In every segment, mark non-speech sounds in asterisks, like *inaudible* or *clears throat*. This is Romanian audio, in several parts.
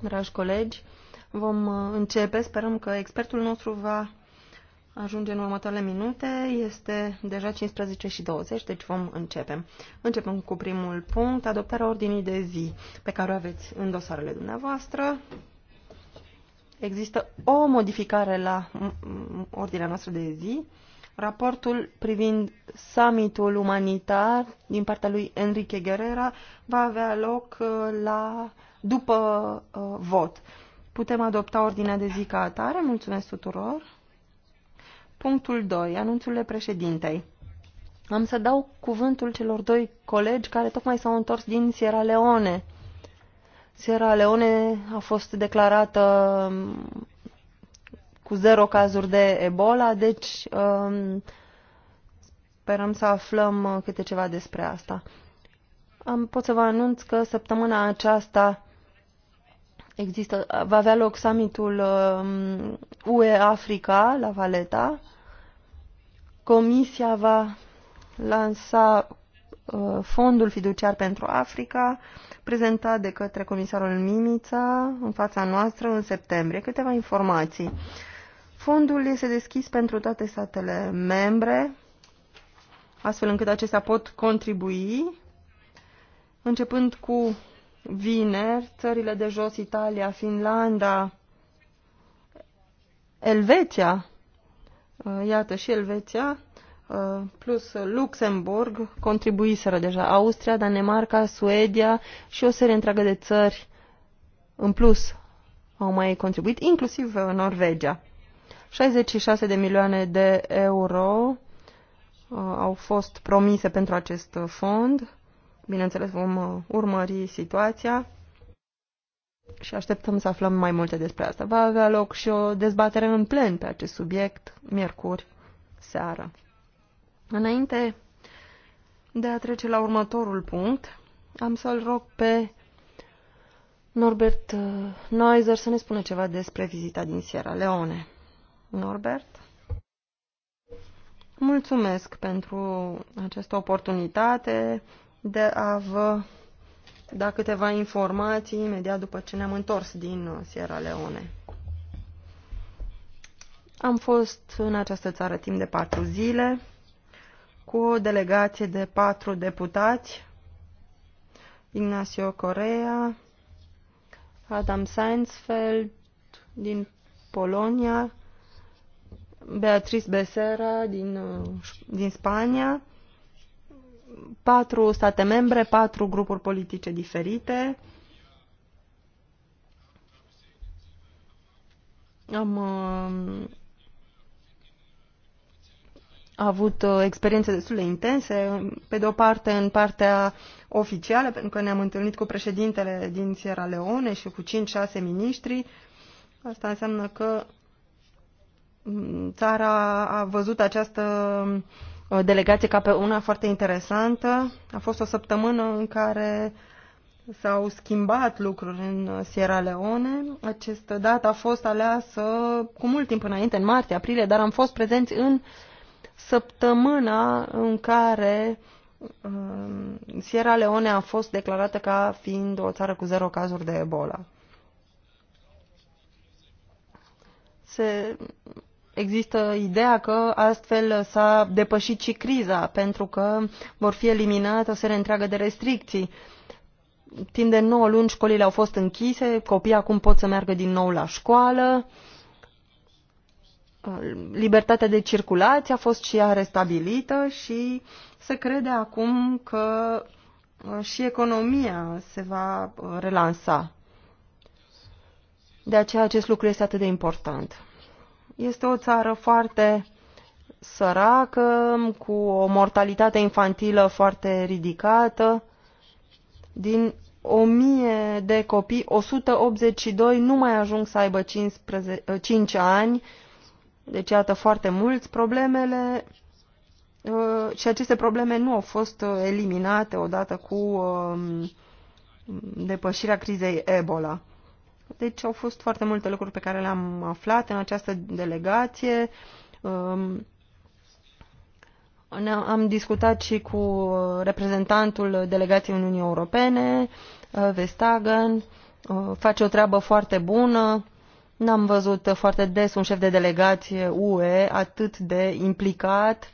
Dragi colegi, vom uh, începe. Sperăm că expertul nostru va ajunge în următoarele minute. Este deja 15 și 20, deci vom începe. Începem cu primul punct, adoptarea ordinii de zi pe care o aveți în dosarele dumneavoastră. Există o modificare la mm, mm, ordinea noastră de zi. Raportul privind summitul umanitar din partea lui Enrique Guerrera va avea loc uh, la, după uh, vot. Putem adopta ordinea de zi ca atare. Mulțumesc tuturor. Punctul 2. Anunțurile președintei. Am să dau cuvântul celor doi colegi care tocmai s-au întors din Sierra Leone. Sierra Leone a fost declarată cu zero cazuri de Ebola, deci um, sperăm să aflăm uh, câte ceva despre asta. Am, pot să vă anunț că săptămâna aceasta există, va avea loc summitul um, UE-Africa la Valeta. Comisia va lansa uh, fondul fiduciar pentru Africa, prezentat de către comisarul Mimița în fața noastră în septembrie. Câteva informații. Uh, Fondul este deschis pentru toate statele membre, astfel încât acestea pot contribui. Începând cu vineri, țările de jos, Italia, Finlanda, Elveția, uh, iată și Elveția, uh, plus Luxemburg, contribuiseră deja Austria, Danemarca, Suedia și o serie întreagă de țări în plus au mai contribuit, inclusiv uh, Norvegia. 66 de milioane de euro uh, au fost promise pentru acest fond. Bineînțeles, vom uh, urmări situația și așteptăm să aflăm mai multe despre asta. Va avea loc și o dezbatere în plen pe acest subiect, miercuri, seară. Înainte de a trece la următorul punct, am să-l rog pe Norbert uh, Neuser să ne spună ceva despre vizita din Sierra Leone. Norbert. Mulțumesc pentru această oportunitate de a vă da câteva informații imediat după ce ne-am întors din Sierra Leone. Am fost în această țară timp de patru zile cu o delegație de patru deputați, Ignacio Correa, Adam Seinsfeld din Polonia, Beatriz Becerra din, uh, din Spania, patru state membre, patru grupuri politice diferite. Am uh, avut uh, experiențe destul de intense, pe de o parte în partea oficială, pentru că ne-am întâlnit cu președintele din Sierra Leone și cu 5-6 miniștri. Asta înseamnă că țara a văzut această uh, delegație ca pe una foarte interesantă. A fost o săptămână în care s-au schimbat lucruri în uh, Sierra Leone. Această dată a fost aleasă uh, cu mult timp înainte, în martie, aprilie, dar am fost prezenți în săptămâna în care Sierra Leone a fost declarată ca fiind o țară cu zero cazuri de Ebola. Se, există ideea că astfel s-a depășit și criza, pentru că vor fi eliminate o serie întreagă de restricții. Timp de 9 luni școlile au fost închise, copiii acum pot să meargă din nou la școală, libertatea de circulație a fost și ea restabilită și se crede acum că uh, și economia se va uh, relansa. De aceea acest lucru este atât de important. Este o țară foarte săracă, cu o mortalitate infantilă foarte ridicată. Din 1000 de copii, 182 nu mai ajung să aibă 15, 5 ani, deci iată foarte mulți problemele uh, și aceste probleme nu au fost uh, eliminate odată cu um, depășirea crizei Ebola. Deci au fost foarte multe lucruri pe care le-am aflat în această delegație. Um, am discutat și cu reprezentantul delegației Uniunii Europene, uh, Vestagen, uh, face o treabă foarte bună. N-am văzut foarte des un șef de delegație UE atât de implicat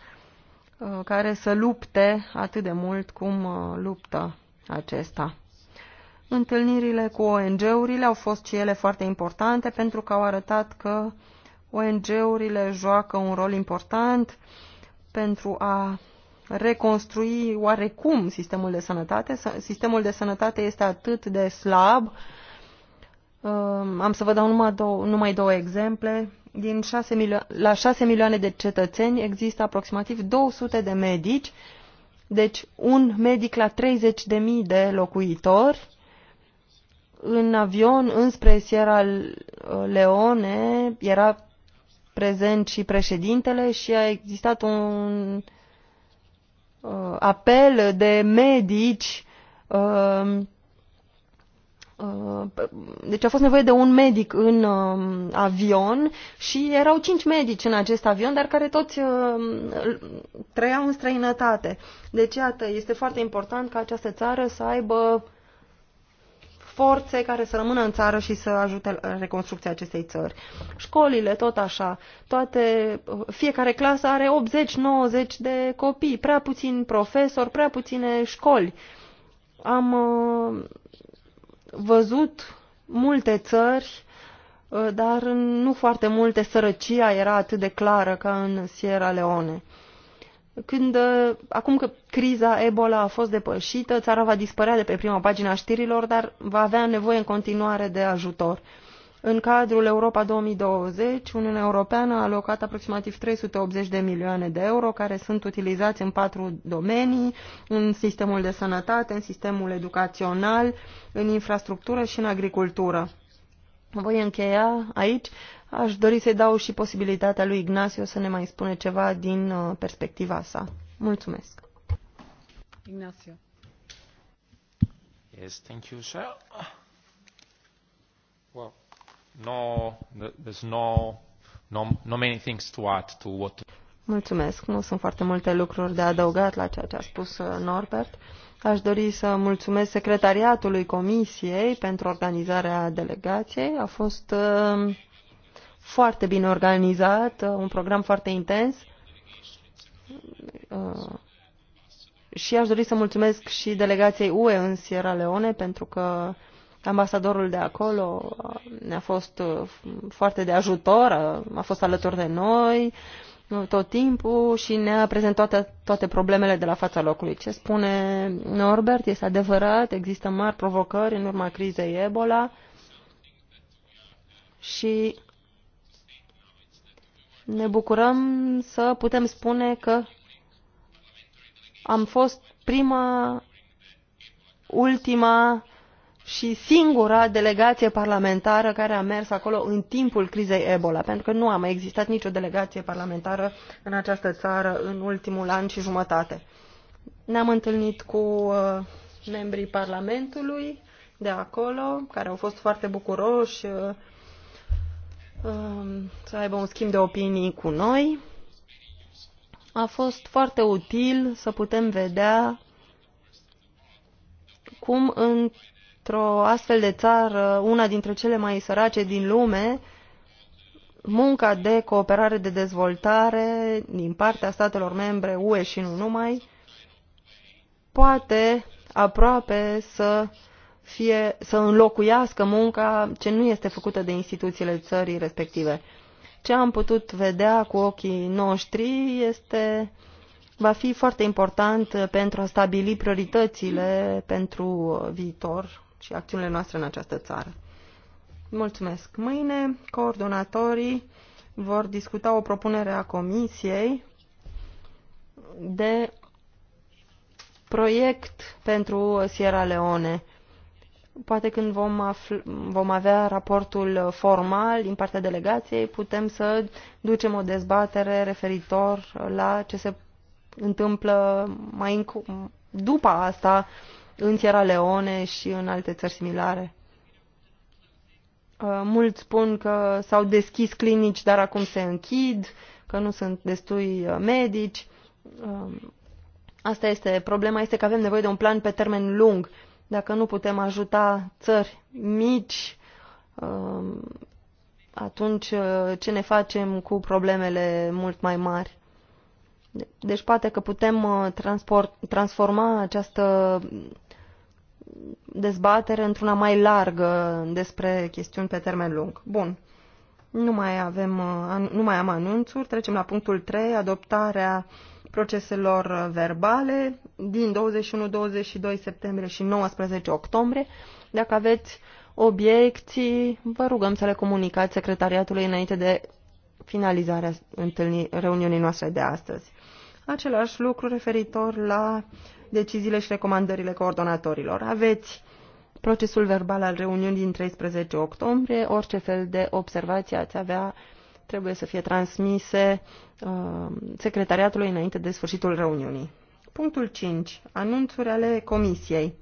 uh, care să lupte atât de mult cum luptă acesta. Întâlnirile cu ONG-urile au fost și ele foarte importante pentru că au arătat că ONG-urile joacă un rol important pentru a reconstrui oarecum sistemul de sănătate. Sistemul de sănătate este atât de slab. Um, am să vă dau numai două, numai două exemple. Din 6 milio- la 6 milioane de cetățeni există aproximativ 200 de medici, deci un medic la 30.000 de locuitori în avion înspre Sierra Leone era prezent și președintele și a existat un uh, apel de medici uh, uh, deci a fost nevoie de un medic în avion și erau cinci medici în acest avion, dar care toți trăiau în străinătate. Deci, iată, este foarte important ca această țară să aibă forțe care să rămână în țară și să ajute la reconstrucția acestei țări. Școlile, tot așa, toate, fiecare clasă are 80-90 de copii, prea puțini profesori, prea puține școli. Am uh, văzut multe țări, uh, dar nu foarte multe sărăcia era atât de clară ca în Sierra Leone când, uh, acum că criza Ebola a fost depășită, țara va dispărea de pe prima pagina știrilor, dar va avea nevoie în continuare de ajutor. În cadrul Europa 2020, Uniunea Europeană a alocat aproximativ 380 de milioane de euro care sunt utilizați în patru domenii, în sistemul de sănătate, în sistemul educațional, în infrastructură și în agricultură. Voi încheia aici Aș dori să-i dau și posibilitatea lui Ignacio să ne mai spune ceva din uh, perspectiva sa. Mulțumesc. Ignacio. Yes, thank you, sir. Well, no, there's no, no, no many things to add to what... Mulțumesc. Nu sunt foarte multe lucruri de adăugat la ceea ce a spus uh, Norbert. Aș dori să mulțumesc secretariatului Comisiei pentru organizarea delegației. A fost uh, foarte bine organizat, uh, un program foarte intens. Uh, și aș dori să mulțumesc și delegației UE în Sierra Leone pentru că ambasadorul de acolo uh, ne-a fost foarte de ajutor, a fost alături de noi tot timpul și ne-a prezentat toate problemele de la fața locului. Ce spune Norbert este adevărat, există mari provocări în urma crizei Ebola și ne bucurăm să putem spune că am fost prima, ultima și singura delegație parlamentară care a mers acolo în timpul crizei Ebola, pentru că nu a mai existat nicio delegație parlamentară în această țară în ultimul an și jumătate. Ne-am întâlnit cu uh, membrii Parlamentului de acolo, care au fost foarte bucuroși uh, Um, să aibă un schimb de opinii cu noi. A fost foarte util să putem vedea cum într-o astfel de țară, una dintre cele mai sărace din lume, munca de cooperare de dezvoltare din partea statelor membre UE și nu numai, poate aproape să uh, fie să înlocuiască munca ce nu este făcută de instituțiile țării respective. Ce am putut vedea cu ochii noștri este va fi foarte important pentru a stabili prioritățile pentru viitor și acțiunile noastre în această țară. Mulțumesc. Mâine coordonatorii vor discuta o propunere a Comisiei de proiect pentru Sierra Leone Poate când vom, afl- vom avea raportul formal din partea delegației, putem să ducem o dezbatere referitor la ce se întâmplă mai înc- după asta în Sierra Leone și în alte țări similare. Uh, mulți spun că s-au deschis clinici, dar acum se închid, că nu sunt destui uh, medici. Uh, asta este problema, este că avem nevoie de un plan pe termen lung dacă nu putem ajuta țări mici, um, atunci uh, ce ne facem cu problemele mult mai mari? Deci poate că putem uh, transforma această dezbatere într-una mai largă despre chestiuni pe termen lung. Bun. Nu mai, avem, uh, nu mai am anunțuri. Trecem la punctul 3, adoptarea uh, proceselor verbale din 21-22 septembrie și 19 octombrie. Dacă aveți obiecții, vă rugăm să le comunicați secretariatului înainte de finalizarea reuniunii noastre de astăzi. Același lucru referitor la deciziile și recomandările coordonatorilor. Aveți procesul verbal al reuniunii din 13 octombrie, orice fel de observație ați avea trebuie să fie transmise uh, secretariatului înainte de sfârșitul reuniunii. Punctul 5. Anunțuri ale comisiei.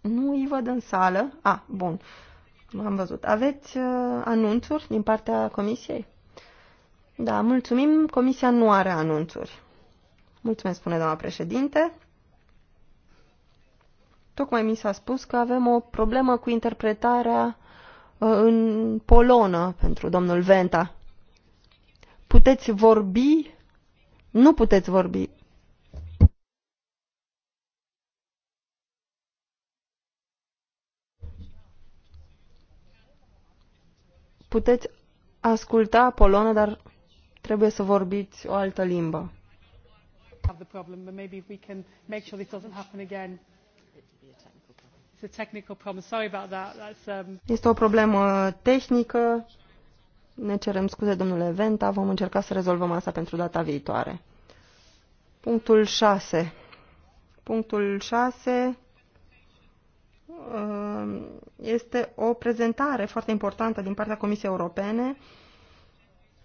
Nu îi văd în sală. A, ah, bun. Am văzut. Aveți uh, anunțuri din partea comisiei? Da, mulțumim. Comisia nu are anunțuri. Mulțumesc, spune doamna președinte. Tocmai mi s-a spus că avem o problemă cu interpretarea uh, în polonă pentru domnul Venta. Puteți vorbi? Nu puteți vorbi. Puteți asculta polonă, dar trebuie să vorbiți o altă limbă. Um, este o problemă tehnică. Ne cerem scuze, domnule Venta, vom încerca să rezolvăm asta pentru data viitoare. Punctul 6. Punctul 6 um, este o prezentare foarte importantă din partea Comisiei Europene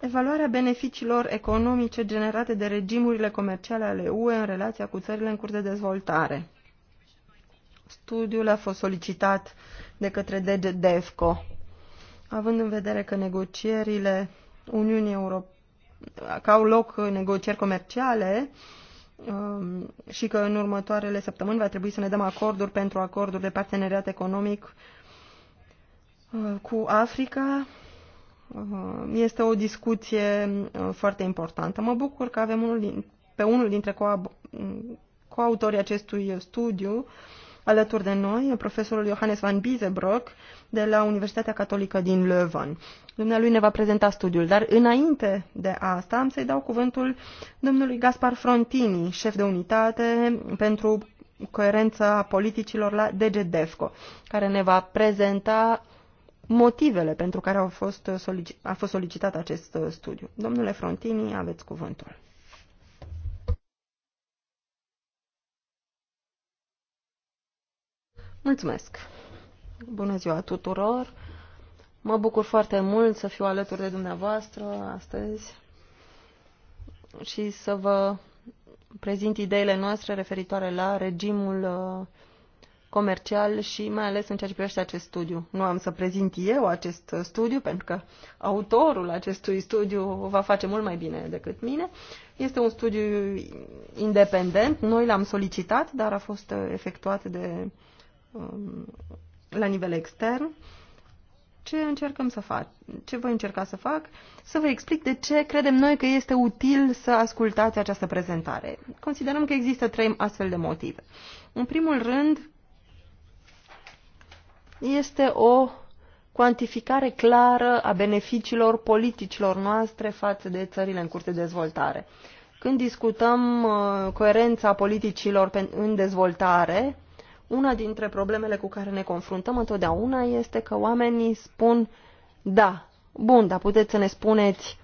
Evaluarea beneficiilor economice generate de regimurile comerciale ale UE în relația cu țările în curs de dezvoltare. Studiul a fost solicitat de către DG DEFCO având în vedere că negocierile Uniunii Europene, că au loc negocieri comerciale um, și că în următoarele săptămâni va trebui să ne dăm acorduri pentru acorduri de parteneriat economic uh, cu Africa, uh, este o discuție uh, foarte importantă. Mă bucur că avem unul din, pe unul dintre coautorii acestui studiu alături de noi, profesorul Johannes van Biesebrock, de la Universitatea Catolică din Leuven. Dumnealui ne va prezenta studiul, dar înainte de asta am să-i dau cuvântul domnului Gaspar Frontini, șef de unitate pentru coerența politicilor la DGDEFCO, care ne va prezenta motivele pentru care au fost solici- a fost solicitat acest studiu. Domnule Frontini, aveți cuvântul. Mulțumesc. Bună ziua tuturor! Mă bucur foarte mult să fiu alături de dumneavoastră astăzi și să vă prezint ideile noastre referitoare la regimul uh, comercial și mai ales în ceea ce privește acest studiu. Nu am să prezint eu acest studiu, pentru că autorul acestui studiu o va face mult mai bine decât mine. Este un studiu independent, noi l-am solicitat, dar a fost efectuat de um, la nivel extern, ce încercăm să fac, ce voi încerca să fac, să vă explic de ce credem noi că este util să ascultați această prezentare. Considerăm că există trei astfel de motive. În primul rând, este o cuantificare clară a beneficiilor politicilor noastre față de țările în curs de dezvoltare. Când discutăm uh, coerența politicilor în dezvoltare, una dintre problemele cu care ne confruntăm întotdeauna este că oamenii spun da, bun, dar puteți să ne spuneți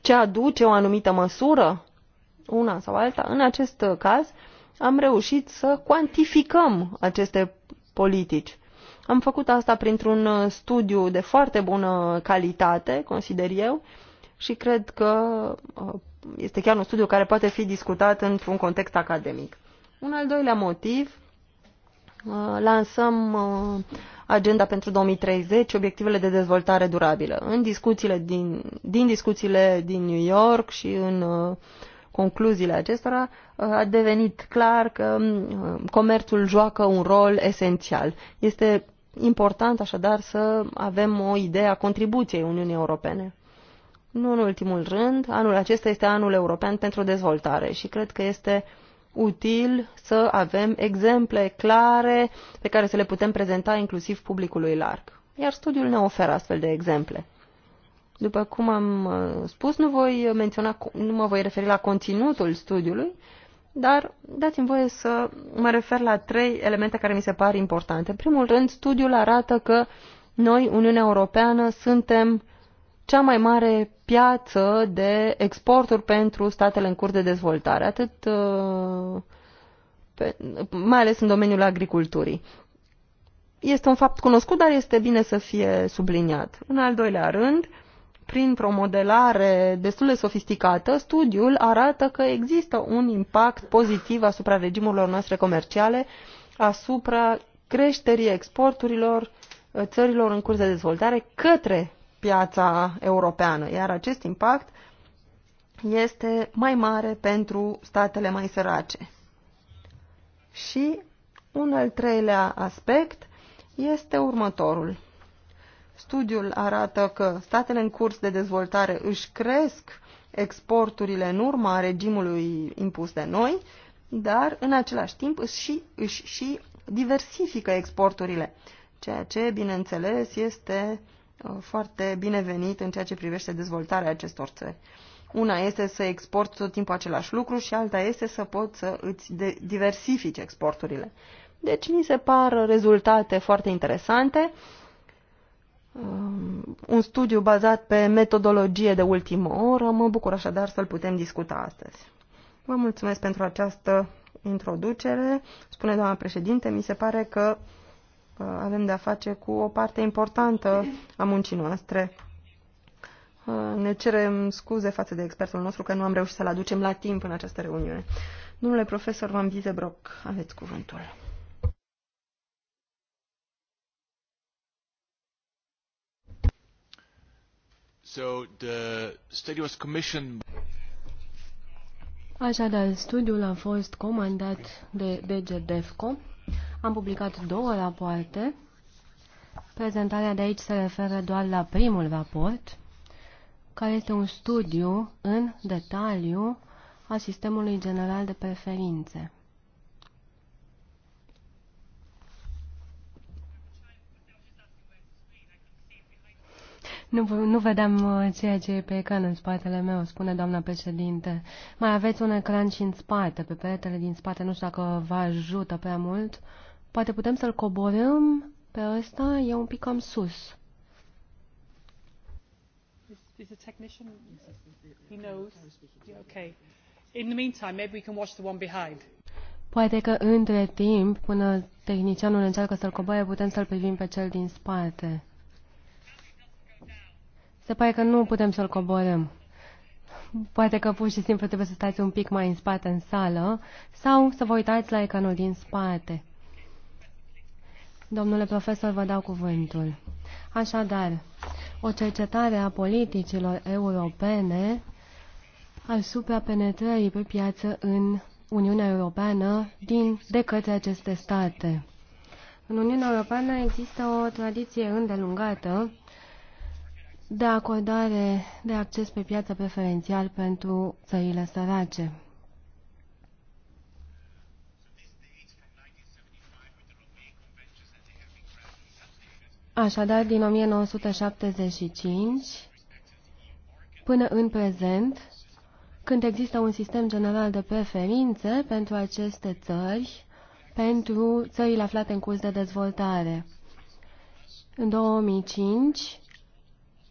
ce aduce o anumită măsură, una sau alta. În acest caz am reușit să cuantificăm aceste politici. Am făcut asta printr-un studiu de foarte bună calitate, consider eu, și cred că uh, este chiar un studiu care poate fi discutat într-un context academic. Un al doilea motiv, uh, lansăm uh, agenda pentru 2030, obiectivele de dezvoltare durabilă. În discuțiile din, din discuțiile din New York și în uh, concluziile acestora a devenit clar că comerțul joacă un rol esențial. Este important așadar să avem o idee a contribuției Uniunii Europene. Nu în ultimul rând, anul acesta este anul european pentru dezvoltare și cred că este uh, util să avem exemple clare pe care să le putem prezenta inclusiv publicului larg. Iar studiul ne oferă astfel de exemple. După cum am uh, spus, nu, voi menționa, nu mă voi referi la conținutul studiului, dar dați-mi voie să mă refer la trei elemente care mi se par importante. În primul rând, studiul arată că noi, Uniunea Europeană, suntem uh, cea mai mare piață de exporturi pentru statele în curs de dezvoltare, atât uh, pe, mai ales în domeniul agriculturii. Este un fapt cunoscut, dar este bine să fie subliniat. În al doilea rând, printr-o modelare destul de sofisticată, studiul arată că există un impact pozitiv asupra regimurilor noastre comerciale, asupra creșterii exporturilor uh, țărilor în curs de dezvoltare către piața europeană, iar acest impact este mai mare pentru statele mai sărace. Și un al treilea aspect este următorul. Studiul arată că statele în curs de dezvoltare își cresc exporturile în urma regimului impus de noi, dar în același timp își și, își și diversifică exporturile, ceea ce, bineînțeles, este Uh, foarte binevenit în ceea ce privește dezvoltarea acestor țări. Una este să exporti tot timpul același lucru și alta este să poți să îți diversifici exporturile. Deci mi se par rezultate foarte interesante. Um, un studiu bazat pe metodologie de ultimă oră. Mă bucur așadar să-l putem discuta astăzi. Vă mulțumesc pentru această introducere. Spune doamna președinte, mi se pare că Uh, avem de-a face cu o parte importantă a muncii noastre. Uh, ne cerem scuze față de expertul nostru că nu am reușit să-l aducem la timp în această reuniune. Domnule profesor Van Wiesebrock, aveți cuvântul. So the study was commissioned Așadar, studiul a fost comandat de DGDEFCO am publicat două rapoarte. Prezentarea de aici se referă doar la primul raport, care este un studiu în detaliu a sistemului general de preferințe. Nu, nu vedeam uh, ceea ce e pe ecran în spatele meu, spune doamna președinte. Mai aveți un ecran și în spate, pe peretele din spate, nu știu dacă vă ajută prea mult. Poate putem să-l coborâm pe ăsta, e un pic cam sus. Is a technician? He knows. Okay. In the meantime, maybe we can watch the one behind. Poate că între timp, până tehnicianul încearcă să-l coboare, putem să-l privim pe cel din spate. Se pare că nu putem să-l coborăm. Poate că pur și simplu trebuie să stați un pic mai în spate în sală sau să vă uitați la ecranul din spate. Domnule profesor, vă dau cuvântul. Așadar, o cercetare a politicilor europene asupra penetrării pe piață în Uniunea Europeană din, de către aceste state. În Uniunea Europeană există o tradiție îndelungată de acordare de acces pe piață preferențial pentru țările sărace. Așadar, din 1975 până în prezent, când există un sistem general de preferințe pentru aceste țări, pentru țările aflate în curs de dezvoltare. În 2005,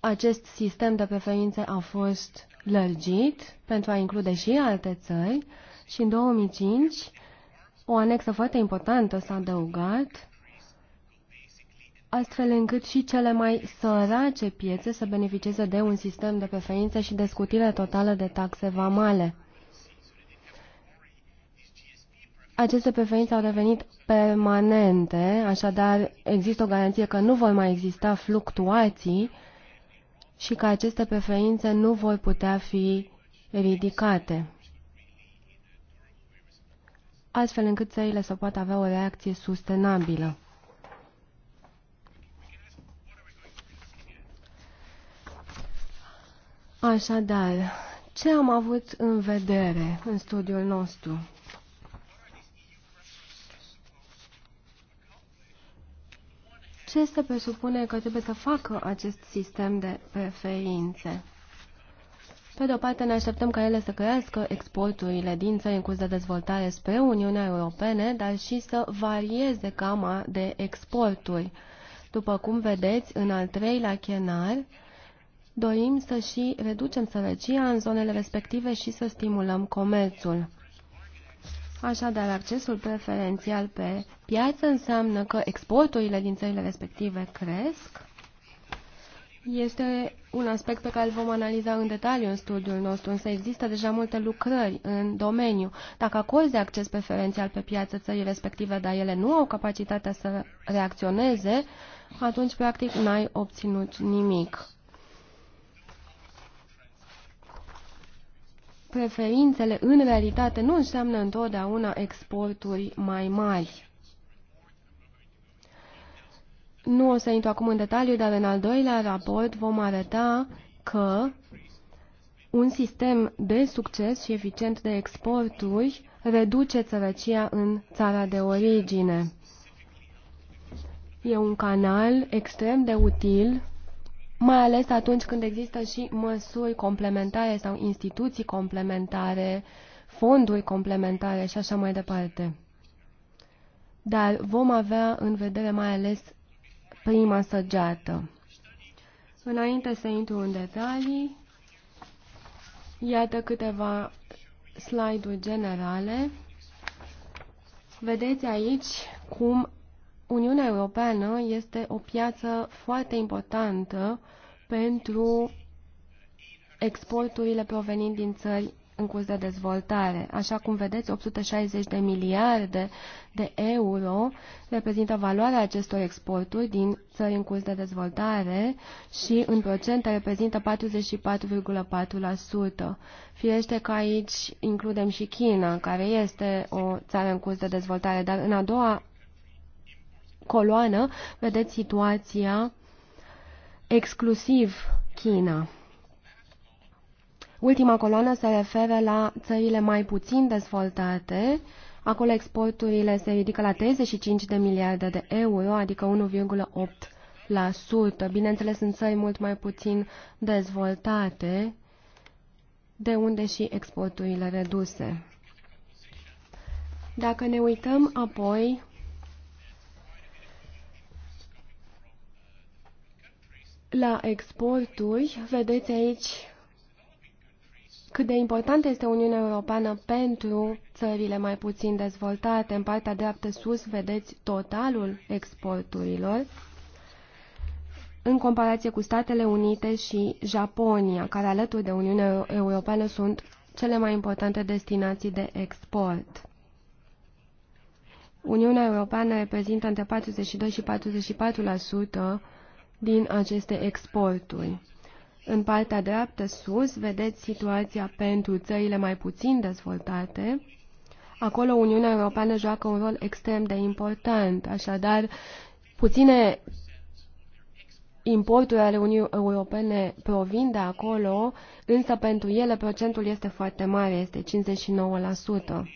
acest sistem de preferințe a fost lărgit pentru a include și alte țări și în 2005 o anexă foarte importantă s-a adăugat, astfel încât și cele mai sărace piețe să beneficieze de un sistem de preferințe și de scutire totală de taxe vamale. Aceste preferințe au devenit permanente, așadar există o garanție că nu vor mai exista fluctuații și că aceste preferințe nu vor putea fi ridicate, astfel încât țările să poată avea o reacție sustenabilă. Așadar, ce am avut în vedere în studiul nostru? ce se presupune că trebuie să facă acest sistem de preferințe. Pe de o parte, ne așteptăm ca ele să crească exporturile din țări în curs de dezvoltare spre Uniunea Europene, dar și să varieze gama de exporturi. După cum vedeți, în al treilea chenar, dorim să și reducem sărăcia în zonele respective și să stimulăm comerțul. Așadar, accesul preferențial pe piață înseamnă că exporturile din țările respective cresc. Este un aspect pe care îl vom analiza în detaliu în studiul nostru, însă există deja multe lucrări în domeniu. Dacă de acces preferențial pe piață țării respective, dar ele nu au capacitatea să reacționeze, atunci, practic, n-ai obținut nimic. preferințele în realitate nu înseamnă întotdeauna exporturi mai mari. Nu o să intru acum în detaliu, dar în al doilea raport vom arăta că un sistem de succes și eficient de exporturi reduce sărăcia în țara de origine. E un canal extrem de util mai ales atunci când există și măsuri complementare sau instituții complementare, fonduri complementare și așa mai departe. Dar vom avea în vedere mai ales prima săgeată. Înainte să intru în detalii, iată câteva slide-uri generale. Vedeți aici cum Uniunea Europeană este o piață foarte importantă pentru exporturile provenind din țări în curs de dezvoltare. Așa cum vedeți, 860 de miliarde de euro reprezintă valoarea acestor exporturi din țări în curs de dezvoltare și în procente reprezintă 44,4%. Firește că aici includem și China, care este o țară în curs de dezvoltare, dar în a doua coloană vedeți situația exclusiv China. Ultima coloană se referă la țările mai puțin dezvoltate. Acolo exporturile se ridică la 35 de miliarde de euro, adică 1,8%. Bineînțeles, sunt țări mult mai puțin dezvoltate, de unde și exporturile reduse. Dacă ne uităm apoi La exporturi, vedeți aici cât de importantă este Uniunea Europeană pentru țările mai puțin dezvoltate. În partea dreaptă sus vedeți totalul exporturilor în comparație cu Statele Unite și Japonia, care alături de Uniunea Europeană sunt cele mai importante destinații de export. Uniunea Europeană reprezintă între 42 și 44% din aceste exporturi. În partea dreaptă sus vedeți situația pentru țările mai puțin dezvoltate. Acolo Uniunea Europeană joacă un rol extrem de important, așadar puține importuri ale Uniunii Europene provin de acolo, însă pentru ele procentul este foarte mare, este 59%.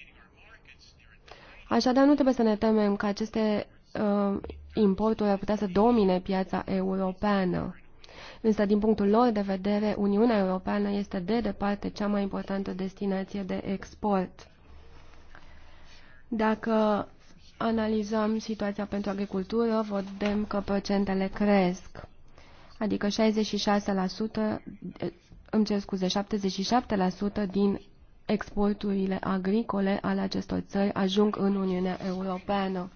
Așadar, nu trebuie să ne temem că aceste uh, importul ar putea să domine piața europeană. Însă, din punctul lor de vedere, Uniunea Europeană este de departe cea mai importantă destinație de export. Dacă analizăm situația pentru agricultură, vedem că procentele cresc, adică 66%, îmi cer scuze, 77% din exporturile agricole ale acestor țări ajung în Uniunea Europeană.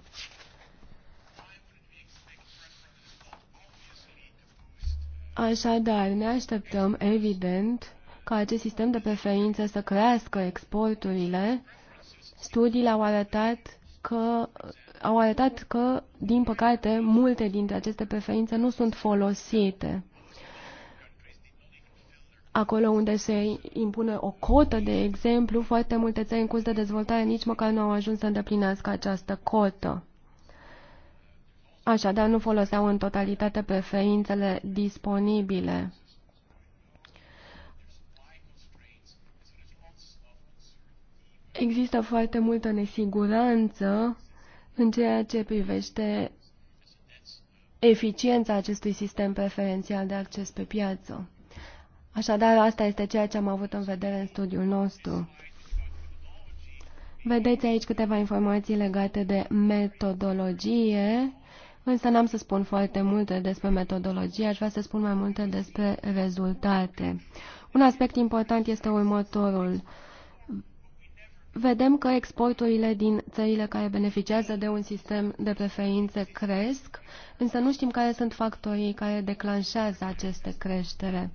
Așadar, ne așteptăm, evident, ca acest sistem de preferință să crească exporturile. Studiile au arătat că au arătat că, din păcate, multe dintre aceste preferințe nu sunt folosite. Acolo unde se impune o cotă, de exemplu, foarte multe țări în curs de dezvoltare nici măcar nu au ajuns să îndeplinească această cotă. Așadar, nu foloseau în totalitate preferințele disponibile. Există foarte multă nesiguranță în ceea ce privește eficiența acestui sistem preferențial de acces pe piață. Așadar, asta este ceea ce am avut în vedere în studiul nostru. Vedeți aici câteva informații legate de metodologie Însă n-am să spun foarte multe despre metodologie, aș vrea să spun mai multe despre rezultate. Un aspect important este următorul. Vedem că exporturile din țările care beneficiază de un sistem de preferințe cresc, însă nu știm care sunt factorii care declanșează aceste creștere.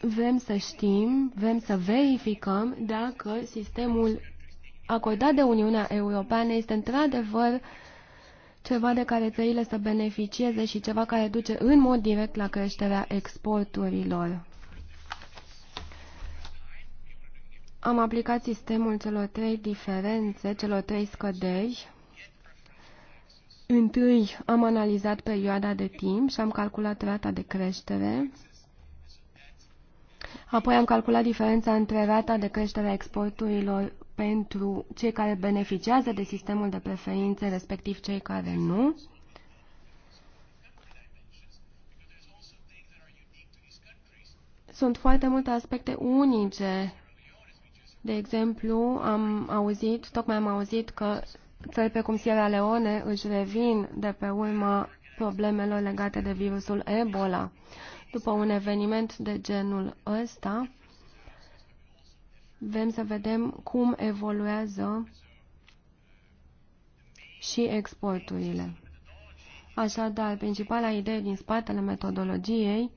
Vrem să știm, vrem să verificăm dacă sistemul acordat de Uniunea Europeană este într-adevăr ceva de care țările să beneficieze și ceva care duce în mod direct la creșterea exporturilor. Am aplicat sistemul celor trei diferențe, celor trei scăderi. Întâi am analizat perioada de timp și am calculat rata de creștere. Apoi am calculat diferența între rata de creștere a exporturilor pentru cei care beneficiază de sistemul de preferințe, respectiv cei care nu. Sunt foarte multe aspecte unice. De exemplu, am auzit, tocmai am auzit că țări precum Sierra Leone își revin de pe urma problemelor legate de virusul Ebola după un eveniment de genul ăsta, vrem să vedem cum evoluează și exporturile. Așadar, principala idee din spatele metodologiei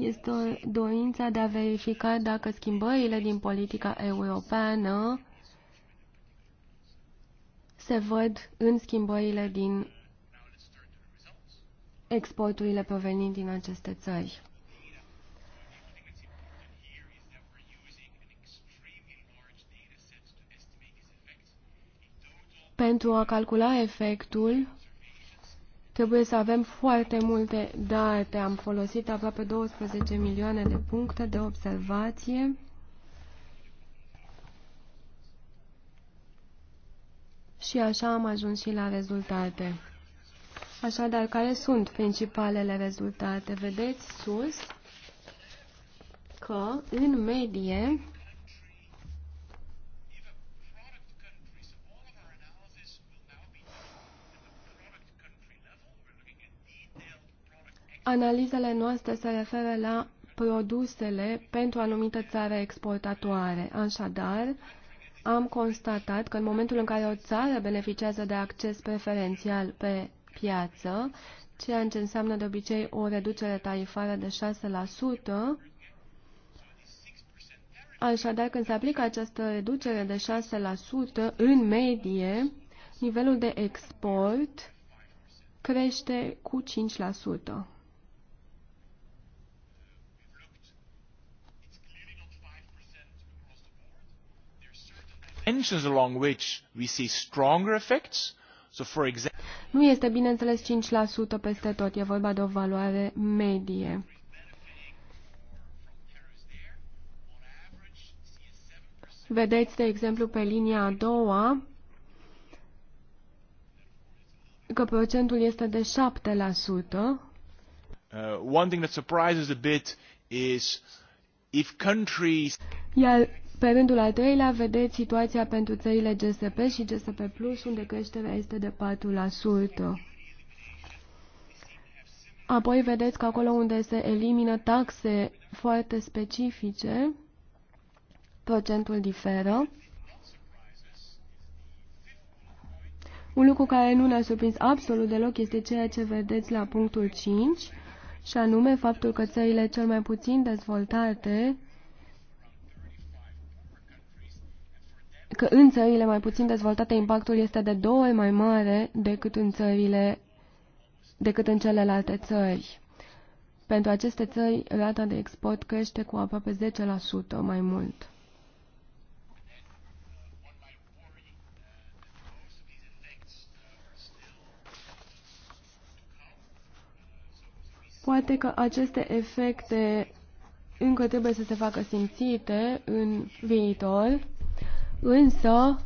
este dorința de a verifica dacă schimbările din politica europeană se văd în schimbările din exporturile provenind din aceste țări. Pentru a calcula efectul, trebuie să avem foarte multe date. Am folosit aproape 12 milioane de puncte de observație. Și așa am ajuns și la rezultate. Așadar, care sunt principalele rezultate? Vedeți sus că, în medie, analizele noastre se referă la produsele pentru anumită țară exportatoare. Așadar, am constatat că în momentul în care o țară beneficiază de acces preferențial pe piață, ceea ce înseamnă de obicei o reducere tarifară de 6%. Așadar, când se aplică această reducere de 6%, în medie, nivelul de export crește cu 5%. dimensions along which we see stronger effects. So, for example, nu este, bineînțeles, 5% peste tot, e vorba de o valoare medie. Vedeți, de exemplu, pe linia a doua că procentul este de 7%. Uh, one thing that surprises a bit is if countries... Iar pe rândul al treilea vedeți situația pentru țările GSP și GSP+, Plus, unde creșterea este de 4%. Apoi vedeți că acolo unde se elimină taxe foarte specifice, procentul diferă. Un lucru care nu ne-a surprins absolut deloc este ceea ce vedeți la punctul 5, și anume faptul că țările cel mai puțin dezvoltate că în țările mai puțin dezvoltate impactul este de două ori mai mare decât în țările decât în celelalte țări. Pentru aceste țări, rata de export crește cu aproape 10% mai mult. Poate că aceste efecte încă trebuie să se facă simțite în viitor, Însă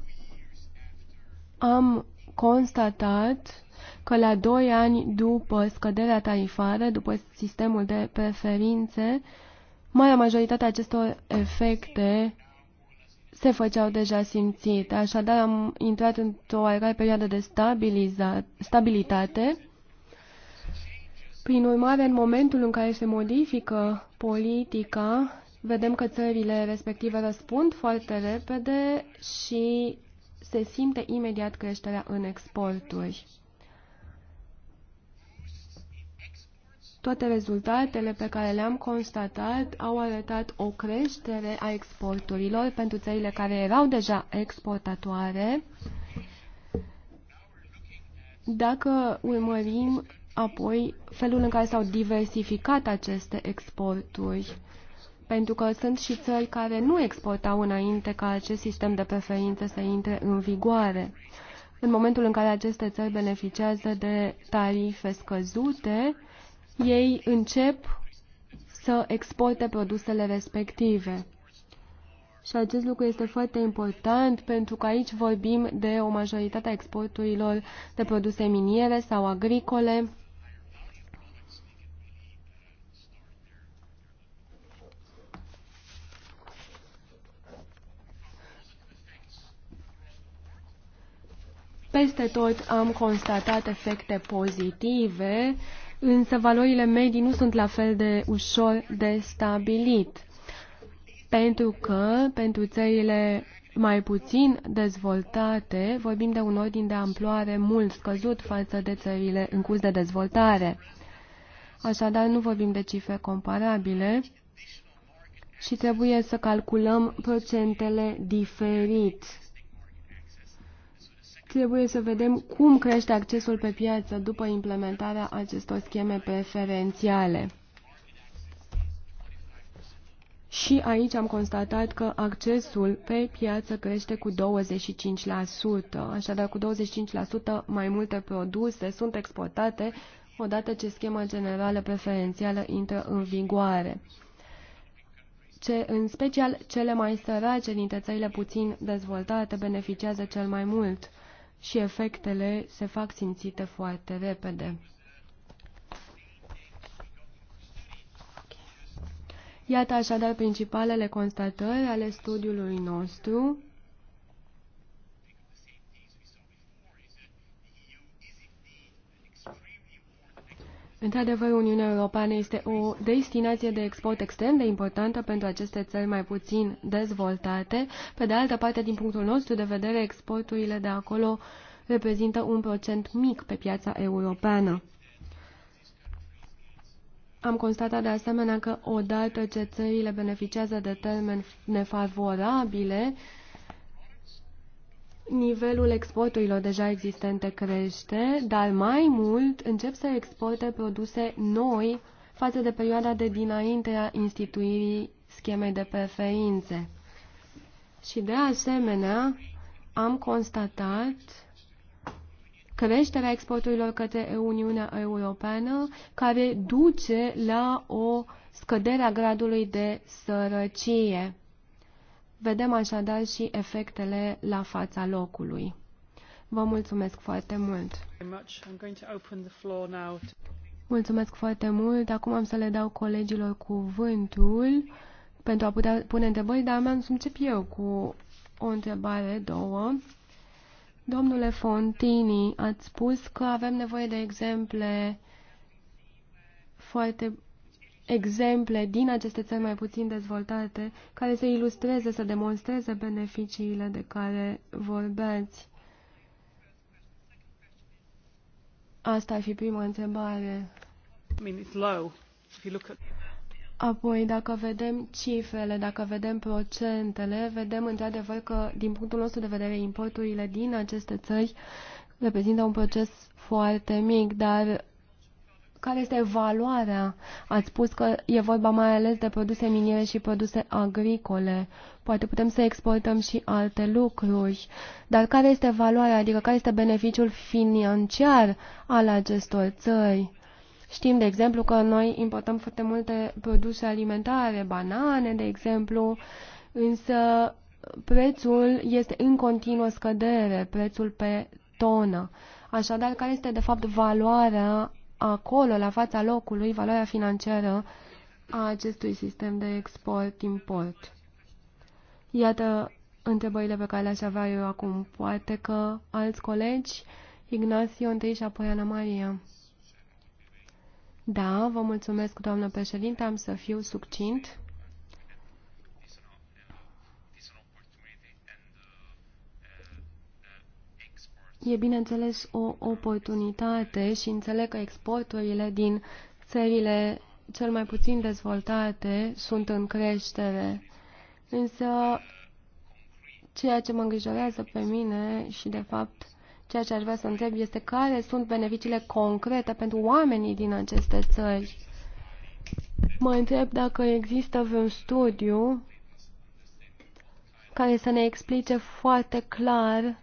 am constatat că la doi ani după scăderea tarifară, după sistemul de preferințe, marea majoritate majoritatea acestor efecte se făceau deja simțite. Așadar am intrat într-o oarecare perioadă de stabilitate. Prin urmare, în momentul în care se modifică politica, vedem că țările respective răspund foarte repede și se simte imediat creșterea în exporturi. Toate rezultatele pe care le-am constatat au arătat o creștere a exporturilor pentru țările care erau deja exportatoare. Dacă urmărim apoi felul în care s-au diversificat aceste exporturi, pentru că sunt și țări care nu exportau înainte ca acest sistem de preferință să intre în vigoare. În momentul în care aceste țări beneficiază de tarife scăzute, ei încep să exporte produsele respective. Și acest lucru este foarte important pentru că aici vorbim de o majoritate a exporturilor de produse miniere sau agricole Peste tot am constatat efecte pozitive, însă valorile medii nu sunt la fel de ușor de stabilit, pentru că pentru țările mai puțin dezvoltate vorbim de un ordin de amploare mult scăzut față de țările în curs de dezvoltare. Așadar, nu vorbim de cifre comparabile și trebuie să calculăm procentele diferit trebuie să vedem cum crește accesul pe piață după implementarea acestor scheme preferențiale. Și aici am constatat că accesul pe piață crește cu 25%, așadar cu 25% mai multe produse sunt exportate odată ce schema generală preferențială intră în vigoare. Ce, în special, cele mai sărace dintre țările puțin dezvoltate beneficiază cel mai mult și efectele se fac simțite foarte repede. Iată așadar principalele constatări ale studiului nostru. Într-adevăr, Uniunea Europeană este o destinație de export extrem de importantă pentru aceste țări mai puțin dezvoltate. Pe de altă parte, din punctul nostru de vedere, exporturile de acolo reprezintă un procent mic pe piața europeană. Am constatat de asemenea că odată ce țările beneficiază de termeni nefavorabile, uh, nivelul exporturilor deja existente crește, dar mai mult încep să exporte produse noi față de perioada de dinaintea instituirii schemei de preferințe. Și de asemenea, am constatat creșterea exporturilor către Uniunea Europeană, care duce la o scădere a gradului de sărăcie. Vedem așadar și efectele la fața locului. Vă mulțumesc foarte mult! Mulțumesc foarte mult! Acum am să le dau colegilor cuvântul pentru a putea pune întrebări, dar am să încep eu cu o întrebare, două. Domnule Fontini, ați spus că avem nevoie de exemple foarte exemple din aceste țări mai puțin dezvoltate care să ilustreze, să demonstreze beneficiile de care vorbeați? Asta ar fi prima întrebare. Apoi, dacă vedem cifrele, dacă vedem procentele, vedem într-adevăr că, din punctul nostru de vedere, importurile din aceste țări reprezintă un proces foarte mic, dar care este valoarea? Ați spus că e vorba mai ales de produse miniere și produse agricole. Poate putem să exportăm și alte lucruri. Dar care este valoarea, adică care este beneficiul financiar al acestor țări? Știm, de exemplu, că noi importăm foarte multe produse alimentare, banane, de exemplu, însă prețul este în continuă scădere, prețul pe tonă. Așadar, care este de fapt valoarea acolo, la fața locului, valoarea financiară a acestui sistem de export-import. Iată întrebările pe care le-aș avea eu acum. Poate că alți colegi, Ignacio întâi și apoi Ana Maria. Da, vă mulțumesc, doamnă președinte, am să fiu succint. e bineînțeles o oportunitate și înțeleg că exporturile din țările cel mai puțin dezvoltate sunt în creștere. Însă ceea ce mă îngrijorează pe mine și de fapt ceea ce aș vrea să întreb este care sunt beneficiile concrete pentru oamenii din aceste țări. Mă întreb dacă există vreun studiu care să ne explice foarte clar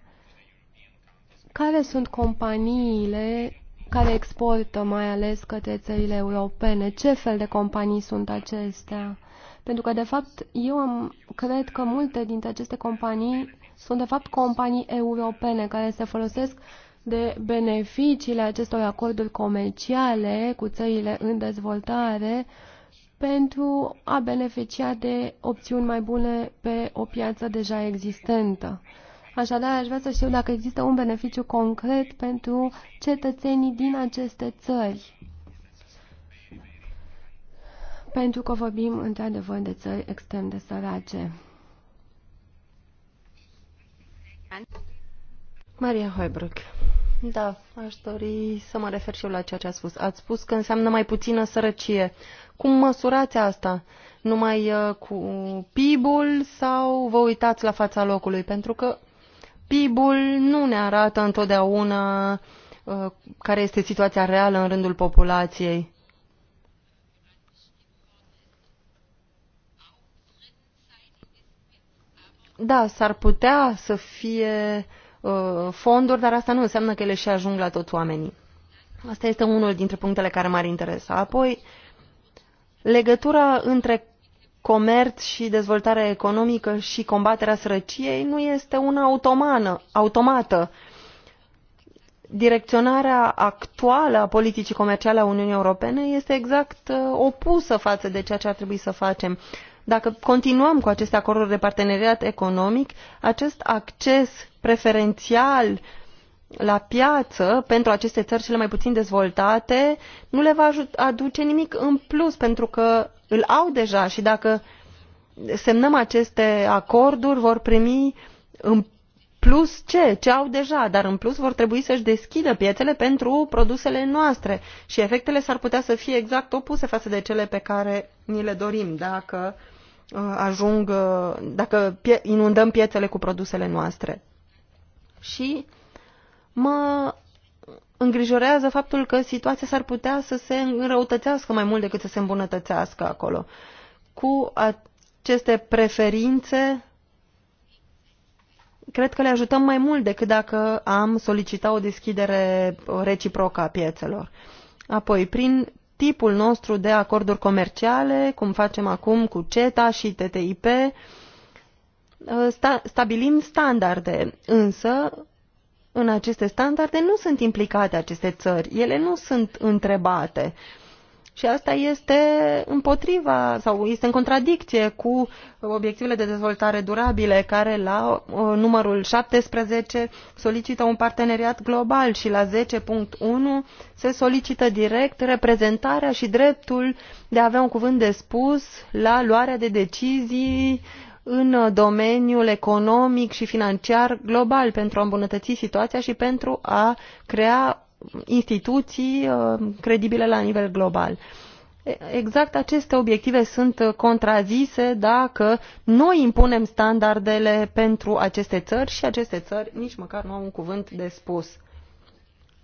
care sunt companiile care exportă mai ales către țările europene? Ce fel de companii sunt acestea? Pentru că, de fapt, eu am, cred că multe dintre aceste companii sunt, de fapt, companii europene care se folosesc de beneficiile acestor acorduri comerciale cu țările în dezvoltare pentru a beneficia de opțiuni mai bune pe o piață deja existentă. Așadar, aș vrea să știu dacă există un beneficiu concret pentru cetățenii din aceste țări. Pentru că vorbim, într-adevăr, de țări extrem de sărace. Maria Hoibruc. Da, aș dori să mă refer și eu la ceea ce a spus. Ați spus că înseamnă mai puțină sărăcie. Cum măsurați asta? Numai uh, cu PIB-ul sau vă uitați la fața locului? Pentru că PIB-ul nu ne arată întotdeauna uh, care este situația reală în rândul populației. Da, s-ar putea să fie uh, fonduri, dar asta nu înseamnă că ele și ajung la toți oamenii. Asta este unul dintre punctele care m-ar interesa. Apoi, legătura între comerț și dezvoltarea economică și combaterea sărăciei nu este una automană, automată. Direcționarea actuală a politicii comerciale a Uniunii Europene este exact uh, opusă față de ceea ce ar trebui să facem. Dacă continuăm cu aceste acorduri de parteneriat economic, acest acces preferențial uh, la piață pentru aceste țări cele mai puțin dezvoltate nu le va aduce nimic în plus pentru că îl au deja și dacă semnăm aceste acorduri vor primi în plus ce? Ce au deja, dar în plus vor trebui să-și deschidă piețele pentru produsele noastre și efectele s-ar putea să fie exact opuse față de cele pe care ni le dorim dacă uh, ajung, uh, dacă inundăm piețele cu produsele noastre. Și mă îngrijorează faptul că situația s-ar putea să se înrăutățească mai mult decât să se îmbunătățească acolo. Cu aceste preferințe, cred că le ajutăm mai mult decât dacă am solicita o deschidere reciprocă a piețelor. Apoi, prin tipul nostru de acorduri comerciale, cum facem acum cu CETA și TTIP, sta stabilim standarde, însă în aceste standarde nu sunt implicate aceste țări, ele nu sunt întrebate. Și asta este împotriva sau este în contradicție cu obiectivele de dezvoltare durabile care la uh, numărul 17 solicită un parteneriat global și la 10.1 se solicită direct reprezentarea și dreptul de a avea un cuvânt de spus la luarea de decizii în domeniul economic și financiar global pentru a îmbunătăți situația și pentru a crea instituții uh, credibile la nivel global. Exact aceste obiective sunt contrazise dacă noi impunem standardele pentru aceste țări și aceste țări nici măcar nu au un cuvânt de spus.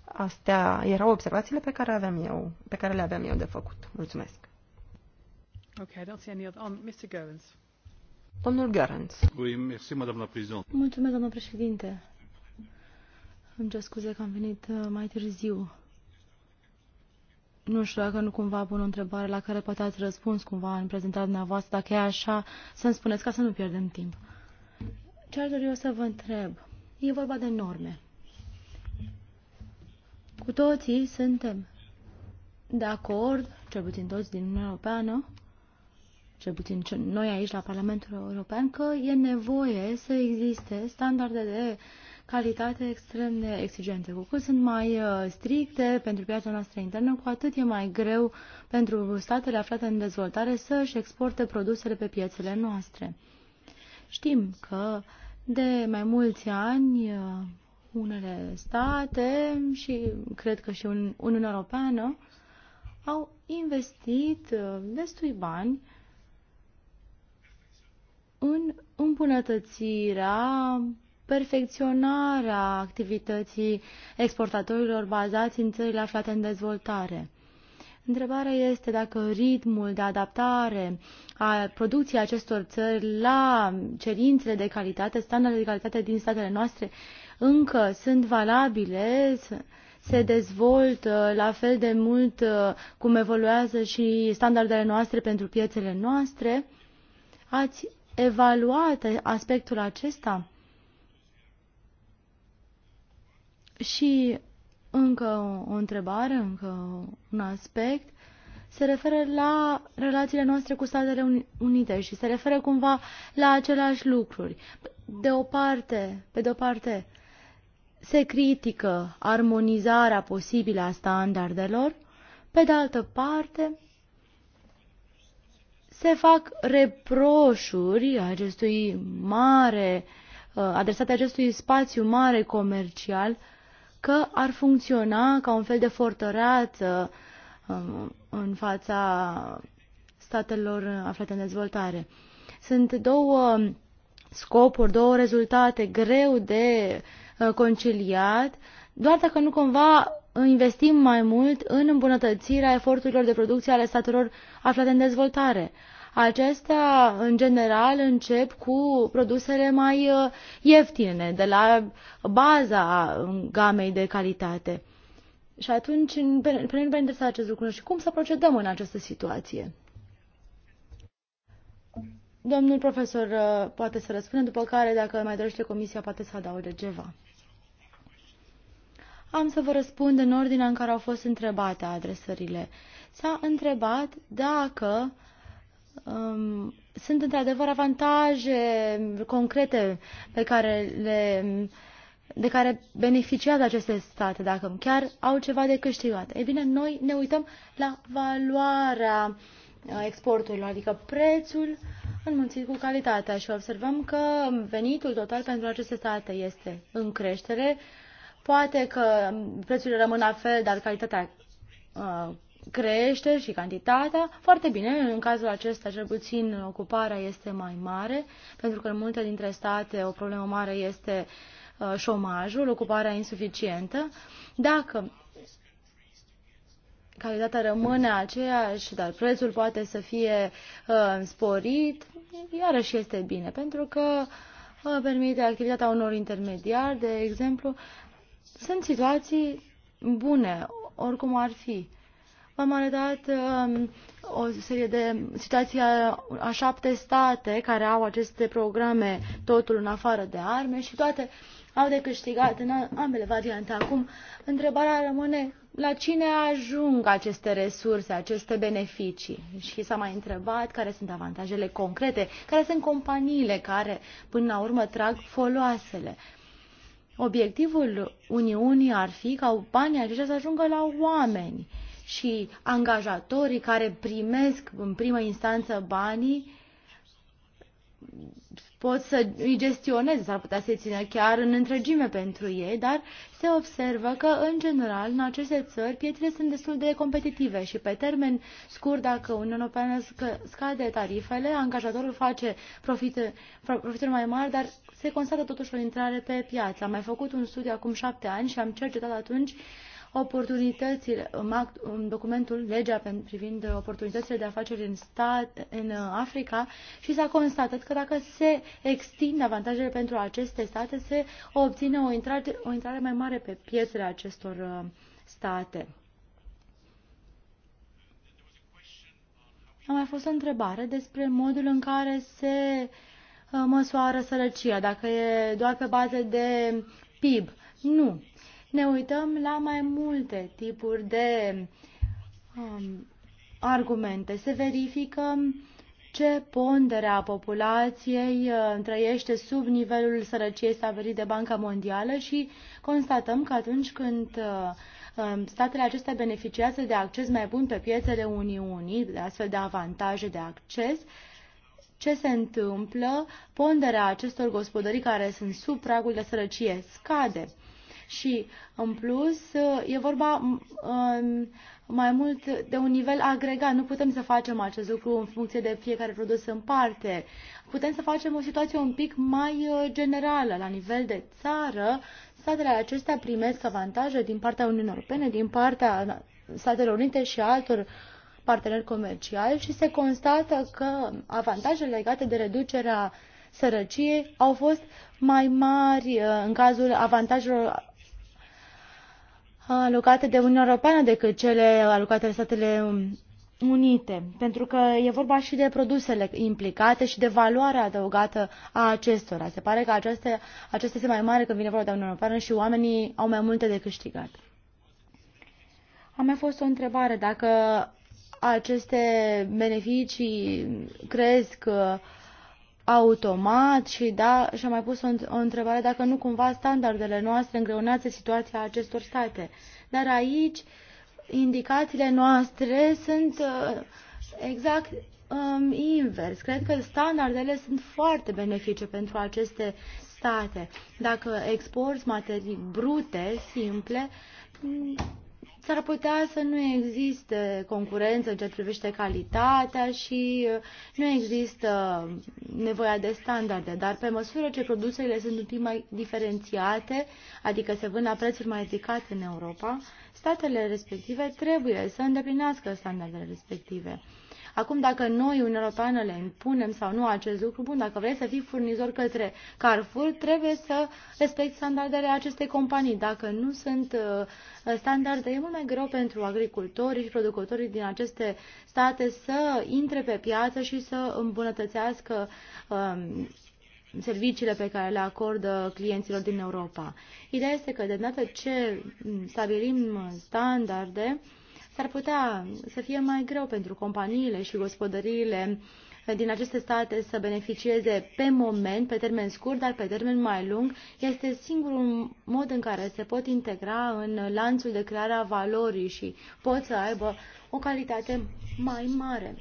Astea erau observațiile pe care, aveam eu, pe care le aveam eu de făcut. Mulțumesc. Okay, I don't see any other. Oh, Mr. Goins. Domnul Mulțumesc, doamnă președinte. Îmi cer scuze că am venit uh, mai târziu. Nu știu dacă nu cumva pun o întrebare la care poate ați răspuns cumva în prezentarea dumneavoastră. Dacă e așa, să-mi spuneți ca să nu pierdem timp. Ce ar dori eu să vă întreb? E vorba de norme. Cu toții suntem de acord, cel puțin toți din Uniunea Europeană, cel puțin noi aici la Parlamentul European, că e nevoie să existe standarde de calitate extrem de exigente. Cu cât sunt mai uh, stricte pentru piața noastră internă, cu atât e mai greu pentru statele aflate în dezvoltare să-și exporte produsele pe piețele noastre. Știm că de mai mulți ani uh, unele state și cred că și Uniunea Europeană au investit uh, destui bani în îmbunătățirea, perfecționarea activității exportatorilor bazați în țările aflate în dezvoltare. Întrebarea este dacă ritmul de adaptare a producției acestor țări la cerințele de calitate, standardele de calitate din statele noastre, încă sunt valabile, se dezvoltă la fel de mult cum evoluează și standardele noastre pentru piețele noastre. Ați evaluat aspectul acesta? Și încă o întrebare, încă un aspect, se referă la relațiile noastre cu Statele Unite și se referă cumva la aceleași lucruri. De o parte, pe de o parte, se critică armonizarea posibilă a standardelor, pe de altă parte, se fac reproșuri acestui mare, uh, adresate acestui spațiu mare comercial, că ar funcționa ca un fel de fortăreață uh, în fața statelor aflate în dezvoltare. Sunt două scopuri, două rezultate greu de uh, conciliat, doar dacă nu cumva investim mai mult în îmbunătățirea eforturilor de producție ale statelor aflate în dezvoltare. Acestea, în general, încep cu produsele mai uh, ieftine, de la baza gamei de calitate. Și atunci, pe noi mă acest lucru și cum să procedăm în această situație. Domnul profesor uh, poate să răspundă, după care, dacă mai dorește comisia, poate să adauge ceva. Am să vă răspund în ordinea în care au fost întrebate adresările. S-a întrebat dacă um, sunt într-adevăr avantaje concrete pe care le, de care beneficiază aceste state, dacă chiar au ceva de câștigat. Ei bine, noi ne uităm la valoarea uh, exporturilor, adică prețul înmulțit cu calitatea și observăm că venitul total pentru aceste state este în creștere, Poate că prețurile rămân la fel, dar calitatea uh, crește și cantitatea, foarte bine, în cazul acesta cel puțin ocuparea este mai mare, pentru că în multe dintre state o problemă mare este uh, șomajul, ocuparea insuficientă. Dacă calitatea rămâne aceeași, dar prețul poate să fie uh, sporit, iarăși este bine, pentru că uh, permite activitatea unor intermediari, de exemplu, sunt situații bune, oricum ar fi. V-am arătat um, o serie de situații a, a șapte state care au aceste programe, totul în afară de arme și toate au de câștigat în ambele variante. Acum, întrebarea rămâne la cine ajung aceste resurse, aceste beneficii? Și s-a mai întrebat care sunt avantajele concrete, care sunt companiile care până la urmă trag foloasele. Obiectivul Uniunii ar fi ca banii aceștia să ajungă la oameni și angajatorii care primesc în primă instanță banii pot să îi gestioneze, s-ar putea să-i țină chiar în întregime pentru ei, dar se observă că, în general, în aceste țări, piețele sunt destul de competitive și, pe termen scurt, dacă Uniunea Europeană scade tarifele, angajatorul face profite, profituri mai mari, dar se constată totuși o intrare pe piață. Am mai făcut un studiu acum șapte ani și am cercetat atunci uh, oportunitățile, documentul, legea privind oportunitățile de afaceri în, stat, în Africa și s-a constatat că dacă se extind avantajele pentru aceste state, se obține o intrare, o intrare mai mare pe piețele acestor uh, state. A mai fost o întrebare despre modul în care se uh, măsoară sărăcia, dacă e doar pe bază de PIB. Nu ne uităm la mai multe tipuri de um, argumente. Se verifică ce pondere a populației uh, trăiește sub nivelul sărăciei stabilit de Banca Mondială și constatăm că atunci când uh, um, statele acestea beneficiază de acces mai bun pe piețele Uniunii, de astfel de avantaje de acces, ce se întâmplă, ponderea acestor gospodării care sunt sub pragul de sărăcie scade și, în plus, uh, e vorba mai mult de un nivel agregat. Nu putem să facem acest lucru în funcție de fiecare produs în parte. Putem să facem o situație un pic mai uh, generală, la nivel de țară. Statele acestea primesc avantaje din partea Uniunii Europene, din partea Statelor Unite și altor parteneri comerciali și se constată că avantajele legate de reducerea sărăciei au fost mai mari uh, în cazul avantajelor alocate de Uniunea Europeană decât cele alocate de Statele Unite, pentru că e vorba și de produsele implicate și de valoarea adăugată a acestora. Se pare că aceste, acestea sunt mai mare când vine vorba de Uniunea Europeană și oamenii au mai multe de câștigat. A mai fost o întrebare dacă aceste beneficii cresc automat și da, și-a mai pus o, o întrebare dacă nu cumva standardele noastre îngreunează situația acestor state. Dar aici indicațiile noastre sunt uh, exact um, invers. Cred că standardele sunt foarte benefice pentru aceste state. Dacă exporți materii brute, simple, s-ar putea să nu existe concurență în ceea ce privește calitatea și uh, nu există nevoia de standarde, dar pe măsură ce produsele sunt un pic mai diferențiate, adică se vând la prețuri mai ridicate în Europa, statele respective trebuie să îndeplinească standardele respective. Acum, dacă noi, Uniunea Europeană, le impunem sau nu acest lucru, bun, dacă vrei să fii furnizor către Carrefour, trebuie să respecti standardele acestei companii. Dacă nu sunt uh, standarde, e mult mai greu pentru agricultorii și producătorii din aceste state să intre pe piață și să îmbunătățească um, serviciile pe care le acordă clienților din Europa. Ideea este că de dată ce stabilim standarde, s-ar putea să fie mai greu pentru companiile și gospodăriile din aceste state să beneficieze pe moment, pe termen scurt, dar pe termen mai lung, este singurul mod în care se pot integra în lanțul de creare a valorii și pot să aibă o calitate mai mare.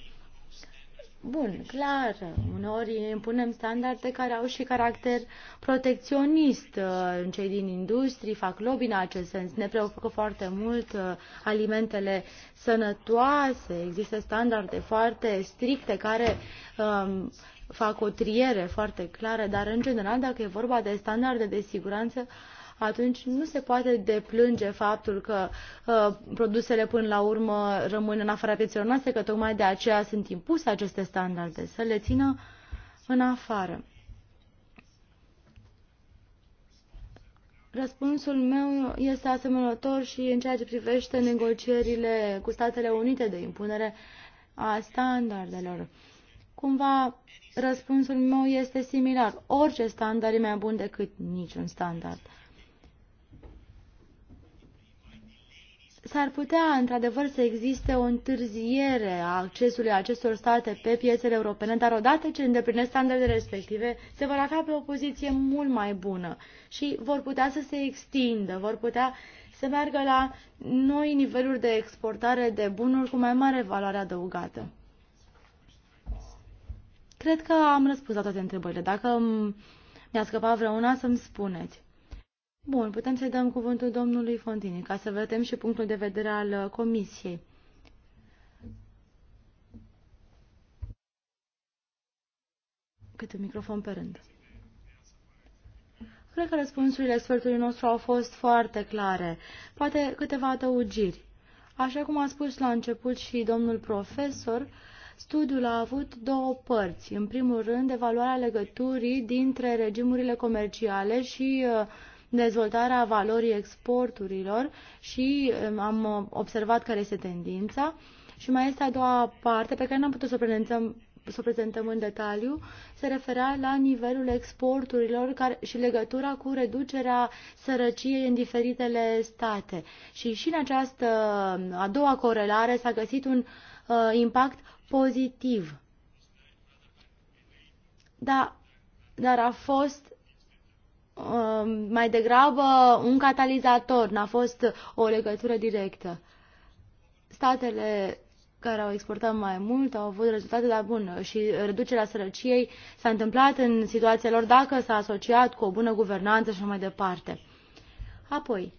Bun, clar, uneori impunem standarde care au și caracter protecționist. Uh, cei din industrie fac lobby în acest sens. Ne preocupă foarte mult uh, alimentele sănătoase. Există standarde foarte stricte care um, fac o triere foarte clară, dar în general, dacă e vorba de standarde de siguranță, uh, atunci nu se poate deplânge faptul că uh, produsele până la urmă rămân în afara piețelor noastre, că tocmai de aceea sunt impuse aceste standarde, să le țină în afară. Răspunsul meu este asemănător și în ceea ce privește negocierile cu Statele Unite de impunere a standardelor. Cumva, răspunsul meu este similar. Orice standard e mai bun decât niciun standard. s-ar putea într-adevăr să existe o întârziere a accesului acestor state pe piețele europene, dar odată ce îndeplinesc standardele respective, se vor afla pe o poziție mult mai bună și vor putea să se extindă, vor putea să meargă la noi niveluri de exportare de bunuri cu mai mare valoare adăugată. Cred că am răspuns la toate întrebările. Dacă mi-a scăpat vreuna, să-mi spuneți. Bun, putem să-i dăm cuvântul domnului Fontini ca să vedem și punctul de vedere al uh, comisiei. Câte microfon pe rând. Cred că răspunsurile expertului nostru au fost foarte clare. Poate câteva adăugiri. Așa cum a spus la început și domnul profesor, studiul a avut două părți. În primul rând, evaluarea legăturii dintre regimurile comerciale și uh, dezvoltarea valorii exporturilor și um, am uh, observat care este tendința. Și mai este a doua parte pe care n-am putut să o prezentăm să o prezentăm în detaliu, se referea la nivelul exporturilor care, și legătura cu reducerea sărăciei în diferitele state. Și și în această a doua corelare s-a găsit un uh, impact pozitiv. Da, dar a fost Um, mai degrabă un catalizator, n-a fost o legătură directă. Statele care au exportat mai mult au avut rezultate, dar bun, și reducerea sărăciei s-a întâmplat în situația lor dacă s-a asociat cu o bună guvernanță și mai departe. Apoi,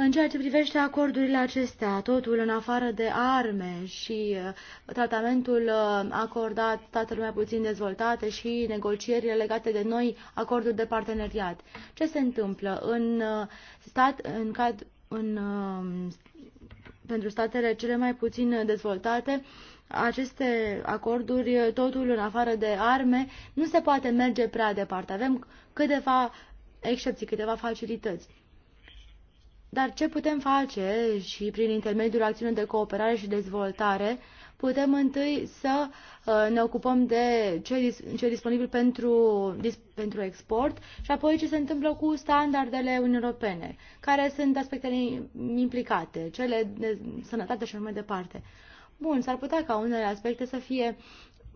în ceea ce privește acordurile acestea, totul în afară de arme și uh, tratamentul uh, acordat statelor mai puțin dezvoltate și negocierile legate de noi acorduri de parteneriat. Ce se întâmplă în uh, stat, în cad, în, pentru statele cele mai puțin dezvoltate, aceste acorduri, totul în afară de arme, nu se poate merge prea departe. Avem câteva excepții, câteva facilități. Dar ce putem face și prin intermediul acțiunilor de cooperare și dezvoltare, putem întâi să uh, ne ocupăm de ce, ce disponibil pentru, pentru export și apoi ce se întâmplă cu standardele Uniunii Europene, care sunt aspectele implicate, cele de sănătate și mai departe. Bun, s-ar putea ca unele aspecte să fie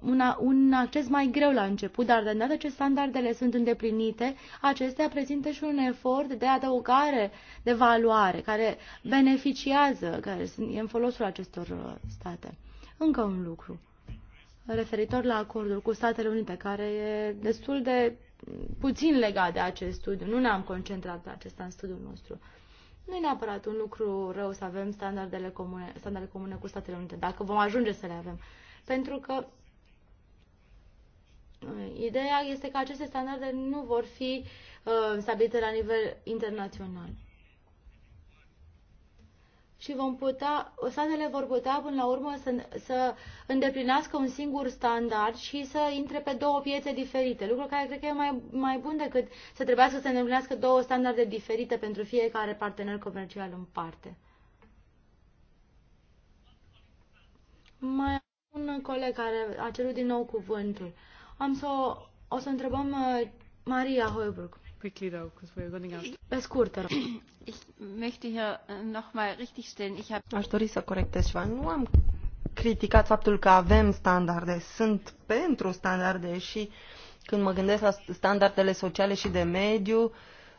una, un acces mai greu la început, dar de îndată ce standardele sunt îndeplinite, acestea prezintă și un efort de adăugare, de valoare, care beneficiază, care e în folosul acestor uh, state. Încă un lucru referitor la acordul cu Statele Unite, care e destul de puțin legat de acest studiu. Nu ne-am concentrat pe acesta în studiul nostru. Nu e neapărat un lucru rău să avem standardele comune, standarde comune cu Statele Unite, dacă vom ajunge să le avem. Pentru că Ideea este că aceste standarde nu vor fi uh, stabilite la nivel internațional. Și vom putea, statele vor putea până la urmă să, să îndeplinească un singur standard și să intre pe două piețe diferite, lucru care cred că e mai, mai bun decât să trebuiască să îndeplinească două standarde diferite pentru fiecare partener comercial în parte. Mai un coleg care a cerut din nou cuvântul. Am să o să întrebăm uh, Maria Holbrook. Quickly though, because we're running out. Pe scurt, Ich möchte hier äh, richtig stellen. Ich habe Aș dori să corectez ceva. Nu am criticat faptul că avem standarde. Sunt pentru standarde și când mă gândesc la standardele sociale și de mediu,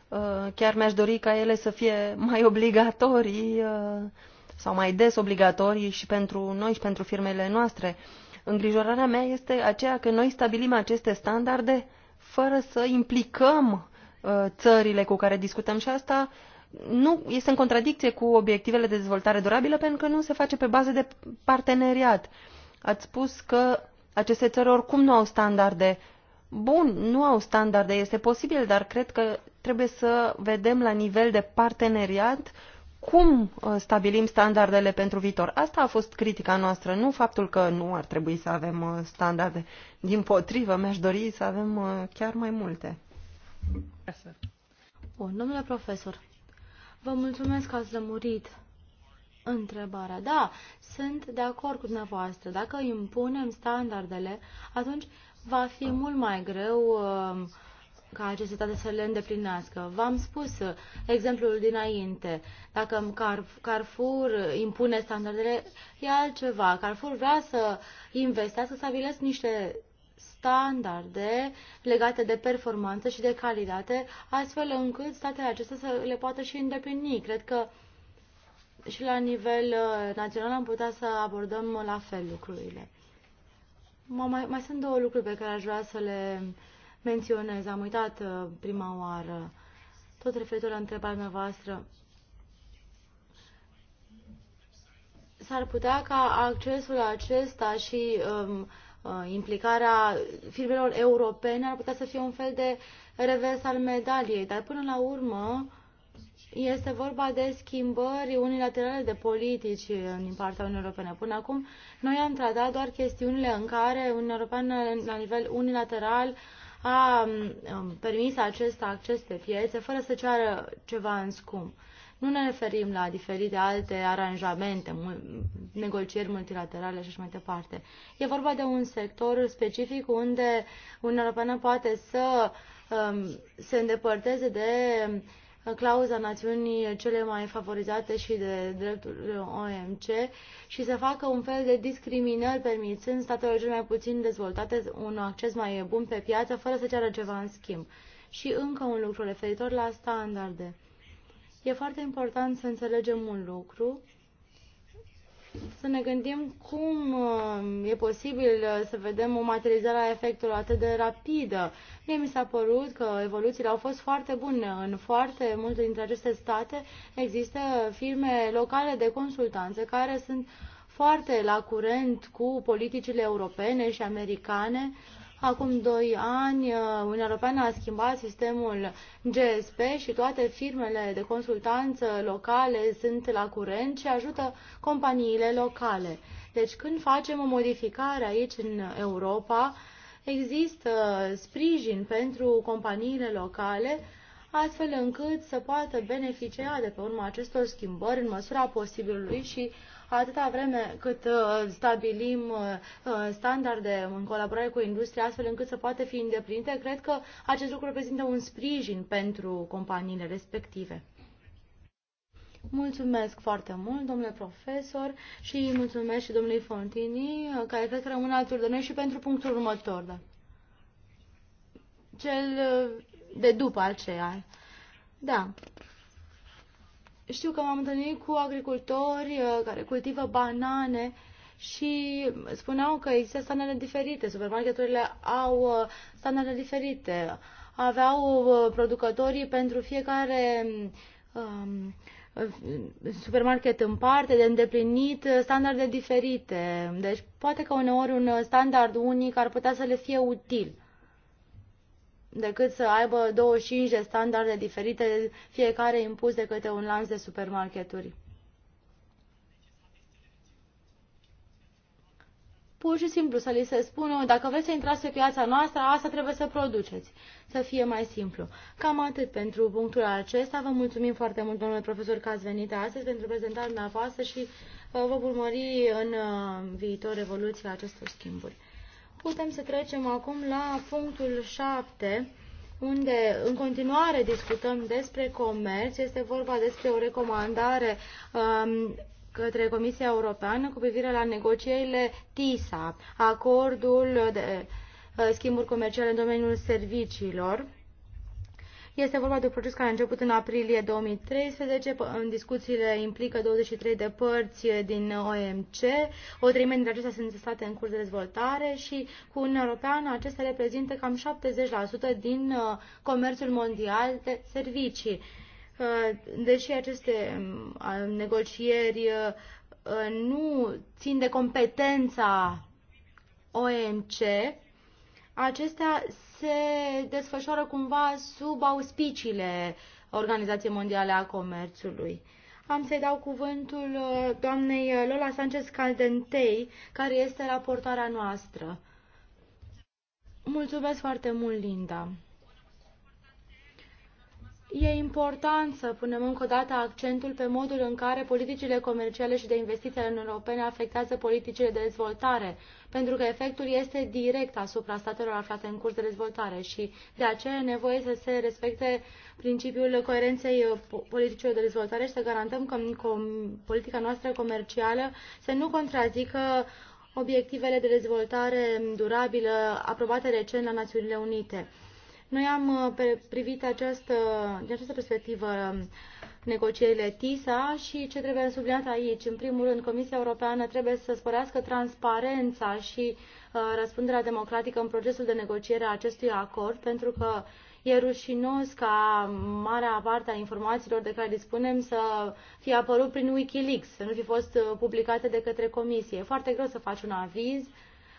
uh, chiar mi-aș dori ca ele să fie mai obligatorii uh, sau mai des obligatorii și pentru noi și pentru firmele noastre Îngrijorarea mea este aceea că noi stabilim aceste standarde fără să implicăm uh, țările cu care discutăm și asta nu este în contradicție cu obiectivele de dezvoltare durabilă pentru că nu se face pe bază de parteneriat. Ați spus că aceste țări oricum nu au standarde. Bun, nu au standarde, este posibil, dar cred că trebuie să vedem la nivel de parteneriat uh, cum uh, stabilim standardele pentru viitor. Asta a fost critica noastră, nu faptul că nu ar trebui să avem uh, standarde. Din potrivă, mi-aș dori să avem uh, chiar mai multe. Bun, domnule profesor, vă mulțumesc că ați lămurit întrebarea. Da, sunt de acord cu dumneavoastră. Dacă impunem standardele, atunci va fi mult mai greu uh, ca aceste state să le îndeplinească. V-am spus uh, exemplul dinainte. Dacă Carrefour uh, impune standardele, e altceva. Carrefour vrea să investească, să stabilească niște standarde legate de performanță și de calitate, astfel încât statele acestea să le poată și îndeplini. Cred că și la nivel uh, național am putea să abordăm la fel lucrurile. Mai, mai sunt două lucruri pe care aș vrea să le uh, menționez. Am uitat uh, prima oară, tot referitor la întrebarea noastră. S-ar putea ca accesul acesta și um, uh, implicarea firmelor europene ar putea să fie un fel de revers al medaliei, dar până la urmă este vorba de schimbări unilaterale de politici uh, din partea Uniunii Europene. Până acum, noi am tratat doar chestiunile în care Uniunea Europeană, la nivel unilateral, a um, permis acest acces pe piețe fără să ceară ceva în scump. Nu ne referim la diferite alte aranjamente, negocieri multilaterale și așa mai departe. E vorba de un sector specific unde Uniunea Europeană poate să um, se îndepărteze de clauza națiunii cele mai favorizate și de dreptul OMC și să facă un fel de discriminări permițând statelor cele mai puțin dezvoltate un acces mai bun pe piață fără să ceară ceva în schimb. Și încă un lucru referitor la standarde. E foarte important să înțelegem un lucru să ne gândim cum uh, e posibil uh, să vedem o materializare a efectului atât de rapidă. Mie mi s-a părut că evoluțiile au fost foarte bune. În foarte multe dintre aceste state există firme locale de consultanță care sunt foarte la curent cu politicile europene și americane uh, Acum doi ani, uh, Uniunea Europeană a schimbat sistemul GSP și toate firmele de consultanță locale sunt la curent și ajută companiile locale. Deci când facem o modificare aici în Europa, există sprijin pentru companiile locale, astfel încât să poată beneficia de pe urma acestor schimbări în măsura posibilului și atâta vreme cât uh, stabilim uh, standarde în colaborare cu industria astfel încât să poată fi îndeplinite, cred că acest lucru reprezintă un sprijin pentru companiile respective. Mulțumesc foarte mult, domnule profesor, și mulțumesc și domnului Fontini, care cred că rămâne alături de noi și pentru punctul următor. Da. Cel uh, de după aceea. Da. Știu că m-am întâlnit cu agricultori uh, care cultivă banane și spuneau că există standarde diferite, supermarketurile au uh, standarde diferite, aveau uh, producătorii pentru fiecare um, supermarket în parte, de îndeplinit standarde diferite. Deci poate că uneori un standard unic ar putea să le fie util decât să aibă 25 de standarde diferite, fiecare impus de către un lanț de supermarketuri. Pur și simplu să li se spună, dacă vreți să intrați pe piața noastră, asta trebuie să produceți, să fie mai simplu. Cam atât pentru punctul acesta. Vă mulțumim foarte mult, domnule profesor, că ați venit astăzi pentru prezentarea dumneavoastră și uh, vă urmări în uh, viitor evoluția acestor schimburi putem să trecem acum la punctul 7, unde în continuare discutăm despre comerț. Este vorba despre o recomandare um, către Comisia Europeană cu privire la negocierile TISA, acordul de uh, schimburi comerciale în domeniul serviciilor. Este vorba de un proces care a început în aprilie 2013. În discuțiile implică 23 de părți din OMC. O treime dintre acestea sunt state în curs de dezvoltare și cu Uniunea Europeană acestea reprezintă cam 70% din uh, comerțul mondial de servicii. Uh, deși aceste um, negocieri uh, nu țin de competența OMC, acestea se desfășoară cumva sub auspiciile Organizației Mondiale a Comerțului. Am să-i dau cuvântul uh, doamnei uh, Lola Sanchez Caldentei, care este raportoarea noastră. Mulțumesc foarte mult, Linda. E important să punem încă o dată accentul pe modul în care politicile comerciale și de investiții ale Uniunii Europene afectează politicile de dezvoltare, pentru că efectul este direct asupra statelor aflate în curs de dezvoltare și de aceea e nevoie să se respecte principiul coerenței uh, politicilor de dezvoltare și să garantăm că politica noastră comercială să nu contrazică obiectivele de dezvoltare durabilă aprobate recent la Națiunile Unite. Noi am uh, privit această, din această perspectivă um, negocierile TISA și ce trebuie subliniat aici. În primul rând, Comisia Europeană trebuie să sporească transparența și uh, răspunderea democratică în procesul de negociere a acestui acord, pentru că e rușinos ca marea parte a informațiilor de care dispunem să fie apărut prin Wikileaks, să nu fi fost uh, publicate de către Comisie. E foarte greu să faci un aviz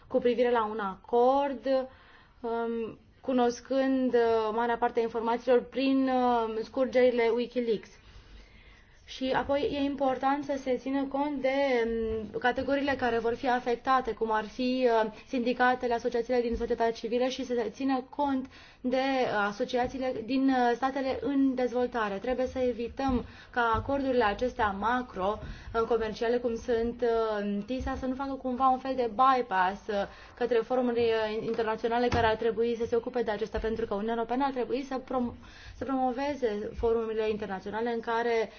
cu privire la un acord. Um, cunoscând uh, marea parte a informațiilor prin uh, scurgerile Wikileaks. Și apoi e important să se țină cont de mm, categoriile care vor fi afectate, cum ar fi uh, sindicatele, asociațiile din societatea civilă și să se țină cont de uh, asociațiile din uh, statele în dezvoltare. Trebuie să evităm ca acordurile acestea macro, comerciale, cum sunt TISA, să nu facă cumva un fel de bypass către forumurile internaționale care ar trebui să se ocupe de acestea, pentru că Uniunea Europeană ar trebui să, prom- să promoveze forumurile internaționale în care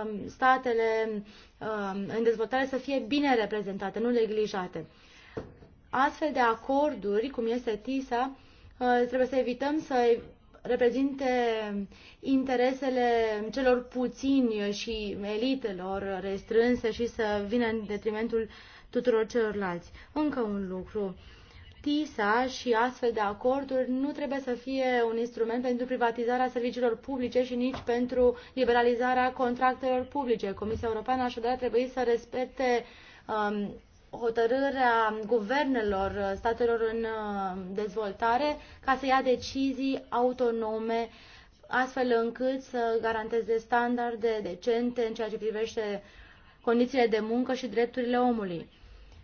Um, statele um, în dezvoltare să fie bine reprezentate, nu neglijate. Astfel de acorduri, cum este TISA, uh, trebuie să evităm să reprezinte interesele celor puțini și elitelor restrânse și să vină în detrimentul tuturor celorlalți. Încă un lucru. Uh, TISA și astfel de acorduri nu trebuie să fie un instrument pentru privatizarea serviciilor publice și nici pentru liberalizarea contractelor publice. Comisia Europeană așadar trebuie să respecte um, hotărârea guvernelor statelor în um, dezvoltare ca să ia decizii autonome astfel încât să garanteze standarde decente în ceea ce privește condițiile de muncă și drepturile omului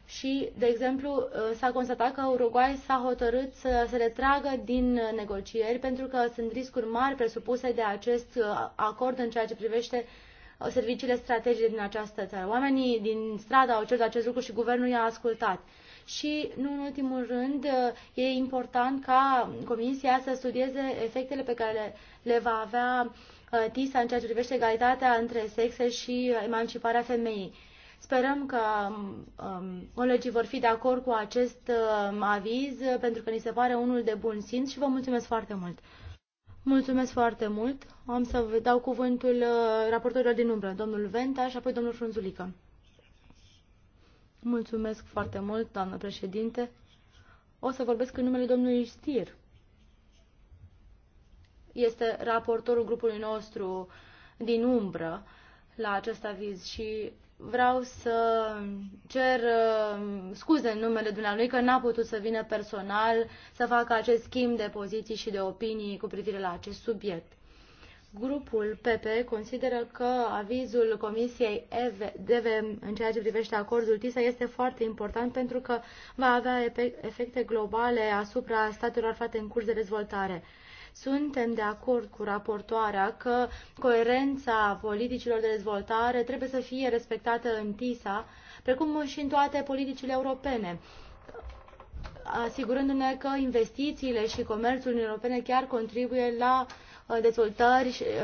și, de exemplu, uh, s-a constatat că Uruguay s-a hotărât să se retragă din uh, negocieri pentru că sunt riscuri mari presupuse de acest uh, acord în ceea ce privește serviciile strategice din această țară. Oamenii din stradă au cerut acest lucru și guvernul i-a ascultat. Și, nu în ultimul rând, e important ca Comisia să studieze efectele pe care le, le va avea TISA în ceea ce privește egalitatea între sexe și emanciparea femeii Sperăm că um, colegii vor fi de acord cu acest um, aviz, pentru că ni se pare unul de bun simț și vă mulțumesc foarte mult. Mulțumesc foarte mult. Am să vă dau cuvântul uh, raportorilor din umbră, domnul Venta și apoi domnul Frunzulică. Mulțumesc foarte mult, doamnă președinte. O să vorbesc în numele domnului Stir. Este raportorul grupului nostru din umbră la acest aviz și vreau să cer uh, scuze în numele dumnealui că n-a putut să vină personal să facă acest schimb de poziții și de opinii cu privire la acest subiect. Grupul PP consideră că avizul Comisiei DEVE în ceea ce privește acordul TISA este foarte important pentru că va avea efecte globale asupra statelor aflate în curs de dezvoltare. Suntem de acord cu raportoarea că coerența politicilor de dezvoltare trebuie să fie respectată în TISA, precum și în toate politicile europene asigurându-ne că investițiile și comerțul europene chiar contribuie la Uh, uh,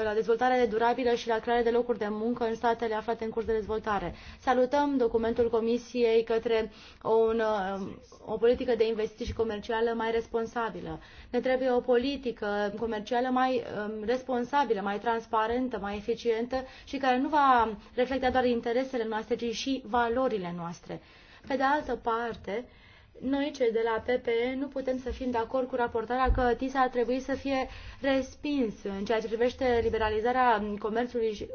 la dezvoltare durabilă și la crearea de locuri de muncă în statele aflate în curs de dezvoltare. Salutăm documentul Comisiei către un, uh, o politică de investiții comerciale comercială mai responsabilă. Ne trebuie o politică comercială mai um, responsabilă, mai transparentă, mai eficientă și care nu va reflecta doar interesele noastre, ci și valorile noastre. Pe de altă parte, noi, cei de la PPE, nu putem să fim de acord cu raportarea că TISA ar trebui să fie respins în ceea ce privește liberalizarea comerțului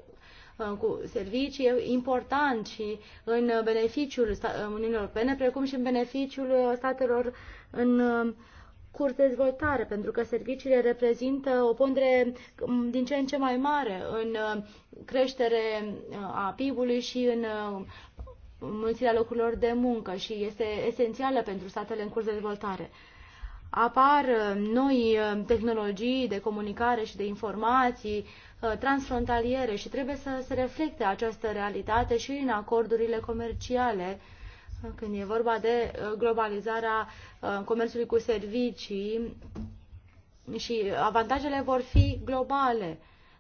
uh, cu servicii important și în beneficiul uh, Uniunii Europene, precum și în beneficiul uh, statelor în curs de dezvoltare, pentru că serviciile reprezintă o pondere um, din ce în ce mai mare în creștere a PIB-ului și în mulțirea locurilor de muncă și este esențială pentru statele în curs de dezvoltare. Apar uh, noi uh, tehnologii de comunicare și de informații uh, transfrontaliere și trebuie să se reflecte această realitate și în acordurile comerciale când e vorba de globalizarea comerțului cu servicii și avantajele vor fi globale.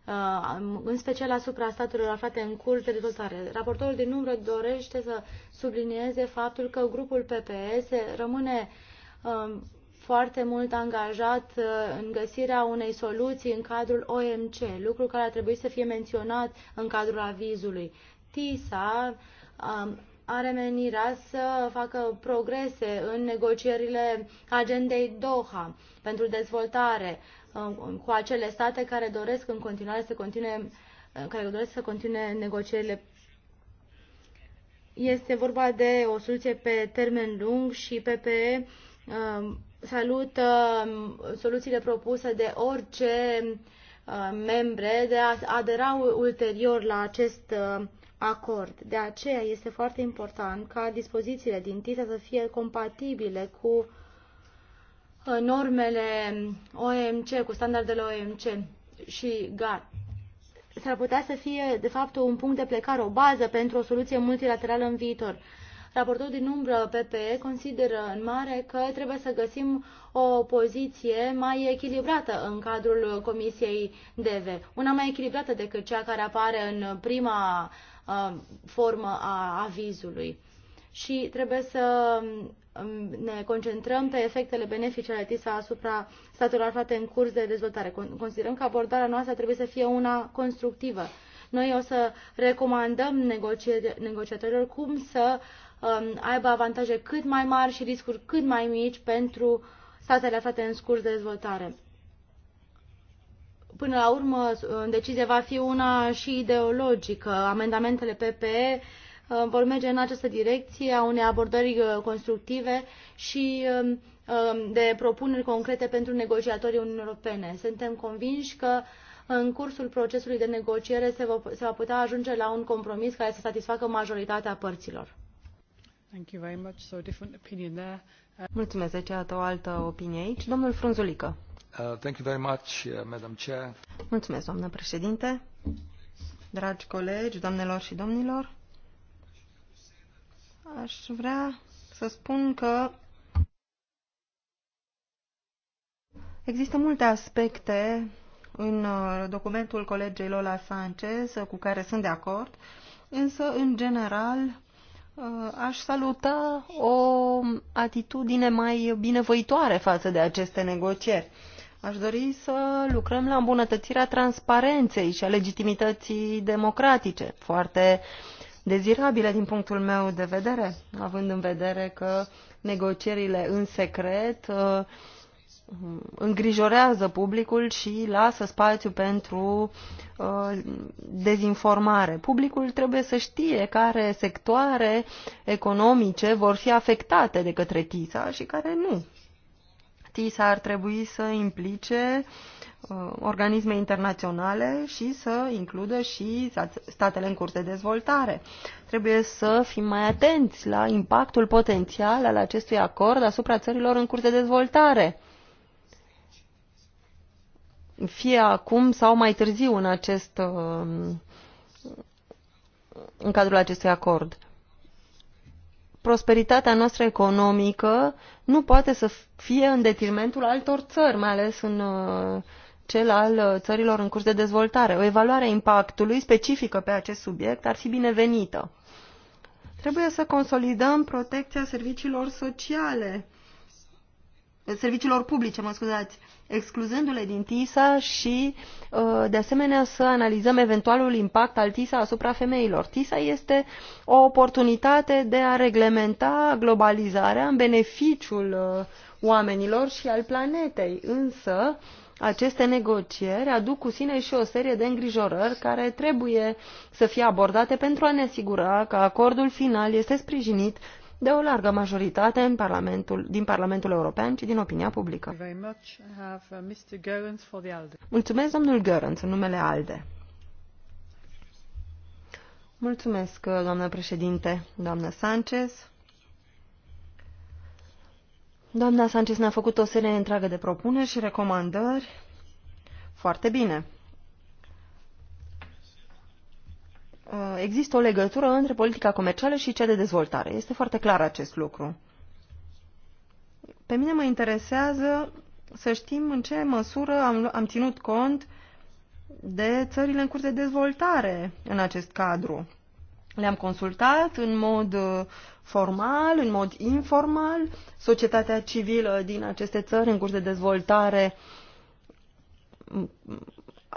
Uh, în special asupra statelor aflate în curs de dezvoltare. Raportorul din umbră dorește să sublinieze faptul că grupul PPS rămâne um, foarte mult angajat uh, în găsirea unei soluții în cadrul OMC, lucru care ar trebui să fie menționat în cadrul avizului. TISA um, are menirea să facă progrese în negocierile agendei Doha pentru dezvoltare, cu acele state care doresc în continuare să continue, care doresc să continue negocierile. Este vorba de o soluție pe termen lung și PPE um, salută um, soluțiile propuse de orice um, membre de a adera ulterior la acest acord. De aceea este foarte important ca dispozițiile din TISA să fie compatibile cu Uh, normele OMC, cu standardele OMC și GATT, s-ar putea să fie, de fapt, un punct de plecare, o bază pentru o soluție multilaterală în viitor. Raportul din umbră PPE consideră în mare că trebuie să găsim o poziție mai echilibrată în cadrul Comisiei DEVE, una mai echilibrată decât cea care apare în prima uh, formă a avizului și trebuie să um, ne concentrăm pe efectele benefice ale TISA asupra statelor aflate în curs de dezvoltare. Considerăm că abordarea noastră trebuie să fie una constructivă. Noi o să recomandăm negociatorilor cum să um, aibă avantaje cât mai mari și riscuri cât mai mici pentru statele aflate în curs de dezvoltare. Până la urmă, decizia va fi una și ideologică. Amendamentele PPE Uh, vor merge în această direcție a unei abordări uh, constructive și um, um, de propuneri concrete pentru negociatorii Uniunii Europene. Suntem convinși că în cursul procesului de negociere se va, se va putea ajunge la un compromis care să satisfacă majoritatea părților. Thank you very much. So different opinion there. Uh, Mulțumesc. Deci, iată o altă opinie aici. Domnul Frunzulică. Uh, thank you very much, uh, Madam Chair. Mulțumesc, doamnă președinte. Dragi colegi, doamnelor și domnilor, Aș vrea să spun că există multe aspecte în uh, documentul colegei Lola Sanchez uh, cu care sunt de acord, însă, în general, uh, aș saluta o atitudine mai binevoitoare față de aceste negocieri. Aș dori să lucrăm la îmbunătățirea transparenței și a legitimității democratice. Foarte uh, dezirabile din punctul meu de vedere, având în vedere că negocierile în secret uh, îngrijorează publicul și lasă spațiu pentru uh, dezinformare. Publicul trebuie să știe care sectoare economice vor fi afectate de către TISA și care nu. TISA ar trebui să implice uh, Uh, organisme internaționale și să includă și statele în curs de dezvoltare. Trebuie să fim mai atenți la impactul potențial al acestui acord asupra țărilor în curs de dezvoltare. Fie acum sau mai târziu în, acest, uh, în cadrul acestui acord. Prosperitatea noastră economică nu poate să fie în detrimentul altor țări, mai ales în uh, cel al uh, țărilor în curs de dezvoltare. O evaluare a impactului specifică pe acest subiect ar fi binevenită. Trebuie să consolidăm protecția serviciilor sociale, serviciilor publice, mă scuzați, excluzându-le din TISA și, uh, de asemenea, să analizăm eventualul impact al TISA asupra femeilor. TISA este o oportunitate de a reglementa globalizarea în beneficiul uh, oamenilor și al planetei, însă aceste negocieri aduc cu sine și o serie de îngrijorări care trebuie să fie abordate pentru a ne asigura că acordul final este sprijinit de o largă majoritate în Parlamentul, din Parlamentul European și din opinia publică. Uh, Mulțumesc, domnul Görens, în numele ALDE. Mulțumesc, uh, doamnă președinte, doamnă Sanchez. Doamna Sanchez ne-a făcut o serie întreagă de propuneri și recomandări. Foarte bine. Uh, există o legătură între politica comercială și cea de dezvoltare. Este foarte clar acest lucru. Pe mine mă interesează să știm în ce măsură am, am ținut cont de țările în curs de dezvoltare în acest cadru. Le-am consultat în mod uh, formal, în mod informal. Societatea civilă din aceste țări în curs de dezvoltare mm,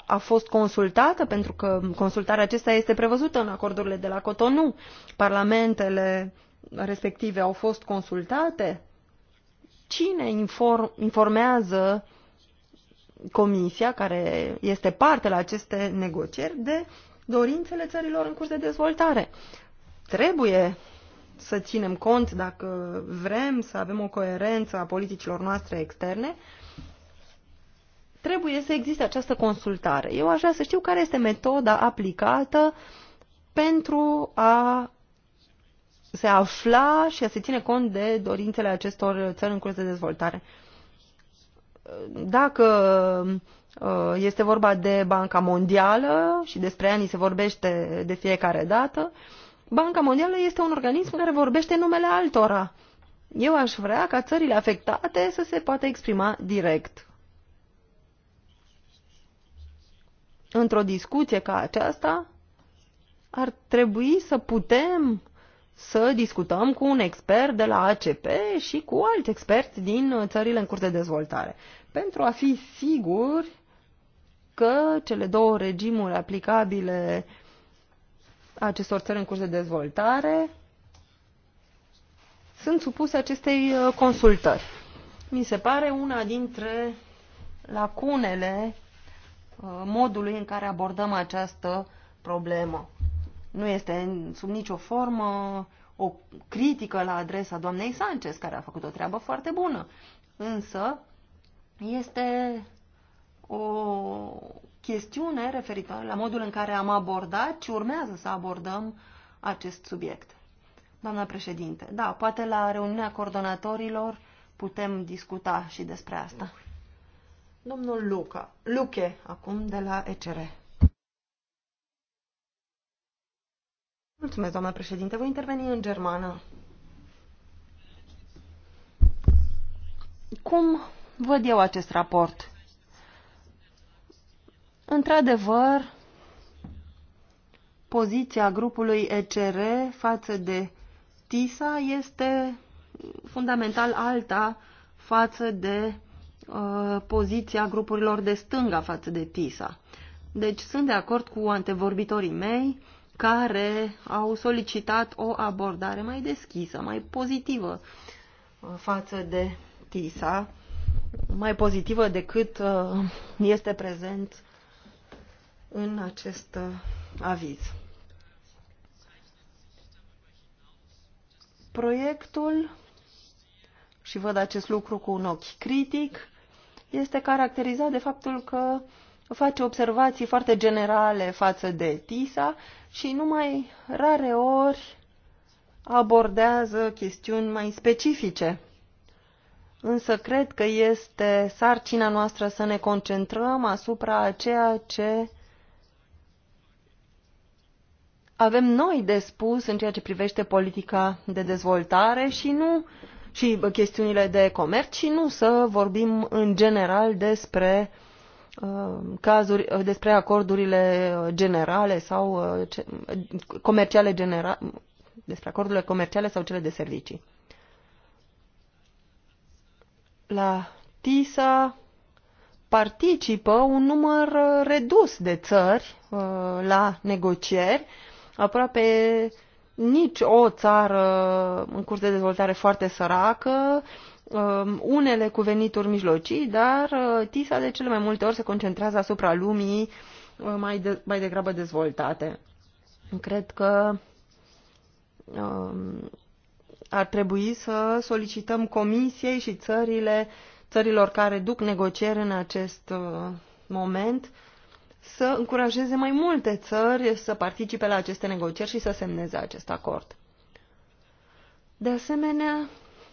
a fost consultată, pentru că consultarea acesta este prevăzută în acordurile de la Cotonou. Parlamentele respective au fost consultate. Cine inform, informează Comisia, care este parte la aceste negocieri, de dorințele țărilor în curs de dezvoltare. Trebuie să ținem cont dacă vrem să avem o coerență a politicilor noastre externe, trebuie să existe această consultare. Eu aș vrea să știu care este metoda aplicată pentru a se afla și a se ține cont de dorințele acestor țări în curs de dezvoltare. Dacă Uh, este vorba de Banca Mondială și despre ea ni se vorbește de fiecare dată. Banca Mondială este un organism care vorbește numele altora. Eu aș vrea ca țările afectate să se poată exprima direct. Într-o discuție ca aceasta, ar trebui să putem să discutăm cu un expert de la ACP și cu alți experți din țările în curs de dezvoltare, pentru a fi siguri că cele două regimuri aplicabile acestor țări în curs de dezvoltare sunt supuse acestei uh, consultări. Mi se pare una dintre lacunele uh, modului în care abordăm această problemă. Nu este sub nicio formă o critică la adresa doamnei Sanchez, care a făcut o treabă foarte bună, însă este o chestiune referitoare la modul în care am abordat și urmează să abordăm acest subiect. Doamna președinte, da, poate la reuniunea coordonatorilor putem discuta și despre asta. Domnul Luca, Luche, acum de la ECR. Mulțumesc, doamna președinte. Voi interveni în germană. Cum văd eu acest raport? Într-adevăr, poziția grupului ECR față de TISA este fundamental alta față de uh, poziția grupurilor de stânga față de TISA. Deci sunt de acord cu antevorbitorii mei care au solicitat o abordare mai deschisă, mai pozitivă uh, față de TISA, mai pozitivă decât uh, este prezent în acest uh, aviz. Proiectul, și văd acest lucru cu un ochi critic, este caracterizat de faptul că face observații foarte generale față de TISA și numai rare ori abordează chestiuni mai specifice. Însă cred că este sarcina noastră să ne concentrăm asupra ceea ce avem noi de spus în ceea ce privește politica de dezvoltare și nu și chestiunile de comerț și nu să vorbim în general despre uh, cazuri uh, despre acordurile generale sau uh, ce, comerciale generale despre acordurile comerciale sau cele de servicii. La TISA participă un număr redus de țări la negocieri aproape nici o țară în curs de dezvoltare foarte săracă, um, unele cu venituri mijlocii, dar uh, TISA de cele mai multe ori se concentrează asupra lumii uh, mai, de, mai degrabă dezvoltate. Cred că um, ar trebui să solicităm comisiei și țările, țărilor care duc negocieri în acest uh, moment să încurajeze mai multe țări să participe la aceste negocieri și să semneze acest acord. De asemenea,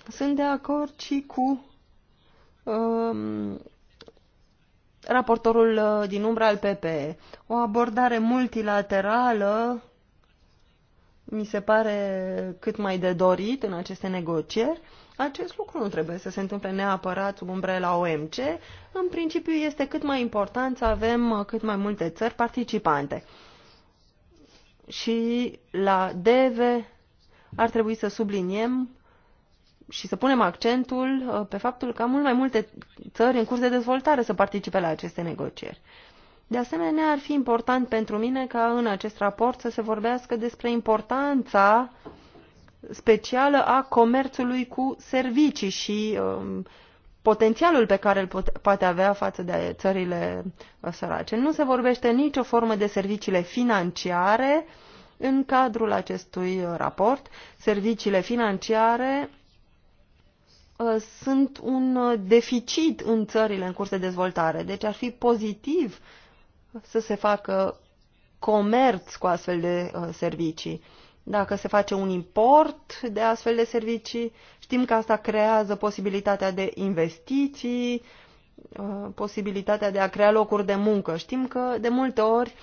sunt de acord și cu um, raportorul uh, din umbra al PPE. O abordare multilaterală mi se pare cât mai de dorit în aceste negocieri acest lucru nu trebuie să se întâmple neapărat sub umbrela OMC. În principiu este cât mai important să avem uh, cât mai multe țări participante. Și la DEVE ar trebui să subliniem și să punem accentul uh, pe faptul că mult mai multe țări în curs de dezvoltare să participe la aceste negocieri. De asemenea, ar fi important pentru mine ca în acest raport să se vorbească despre importanța uh, specială a comerțului cu servicii și um, potențialul pe care îl poate avea față de țările uh, sărace. Nu se vorbește nicio formă de serviciile financiare în cadrul acestui uh, raport. Serviciile financiare uh, sunt un deficit în țările în curs de dezvoltare, deci ar fi pozitiv să se facă comerț cu astfel de servicii dacă se face un import de astfel de servicii, știm că asta creează posibilitatea de investiții, uh, posibilitatea de a crea locuri de muncă. Știm că de multe ori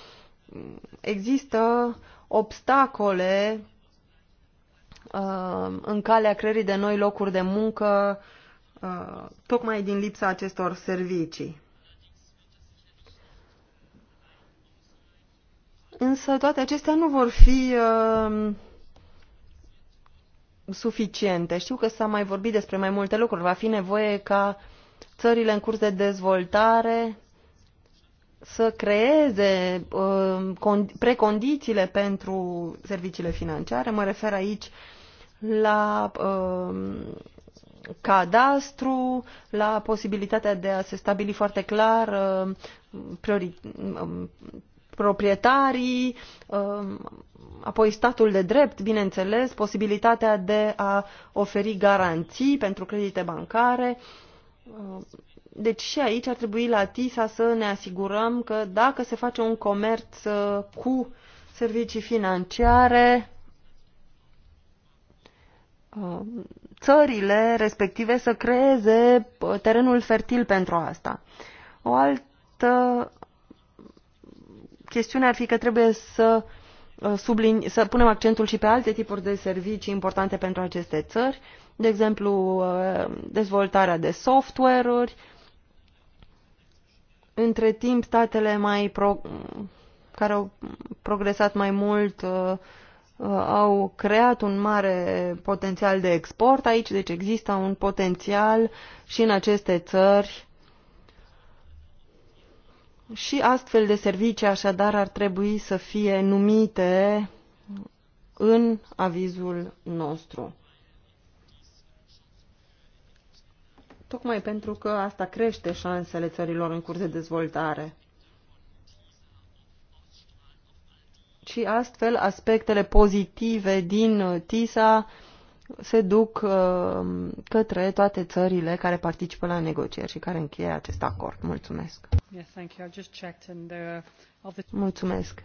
există obstacole uh, în calea creării de noi locuri de muncă, uh, tocmai din lipsa acestor servicii. Însă toate acestea nu vor fi uh, suficiente. Știu că s-a mai vorbit despre mai multe lucruri. Va fi nevoie ca țările în curs de dezvoltare să creeze uh, precondițiile pentru serviciile financiare. Mă refer aici la uh, cadastru, la posibilitatea de a se stabili foarte clar uh, priori, uh, proprietarii, um, apoi statul de drept, bineînțeles, posibilitatea de a oferi garanții pentru credite bancare. Um, deci și aici ar trebui la TISA să ne asigurăm că dacă se face un comerț uh, cu servicii financiare, um, țările respective să creeze uh, terenul fertil pentru asta. O altă chestiunea ar fi că trebuie să, uh, sublin, să punem accentul și pe alte tipuri de servicii importante pentru aceste țări, de exemplu uh, dezvoltarea de software-uri. Între timp, statele mai pro, care au progresat mai mult uh, au creat un mare potențial de export aici, deci există un potențial și în aceste țări și astfel de servicii așadar ar trebui să fie numite în avizul nostru. Tocmai pentru că asta crește șansele țărilor în curs de dezvoltare. Și astfel aspectele pozitive din TISA se duc uh, către toate țările care participă la negocieri și care încheie acest acord. Mulțumesc. Yes, thank you. I just checked and there are... Mulțumesc.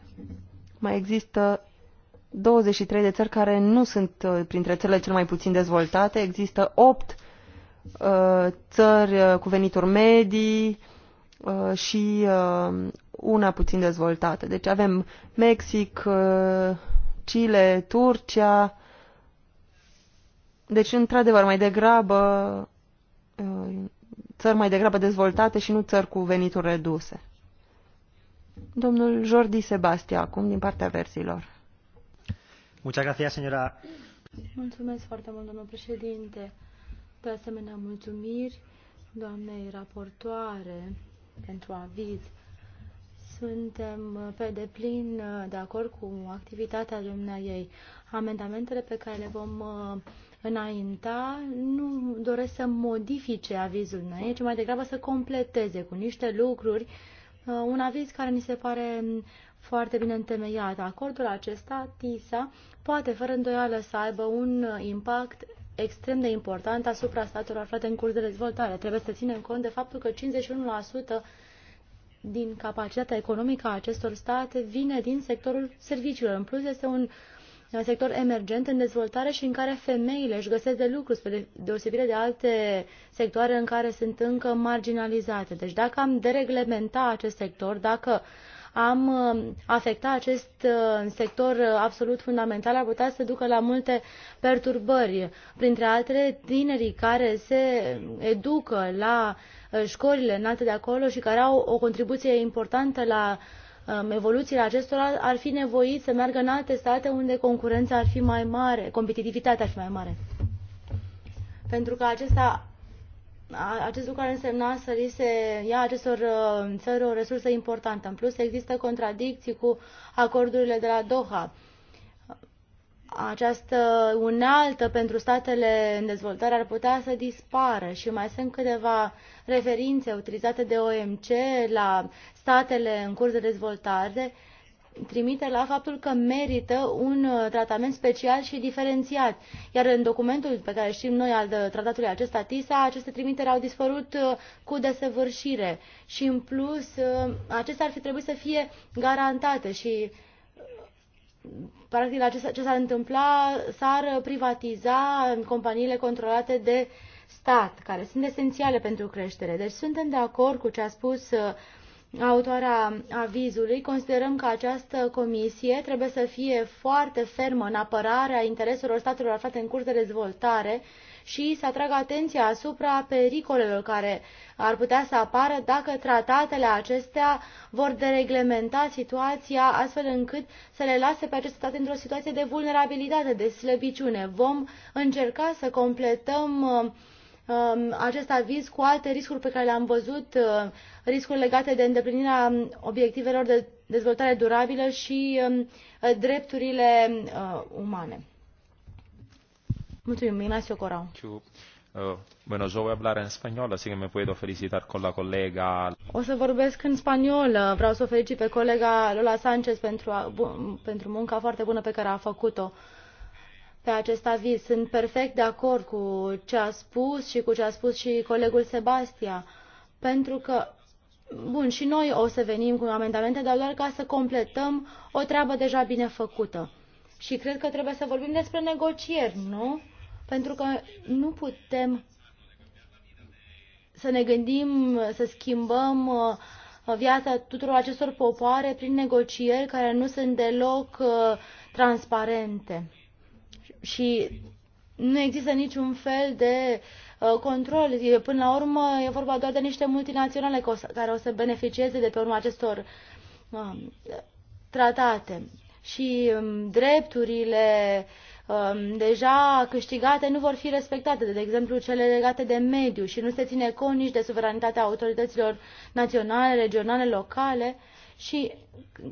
Mai există 23 de țări care nu sunt uh, printre țările cel mai puțin dezvoltate. Există 8 uh, țări uh, cu venituri medii uh, și uh, una puțin dezvoltată. Deci avem Mexic, uh, Chile, Turcia, deci, într-adevăr, mai degrabă uh, țări mai degrabă dezvoltate și nu țări cu venituri reduse. Domnul Jordi Sebastia, acum, din partea versilor. Muchas gracias, señora. Mulțumesc foarte mult, domnul președinte. De asemenea, mulțumiri doamnei raportoare pentru aviz. Suntem uh, pe deplin uh, de acord cu activitatea dumneai ei. Amendamentele pe care le vom înainta nu doresc să modifice avizul meu, ci mai degrabă să completeze cu niște lucruri uh, un aviz care ni se pare foarte bine întemeiat. Acordul acesta, TISA, poate fără îndoială să aibă un impact extrem de important asupra statelor aflate în curs de dezvoltare. Trebuie să ținem cont de faptul că 51% din capacitatea economică a acestor state vine din sectorul serviciilor. În plus, este un un sector emergent în dezvoltare și în care femeile își găsesc de lucru, spre deosebire de alte sectoare în care sunt încă marginalizate. Deci dacă am dereglementa acest sector, dacă am uh, afecta acest uh, sector uh, absolut fundamental ar putea să ducă la multe perturbări. Printre altele, tinerii care se educă la școlile înalte de acolo și care au o contribuție importantă la Um, evoluțiile acestora, ar fi nevoit să meargă în alte state unde concurența ar fi mai mare, competitivitatea ar fi mai mare. Pentru că acesta, acest lucru ar însemna să li se ia acestor uh, țări o resursă importantă. În plus, există contradicții cu acordurile de la Doha această unealtă pentru statele în dezvoltare ar putea să dispară și mai sunt câteva referințe utilizate de OMC la statele în curs de dezvoltare trimite la faptul că merită un uh, tratament special și diferențiat. Iar în documentul pe care știm noi al uh, tratatului acesta TISA, aceste trimiteri au dispărut uh, cu desăvârșire și în plus acestea ar fi trebuit să fie garantate și practic, la ce s-ar întâmpla, s-ar privatiza în companiile controlate de stat, care sunt esențiale pentru creștere. Deci suntem de acord cu ce a spus uh, autoarea avizului. Considerăm că această comisie trebuie să fie foarte fermă în apărarea intereselor statelor aflate în curs de dezvoltare, și să atragă atenția asupra pericolelor care ar putea să apară dacă tratatele acestea vor dereglementa situația astfel încât să le lase pe aceste state într-o situație de vulnerabilitate, de slăbiciune. Vom încerca să completăm um, um, acest aviz cu alte riscuri pe care le-am văzut, uh, riscuri legate de îndeplinirea obiectivelor de dezvoltare durabilă și um, drepturile uh, umane. Uh, bueno, yo voy a hablar en español, así que me puedo felicitar con la colega. O să vorbesc în spaniolă. Vreau să o felicit pe colega Lola Sanchez pentru, a, bu, pentru munca foarte bună pe care a făcut-o pe acest aviz. Sunt perfect de acord cu ce a spus și cu ce a spus și colegul Sebastia, pentru că Bun, și noi o să venim cu amendamente, dar doar ca să completăm o treabă deja bine făcută. Și cred că trebuie să vorbim despre negocieri, nu? pentru că nu putem să ne gândim să schimbăm uh, viața tuturor acestor popoare prin negocieri care nu sunt deloc uh, transparente. Și nu există niciun fel de uh, control. Până la urmă e vorba doar de niște multinaționale care o să beneficieze de pe urma acestor um, tratate. Și um, drepturile uh, Um, deja câștigate nu vor fi respectate, de exemplu cele legate de mediu și nu se ține cont nici de suveranitatea autorităților naționale, regionale, locale și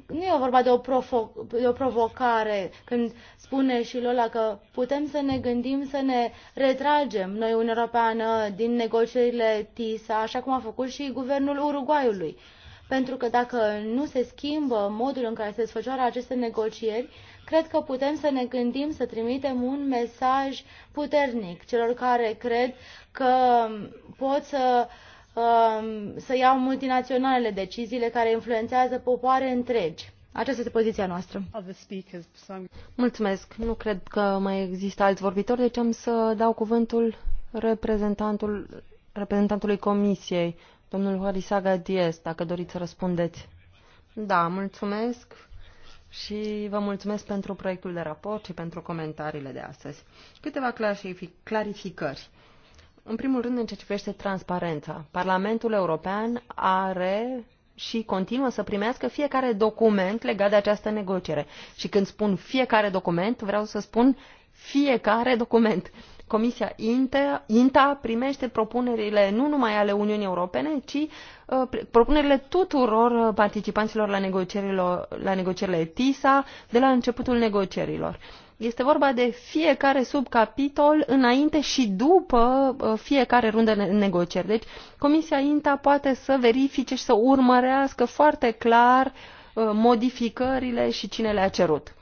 nu e vorba de o, provo- de o provocare când spune și Lola că putem să ne gândim să ne retragem noi Uniunea Europeană din negocierile TISA, așa cum a făcut și guvernul Uruguayului. Pentru că dacă nu se schimbă modul în care se desfășoară aceste negocieri, Cred că putem să ne gândim să trimitem un mesaj puternic celor care cred că pot să um, să iau multinaționalele deciziile care influențează popoare întregi. Aceasta este poziția noastră. Mulțumesc. Nu cred că mai există alți vorbitori, deci am să dau cuvântul reprezentantul, reprezentantului Comisiei, domnul Harisaga Diez, dacă doriți să răspundeți. Da, mulțumesc și vă mulțumesc pentru proiectul de raport și pentru comentariile de astăzi. Câteva clarificări. În primul rând, în ce privește transparența, Parlamentul European are și continuă să primească fiecare document legat de această negociere. Și când spun fiecare document, vreau să spun fiecare document. Comisia INTA, primește propunerile nu numai ale Uniunii Europene, ci uh, propunerile tuturor uh, participanților la negocierile, la negocierile TISA de la începutul negocierilor. Este vorba de fiecare subcapitol înainte și după uh, fiecare rundă de negocieri. Deci Comisia INTA poate să verifice și să urmărească foarte clar modificările și cine le-a cerut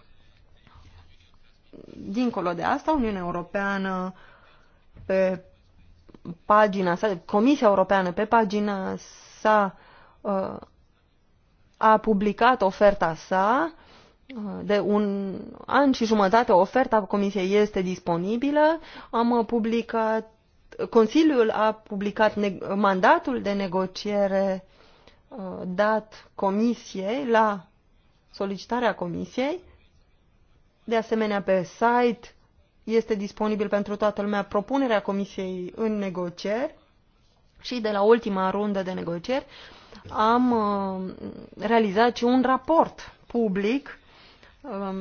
dincolo de asta, Uniunea Europeană pe pagina sa, Comisia Europeană pe pagina sa uh, a publicat oferta sa uh, de un an și jumătate oferta Comisiei este disponibilă. Am publicat, Consiliul a publicat mandatul de negociere uh, dat Comisiei la solicitarea Comisiei de asemenea, pe site este disponibil pentru toată lumea propunerea Comisiei în negocieri și de la ultima rundă de negocieri am uh, realizat și un raport public um,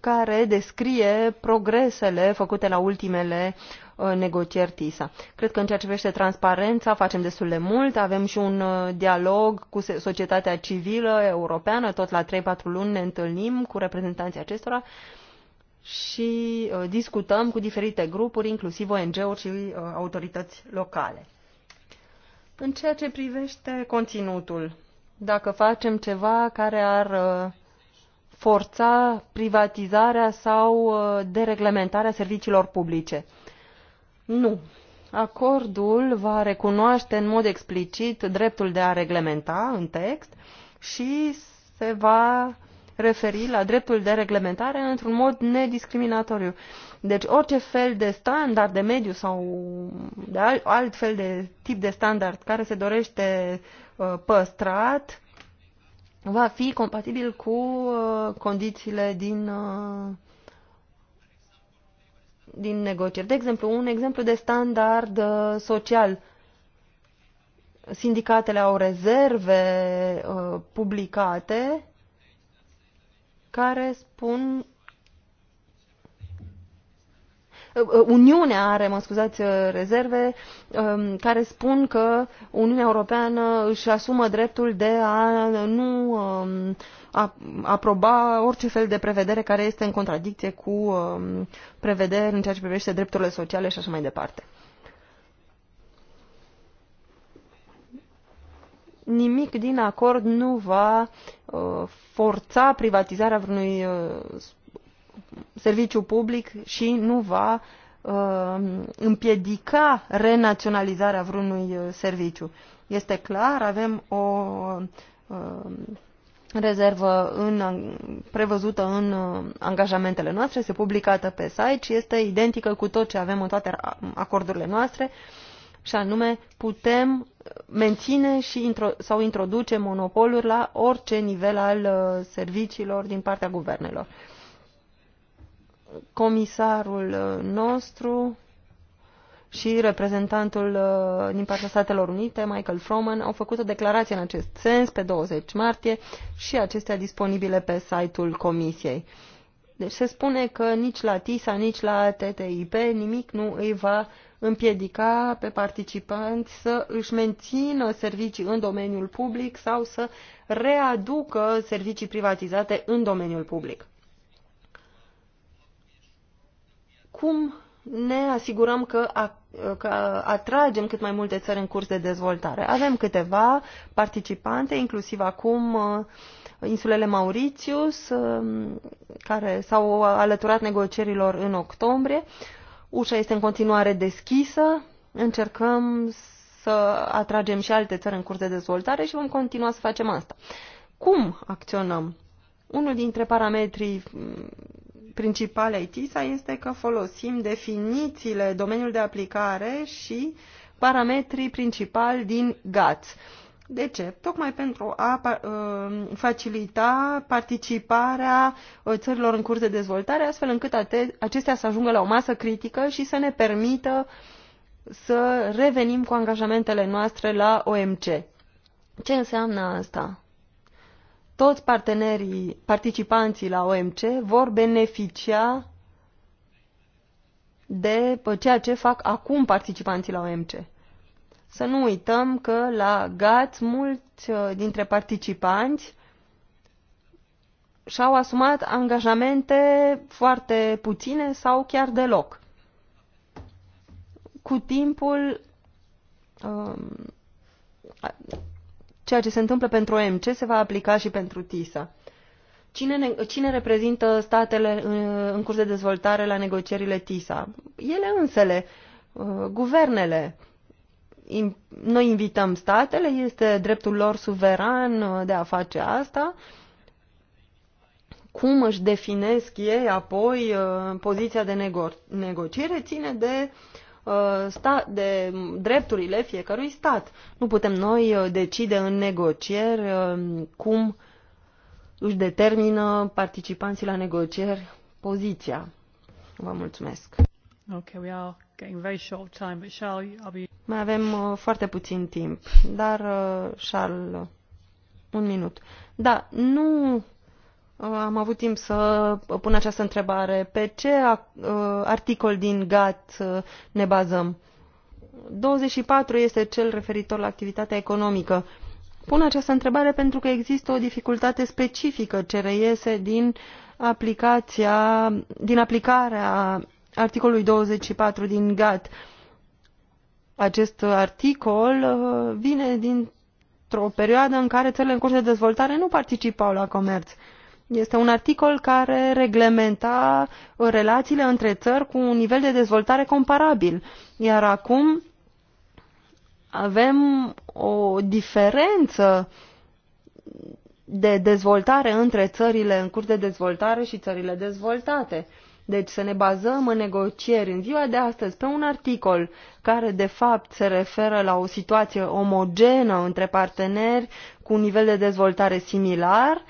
care descrie progresele făcute la ultimele Uh, negocieri TISA. Cred că în ceea ce privește transparența facem destul de mult, avem și un uh, dialog cu societatea civilă europeană, tot la 3-4 luni ne întâlnim cu reprezentanții acestora și uh, discutăm cu diferite grupuri, inclusiv ONG-uri și autorități locale. În ceea ce privește conținutul, dacă facem ceva care ar forța privatizarea sau dereglementarea serviciilor publice. Nu. Acordul va recunoaște în mod explicit dreptul de a reglementa în text și se va referi la dreptul de reglementare într-un mod nediscriminatoriu. Deci orice fel de standard de mediu sau de alt, alt fel de tip de standard care se dorește uh, păstrat va fi compatibil cu uh, condițiile din uh, din negocieri. De exemplu, un exemplu de standard uh, social. Sindicatele au rezerve uh, publicate care spun uh, Uniunea are, mă scuzați, uh, rezerve um, care spun că Uniunea Europeană își asumă dreptul de a nu um, aproba orice fel de prevedere care este în contradicție cu um, prevederi în ceea ce privește drepturile sociale și așa mai departe. Nimic din acord nu va uh, forța privatizarea vreunui uh, serviciu public și nu va uh, împiedica renaționalizarea vreunui serviciu. Este clar, avem o rezervă în, prevăzută în uh, angajamentele noastre, este publicată pe site și este identică cu tot ce avem în toate acordurile noastre și anume putem uh, menține și intro, sau introduce monopoluri la orice nivel al uh, serviciilor din partea guvernelor. Comisarul nostru și reprezentantul uh, din partea Statelor Unite, Michael Froman, au făcut o declarație în acest sens pe 20 martie și acestea disponibile pe site-ul Comisiei. Deci se spune că nici la TISA, nici la TTIP nimic nu îi va împiedica pe participanți să își mențină servicii în domeniul public sau să readucă servicii privatizate în domeniul public. Cum ne asigurăm că, a, că atragem cât mai multe țări în curs de dezvoltare. Avem câteva participante, inclusiv acum uh, insulele Mauritius, um, care s-au alăturat negocierilor în octombrie. Ușa este în continuare deschisă, încercăm să atragem și alte țări în curs de dezvoltare și vom continua să facem asta. Cum acționăm? Unul dintre parametrii principale ai TISA este că folosim definițiile, domeniul de aplicare și parametrii principali din GATS. De ce? Tocmai pentru a uh, facilita participarea uh, țărilor în curs de dezvoltare, astfel încât acestea să ajungă la o masă critică și să ne permită să revenim cu angajamentele noastre la OMC. Ce înseamnă asta? toți partenerii, participanții la OMC vor beneficia de ceea ce fac acum participanții la OMC. Să nu uităm că la GATS mulți uh, dintre participanți și-au asumat angajamente foarte puține sau chiar deloc. Cu timpul, um, ceea ce se întâmplă pentru OMC se va aplica și pentru TISA. Cine, ne, cine reprezintă statele în, uh, în curs de dezvoltare la negocierile TISA? Ele însele, uh, guvernele. Noi invităm statele, este dreptul lor suveran uh, de a face asta. Cum își definesc ei apoi poziția de nego- negociere ține de uh, Uh, sta, de drepturile fiecărui stat. Nu putem noi uh, decide în negocieri uh, cum își determină participanții la negocieri poziția. Vă mulțumesc. Okay, we are getting very short time, but shall be... Mai avem uh, foarte puțin timp, dar uh, Charles, un minut. Da, nu Uh, am avut timp să uh, pun această întrebare. Pe ce uh, articol din GATT ne bazăm? 24 este cel referitor la activitatea economică. Pun această întrebare pentru că există o dificultate specifică ce reiese din, aplicația, din aplicarea articolului 24 din GATT. Acest articol vine dintr-o perioadă în care țările în curs de dezvoltare nu participau la comerț. Uh, este un articol care reglementa relațiile între țări cu un nivel de dezvoltare comparabil. Iar acum avem o diferență de dezvoltare între țările în curs de dezvoltare și țările dezvoltate. Deci să ne bazăm în negocieri în ziua de astăzi pe un articol care de fapt se referă la o situație omogenă între parteneri cu un nivel de dezvoltare similar, uh,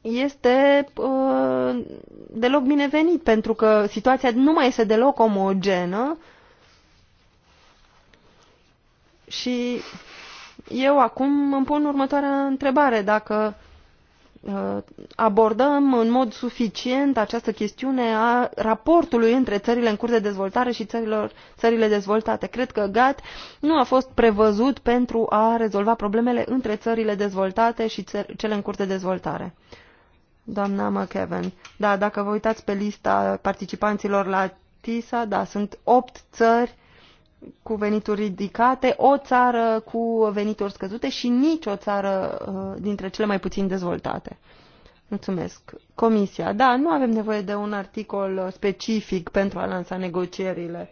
este uh, deloc binevenit, pentru că situația nu mai este deloc omogenă și eu acum îmi pun următoarea întrebare, dacă uh, abordăm în mod suficient această chestiune a raportului între țările în curs de dezvoltare și țărilor, țările dezvoltate. Cred că GAT nu a fost prevăzut pentru a rezolva problemele între țările dezvoltate și cele în curs de dezvoltare. Doamna McEwen, da, dacă vă uitați pe lista participanților la TISA, da, sunt opt țări cu venituri ridicate, o țară cu venituri scăzute și nicio țară uh, dintre cele mai puțin dezvoltate. Mulțumesc. Comisia. Da, nu avem nevoie de un articol specific pentru a lansa negocierile.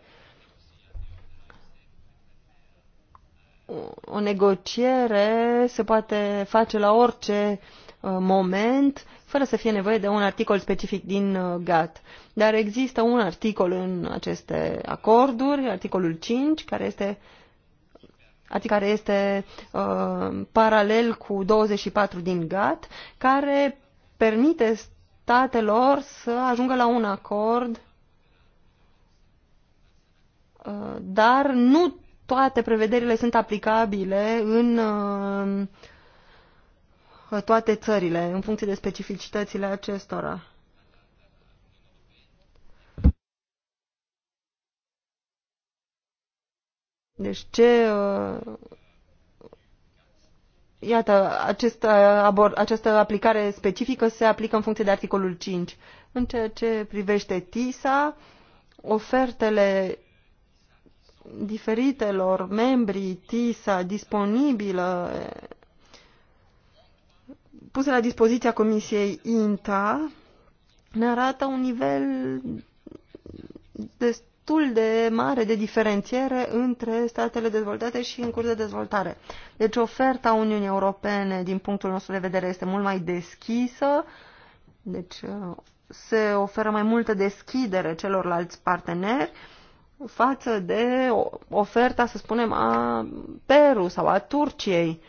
O negociere se poate face la orice uh, Uh, moment, fără să fie nevoie de un articol specific din uh, GATT. Dar există un articol în aceste acorduri, articolul 5, care este adică care este uh, paralel cu 24 din GATT, care permite statelor să ajungă la un acord, uh, dar nu toate prevederile sunt aplicabile în uh, toate țările, în funcție de specificitățile acestora. Deci ce... Uh, iată, această, uh, abor, această aplicare specifică se aplică în funcție de articolul 5. În ceea ce privește TISA, ofertele diferitelor membrii TISA disponibilă puse la dispoziția Comisiei INTA ne arată un nivel destul de mare de diferențiere între statele dezvoltate și în curs de dezvoltare. Deci oferta Uniunii Europene, din punctul nostru de vedere, este mult mai deschisă, deci uh, se oferă mai multă deschidere celorlalți parteneri față de oferta, să spunem, a Peru sau a Turciei,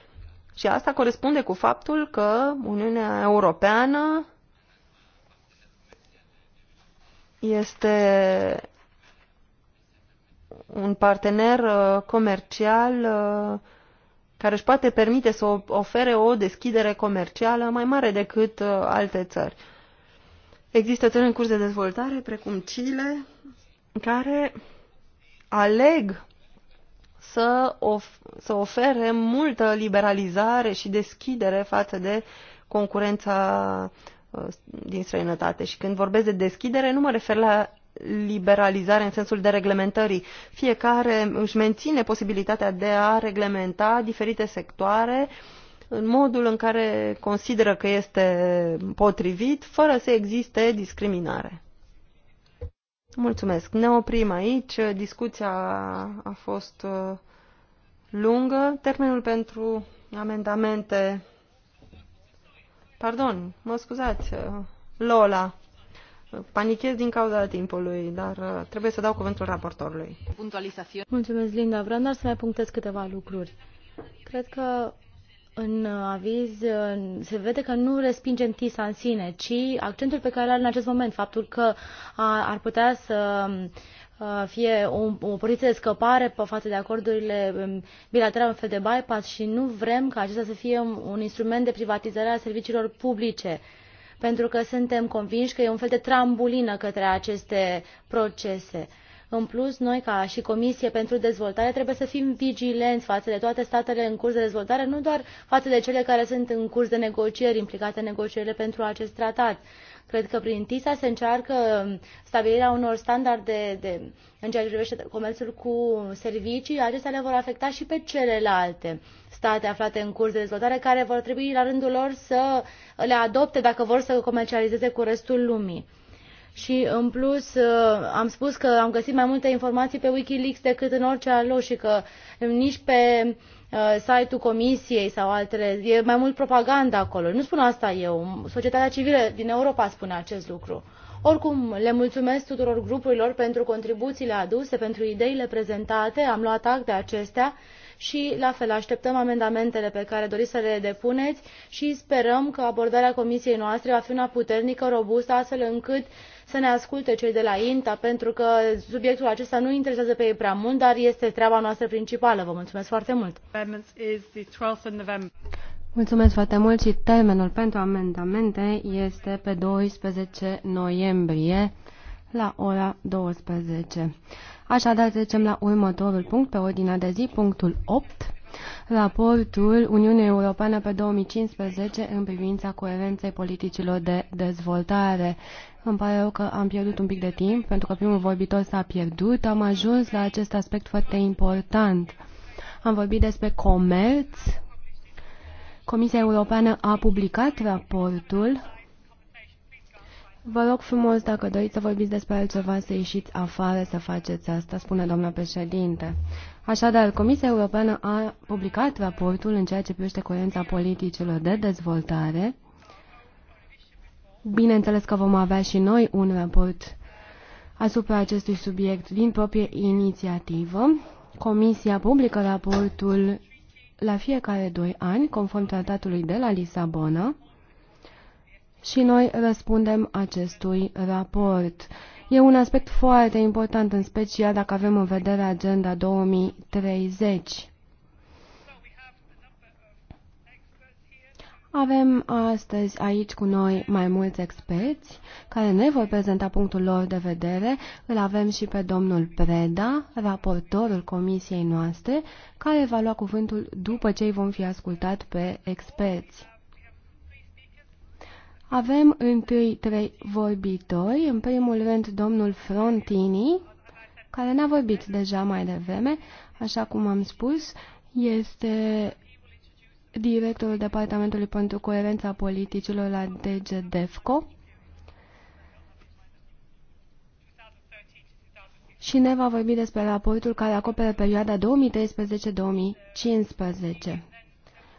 și asta corespunde cu faptul că Uniunea Europeană este un partener uh, comercial uh, care își poate permite să ofere o deschidere comercială mai mare decât uh, alte țări. Există țări în curs de dezvoltare, precum Chile, care aleg să, of- să ofere multă liberalizare și deschidere față de concurența uh, din străinătate. Și când vorbesc de deschidere, nu mă refer la liberalizare în sensul de reglementării. Fiecare își menține posibilitatea de a reglementa diferite sectoare în modul în care consideră că este potrivit, fără să existe discriminare. Mulțumesc. Ne oprim aici. Discuția a fost uh, lungă. Termenul pentru amendamente. Pardon, mă scuzați. Uh, Lola. Panichez din cauza timpului, dar uh, trebuie să dau cuvântul raportorului. Mulțumesc, Linda. Vreau doar să mai punctez câteva lucruri. Cred că în aviz se vede că nu respingem TISA în sine, ci accentul pe care îl are în acest moment, faptul că ar putea să fie o, o poziție de scăpare față de acordurile um, bilaterale, în fel de bypass și nu vrem ca acesta să fie un instrument de privatizare a serviciilor publice pentru că suntem convinși că e un fel de trambulină către aceste procese. În plus, noi ca și Comisie pentru Dezvoltare trebuie să fim vigilenți față de toate statele în curs de dezvoltare, nu doar față de cele care sunt în curs de negocieri, implicate în negocierile pentru acest tratat. Cred că prin TISA se încearcă stabilirea unor standarde de, în ceea ce privește comerțul cu servicii, acestea le vor afecta și pe celelalte state aflate în curs de dezvoltare, care vor trebui la rândul lor să le adopte dacă vor să comercializeze cu restul lumii și în plus uh, am spus că am găsit mai multe informații pe Wikileaks decât în orice alo și că nici pe uh, site-ul comisiei sau altele, e mai mult propagandă acolo. Nu spun asta eu, societatea civilă din Europa spune acest lucru. Oricum, le mulțumesc tuturor grupurilor pentru contribuțiile aduse, pentru ideile prezentate, am luat act de acestea și la fel așteptăm amendamentele pe care doriți să le depuneți și sperăm că abordarea comisiei noastre va fi una puternică, robustă, astfel încât să ne asculte cei de la INTA, pentru că subiectul acesta nu interesează pe ei prea mult, dar este treaba noastră principală. Vă mulțumesc foarte mult! Mulțumesc foarte mult și termenul pentru amendamente este pe 12 noiembrie la ora 12. Așadar, trecem la următorul punct pe ordinea de zi, punctul 8, raportul Uniunii Europene pe 2015 în privința coerenței politicilor de dezvoltare. Îmi pare rău că am pierdut un pic de timp, pentru că primul vorbitor s-a pierdut. Am ajuns la acest aspect foarte important. Am vorbit despre comerț. Comisia Europeană a publicat raportul Vă rog frumos, dacă doriți să vorbiți despre altceva, să ieșiți afară să faceți asta, spune doamna președinte. Așadar, Comisia Europeană a publicat raportul în ceea ce privește coerența politicilor de dezvoltare. Bineînțeles că vom avea și noi un raport asupra acestui subiect din proprie inițiativă. Comisia publică raportul la fiecare doi ani, conform tratatului de la Lisabona și noi răspundem acestui raport. E un aspect foarte important, în special dacă avem în vedere Agenda 2030. Avem astăzi aici cu noi mai mulți experți care ne vor prezenta punctul lor de vedere. Îl avem și pe domnul Preda, raportorul comisiei noastre, care va lua cuvântul după ce îi vom fi ascultat pe experți. Avem întâi trei vorbitori. În primul rând, domnul Frontini, care n-a vorbit deja mai devreme, așa cum am spus, este directorul Departamentului pentru Coerența Politicilor la DG DEFCO și ne va vorbi despre raportul care acoperă perioada 2013-2015.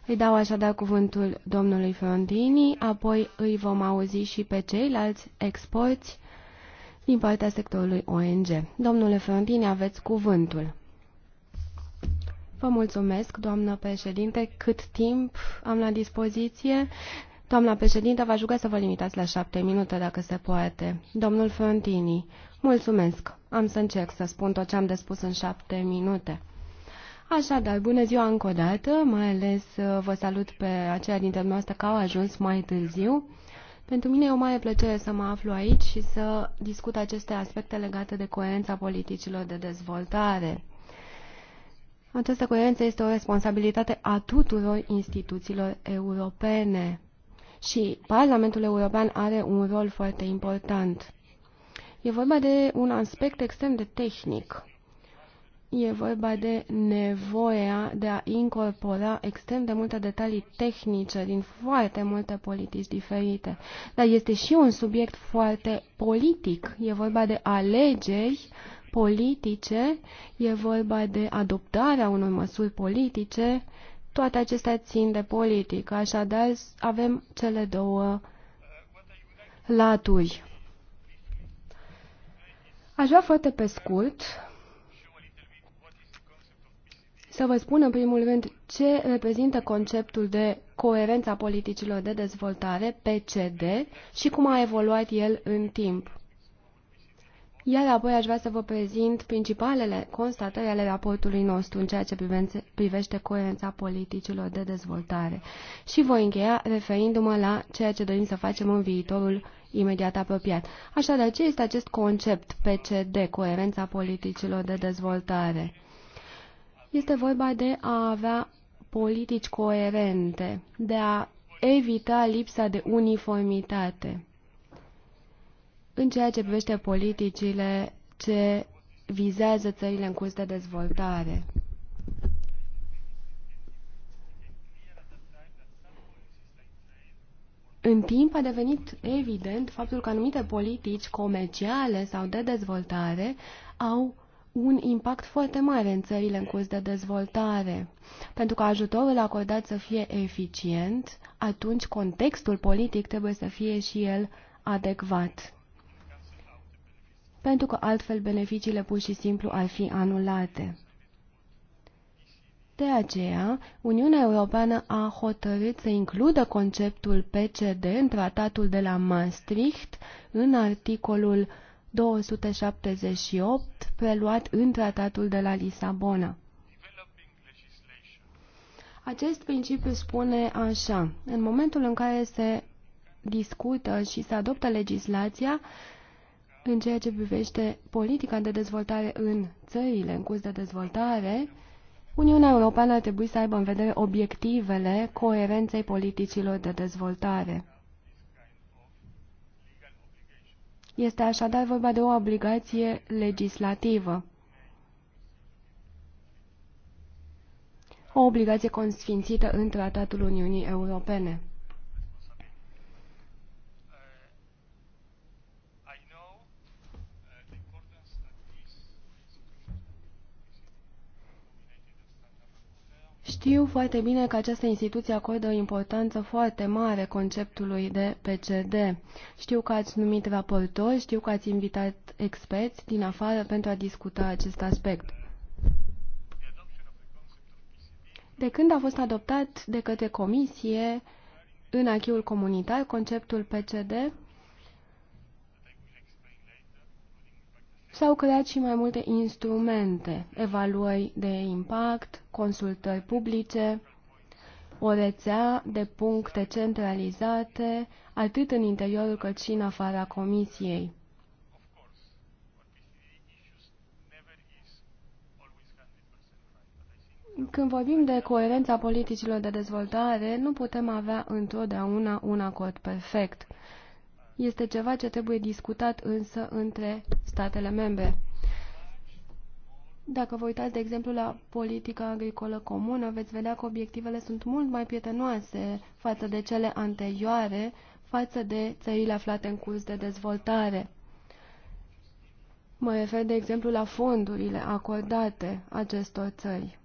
Îi dau așadar cuvântul domnului Frontini, apoi îi vom auzi și pe ceilalți exporți din partea sectorului ONG. Domnule Frontini, aveți cuvântul. Vă mulțumesc, doamnă președinte, cât timp am la dispoziție. Doamna președinte, v-aș ruga să vă limitați la șapte minute, dacă se poate. Domnul Frontini, mulțumesc. Am să încerc să spun tot ce am de spus în șapte minute. Așadar, bună ziua încă o dată, mai ales uh, vă salut pe aceia dintre noastre că au ajuns mai târziu. Pentru mine e o mare plăcere să mă aflu aici și să discut aceste aspecte legate de coerența politicilor de dezvoltare. Această coerență este o responsabilitate a tuturor instituțiilor europene și Parlamentul European are un rol foarte important. E vorba de un aspect extrem de tehnic. E vorba de nevoia de a incorpora extrem de multe detalii tehnice din foarte multe politici diferite. Dar este și un subiect foarte politic. E vorba de alegeri politice, e vorba de adoptarea unor măsuri politice. Toate acestea țin de politică, așadar avem cele două laturi. Aș vrea foarte pe scurt să vă spun în primul rând ce reprezintă conceptul de coerența politicilor de dezvoltare, PCD, și cum a evoluat el în timp. Iar apoi aș vrea să vă prezint principalele constatări ale raportului nostru în ceea ce privește coerența politicilor de dezvoltare. Și voi încheia referindu-mă la ceea ce dorim să facem în viitorul imediat apropiat. Așadar, ce este acest concept PCD, coerența politicilor de dezvoltare? Este vorba de a avea politici coerente, de a evita lipsa de uniformitate în ceea ce privește politicile ce vizează țările în curs de dezvoltare. În timp a devenit evident faptul că anumite politici comerciale sau de dezvoltare au un impact foarte mare în țările în curs de dezvoltare. Pentru că ajutorul acordat să fie eficient, atunci contextul politic trebuie să fie și el adecvat. Pentru că altfel beneficiile pur și simplu ar fi anulate. De aceea, Uniunea Europeană a hotărât să includă conceptul PCD în tratatul de la Maastricht, în articolul 278, preluat în tratatul de la Lisabona. Acest principiu spune așa, în momentul în care se discută și se adoptă legislația în ceea ce privește politica de dezvoltare în țările în curs de dezvoltare, Uniunea Europeană ar trebui să aibă în vedere obiectivele coerenței politicilor de dezvoltare. Este așadar vorba de o obligație legislativă. O obligație consfințită în Tratatul Uniunii Europene. Știu foarte bine că această instituție acordă o importanță foarte mare conceptului de PCD. Știu că ați numit raportori, știu că ați invitat experți din afară pentru a discuta acest aspect. De când a fost adoptat de către Comisie în achiul comunitar conceptul PCD, S-au creat și mai multe instrumente, evaluări de impact, consultări publice, o rețea de puncte centralizate, atât în interiorul cât și în afara comisiei. Când vorbim de coerența politicilor de dezvoltare, nu putem avea întotdeauna un acord perfect. Este ceva ce trebuie discutat însă între statele membre. Dacă vă uitați, de exemplu, la politica agricolă comună, veți vedea că obiectivele sunt mult mai prietenoase față de cele anterioare, față de țările aflate în curs de dezvoltare. Mă refer, de exemplu, la fondurile acordate acestor țări.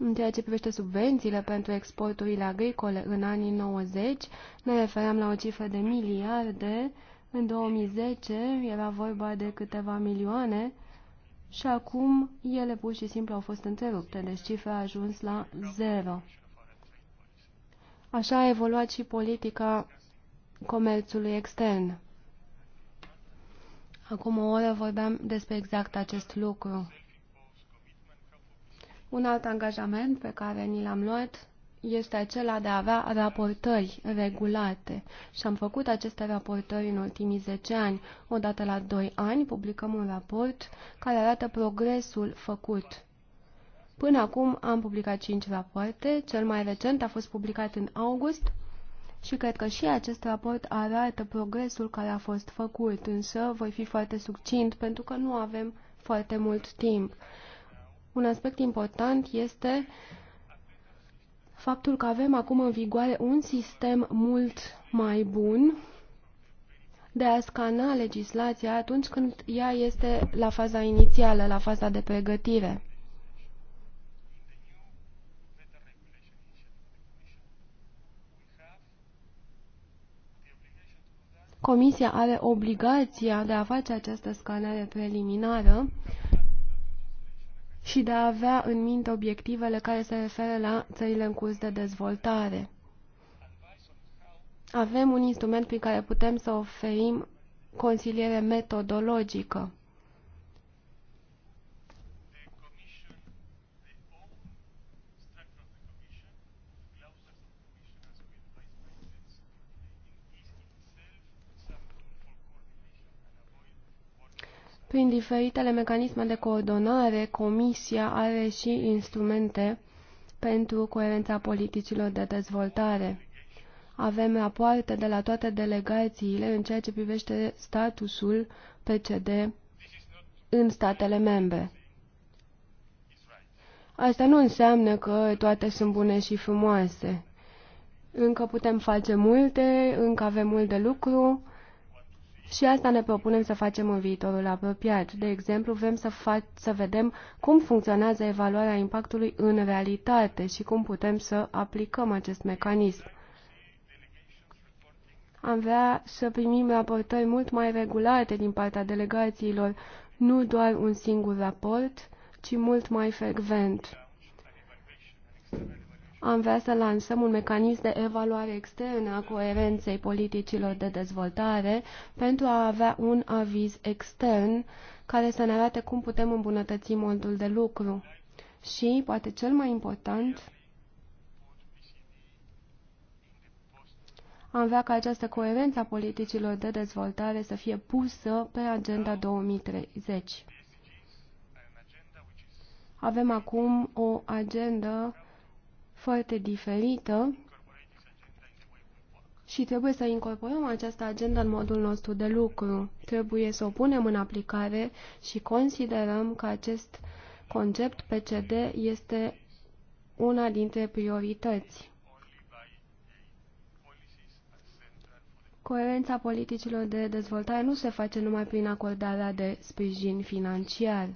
În ceea ce privește subvențiile pentru exporturile agricole în anii 90, ne refeream la o cifră de miliarde. În 2010 era vorba de câteva milioane și acum ele pur și simplu au fost întrerupte, deci cifra a ajuns la zero. Așa a evoluat și politica comerțului extern. Acum o oră vorbeam despre exact acest lucru. Un alt angajament pe care ni l-am luat este acela de a avea raportări regulate și am făcut aceste raportări în ultimii 10 ani. Odată la 2 ani publicăm un raport care arată progresul făcut. Până acum am publicat 5 rapoarte, cel mai recent a fost publicat în august și cred că și acest raport arată progresul care a fost făcut, însă voi fi foarte succint pentru că nu avem foarte mult timp. Un aspect important este faptul că avem acum în vigoare un sistem mult mai bun de a scana legislația atunci când ea este la faza inițială, la faza de pregătire. Comisia are obligația de a face această scanare preliminară și de a avea în minte obiectivele care se referă la țările în curs de dezvoltare. Avem un instrument prin care putem să oferim consiliere metodologică. Prin diferitele mecanisme de coordonare, Comisia are și instrumente pentru coerența politicilor de dezvoltare. Avem rapoarte de la toate delegațiile în ceea ce privește statusul PCD în statele membre. Asta nu înseamnă că toate sunt bune și frumoase. Încă putem face multe, încă avem mult de lucru, și asta ne propunem să facem în viitorul apropiat. De exemplu, vrem să, fac, să vedem cum funcționează evaluarea impactului în realitate și cum putem să aplicăm acest mecanism. Am vrea să primim raportări mult mai regulate din partea delegațiilor, nu doar un singur raport, ci mult mai frecvent am vrea să lansăm un mecanism de evaluare externă a coerenței politicilor de dezvoltare pentru a avea un aviz extern care să ne arate cum putem îmbunătăți modul de lucru. Și, poate cel mai important, am vrea ca această coerență a politicilor de dezvoltare să fie pusă pe agenda 2030. Avem acum o agendă foarte diferită și trebuie să incorporăm această agenda în modul nostru de lucru. Trebuie să o punem în aplicare și considerăm că acest concept PCD este una dintre priorități. Coerența politicilor de dezvoltare nu se face numai prin acordarea de sprijin financiar.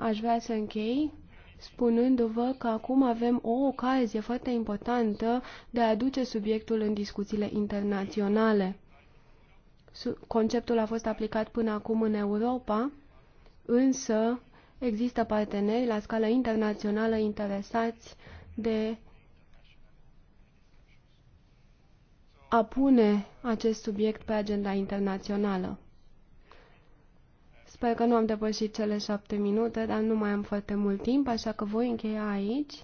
Aș vrea să închei spunându-vă că acum avem o ocazie foarte importantă de a aduce subiectul în discuțiile internaționale. Conceptul a fost aplicat până acum în Europa, însă există parteneri la scală internațională interesați de a pune acest subiect pe agenda internațională. Sper că nu am depășit cele șapte minute, dar nu mai am foarte mult timp, așa că voi încheia aici.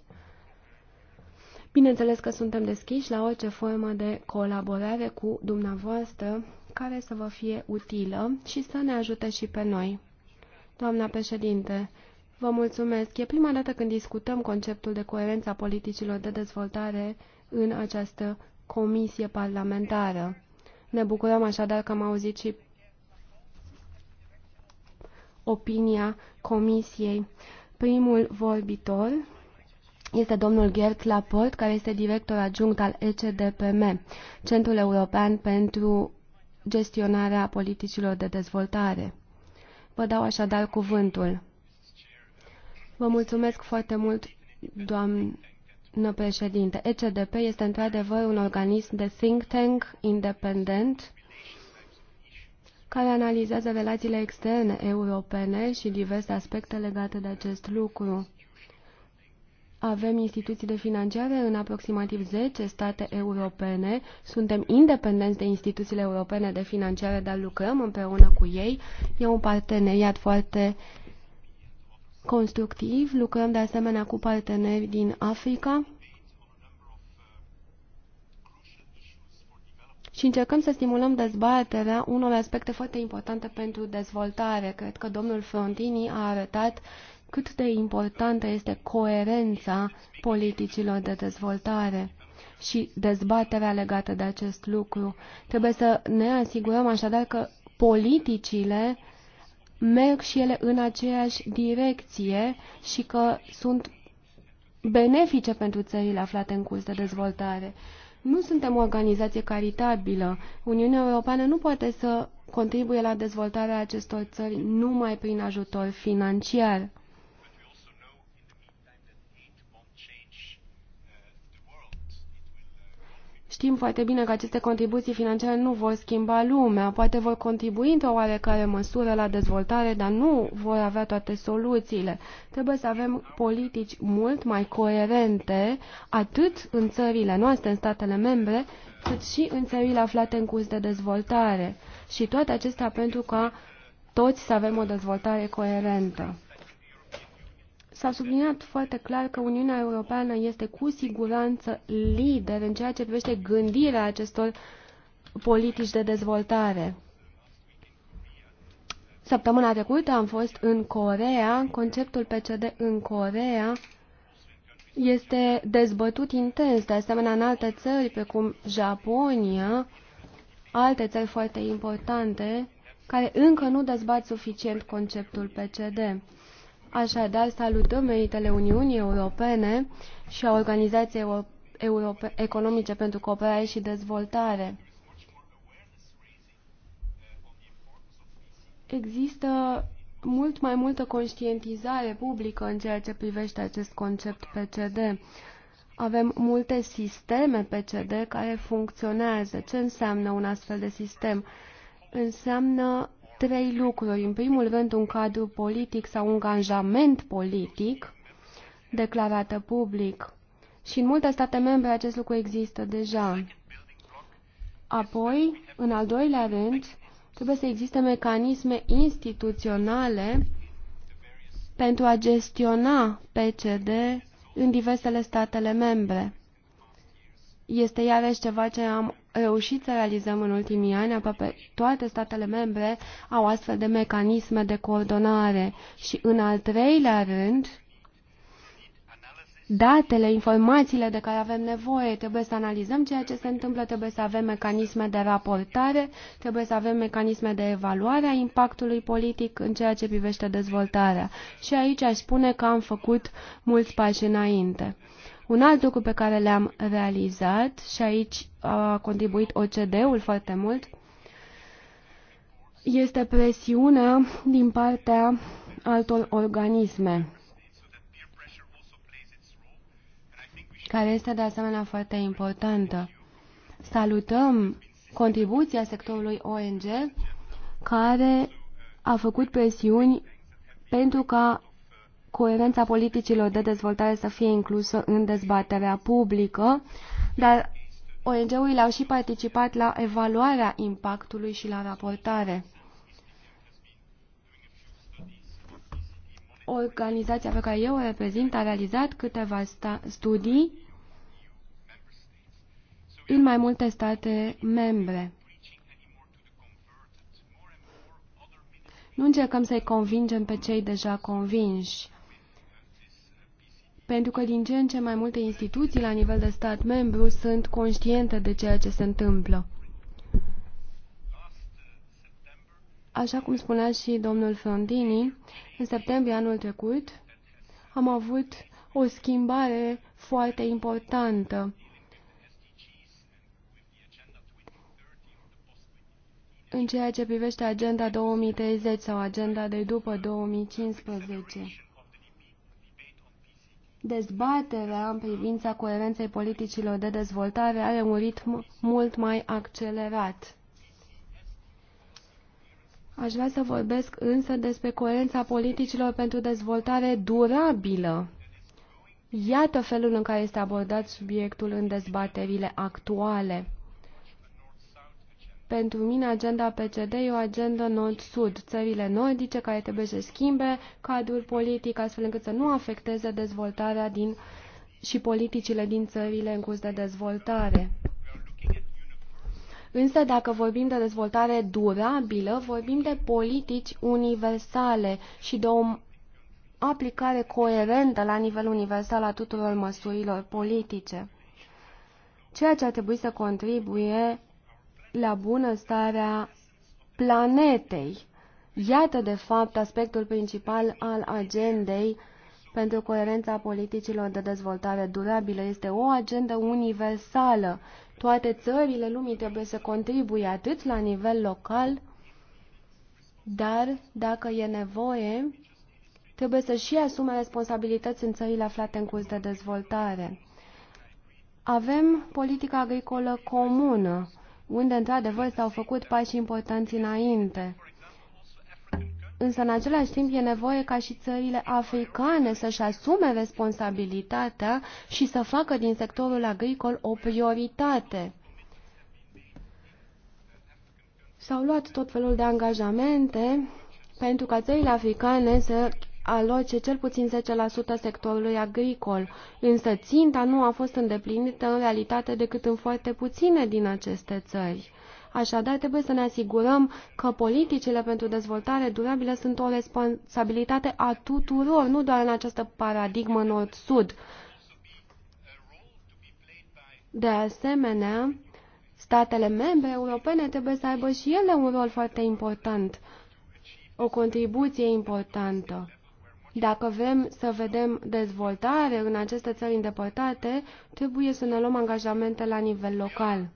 Bineînțeles că suntem deschiși la orice formă de colaborare cu dumneavoastră care să vă fie utilă și să ne ajute și pe noi. Doamna președinte, vă mulțumesc. E prima dată când discutăm conceptul de coerență a politicilor de dezvoltare în această comisie parlamentară. Ne bucurăm așadar că am auzit și opinia Comisiei. Primul vorbitor este domnul Gert Laport, care este director adjunct al ECDPM, Centrul European pentru gestionarea politicilor de dezvoltare. Vă dau așadar cuvântul. Vă mulțumesc foarte mult, doamnă președinte. ECDP este într-adevăr un organism de think tank independent care analizează relațiile externe europene și diverse aspecte legate de acest lucru. Avem instituții de financiare în aproximativ 10 state europene, suntem independenți de instituțiile europene de financiare, dar lucrăm împreună cu ei. E un parteneriat foarte constructiv, lucrăm de asemenea cu parteneri din Africa și încercăm să stimulăm dezbaterea unor aspecte foarte importante pentru dezvoltare. Cred că domnul Frontini a arătat cât de importantă este coerența politicilor de dezvoltare și dezbaterea legată de acest lucru. Trebuie să ne asigurăm așadar că politicile merg și ele în aceeași direcție și că sunt benefice pentru țările aflate în curs de dezvoltare. Nu suntem o organizație caritabilă. Uniunea Europeană nu poate să contribuie la dezvoltarea acestor țări numai prin ajutor financiar. Știm foarte bine că aceste contribuții financiare nu vor schimba lumea, poate vor contribui într-o oarecare măsură la dezvoltare, dar nu vor avea toate soluțiile. Trebuie să avem politici mult mai coerente, atât în țările noastre, în statele membre, cât și în țările aflate în curs de dezvoltare. Și toate acestea pentru ca toți să avem o dezvoltare coerentă. S-a subliniat foarte clar că Uniunea Europeană este cu siguranță lider în ceea ce privește gândirea acestor politici de dezvoltare. Săptămâna trecută am fost în Corea. Conceptul PCD în Corea este dezbătut intens, de asemenea în alte țări, precum Japonia, alte țări foarte importante, care încă nu dezbat suficient conceptul PCD. Așadar, salutăm meritele Uniunii Europene și a Organizației Europe Economice pentru Cooperare și Dezvoltare. Există mult mai multă conștientizare publică în ceea ce privește acest concept PCD. Avem multe sisteme PCD care funcționează. Ce înseamnă un astfel de sistem? Înseamnă trei lucruri. În primul rând, un cadru politic sau un angajament politic declarată public. Și în multe state membre acest lucru există deja. Apoi, în al doilea rând, trebuie să existe mecanisme instituționale pentru a gestiona PCD în diversele statele membre. Este iarăși ceva ce am reușit să realizăm în ultimii ani, aproape toate statele membre au astfel de mecanisme de coordonare și, în al treilea rând, datele, informațiile de care avem nevoie, trebuie să analizăm ceea ce se întâmplă, trebuie să avem mecanisme de raportare, trebuie să avem mecanisme de evaluare a impactului politic în ceea ce privește dezvoltarea. Și aici aș spune că am făcut mulți pași înainte. Un alt lucru pe care le-am realizat, și aici a contribuit OCD-ul foarte mult, este presiunea din partea altor organisme, care este de asemenea foarte importantă. Salutăm contribuția sectorului ONG, care a făcut presiuni pentru ca coerența politicilor de dezvoltare să fie inclusă în dezbaterea publică, dar ONG-urile au și participat la evaluarea impactului și la raportare. Organizația pe care eu o reprezint a realizat câteva studii în mai multe state membre. Nu încercăm să-i convingem pe cei deja convinși pentru că din ce în ce mai multe instituții la nivel de stat membru sunt conștiente de ceea ce se întâmplă. Așa cum spunea și domnul Frondini, în septembrie anul trecut am avut o schimbare foarte importantă. în ceea ce privește agenda 2030 sau agenda de după 2015. Dezbaterea în privința coerenței politicilor de dezvoltare are un ritm mult mai accelerat. Aș vrea să vorbesc însă despre coerența politicilor pentru dezvoltare durabilă. Iată felul în care este abordat subiectul în dezbaterile actuale. Pentru mine, agenda PCD e o agenda nord-sud, țările nordice care trebuie să schimbe cadrul politic astfel încât să nu afecteze dezvoltarea din, și politicile din țările în curs de dezvoltare. Însă, dacă vorbim de dezvoltare durabilă, vorbim de politici universale și de o aplicare coerentă la nivel universal a tuturor măsurilor politice. Ceea ce ar trebui să contribuie la bunăstarea planetei. Iată, de fapt, aspectul principal al agendei pentru coerența politicilor de dezvoltare durabilă. Este o agendă universală. Toate țările lumii trebuie să contribuie atât la nivel local, dar, dacă e nevoie, trebuie să și asume responsabilități în țările aflate în curs de dezvoltare. Avem politica agricolă comună unde într-adevăr s-au făcut pași importanți înainte. Însă, în același timp, e nevoie ca și țările africane să-și asume responsabilitatea și să facă din sectorul agricol o prioritate. S-au luat tot felul de angajamente pentru ca țările africane să aloce cel puțin 10% sectorului agricol, însă ținta nu a fost îndeplinită în realitate decât în foarte puține din aceste țări. Așadar, trebuie să ne asigurăm că politicile pentru dezvoltare durabilă sunt o responsabilitate a tuturor, nu doar în această paradigmă nord-sud. De asemenea, statele membre europene trebuie să aibă și ele un rol foarte important, o contribuție importantă. Dacă vrem să vedem dezvoltare în aceste țări îndepărtate, trebuie să ne luăm angajamente la nivel local.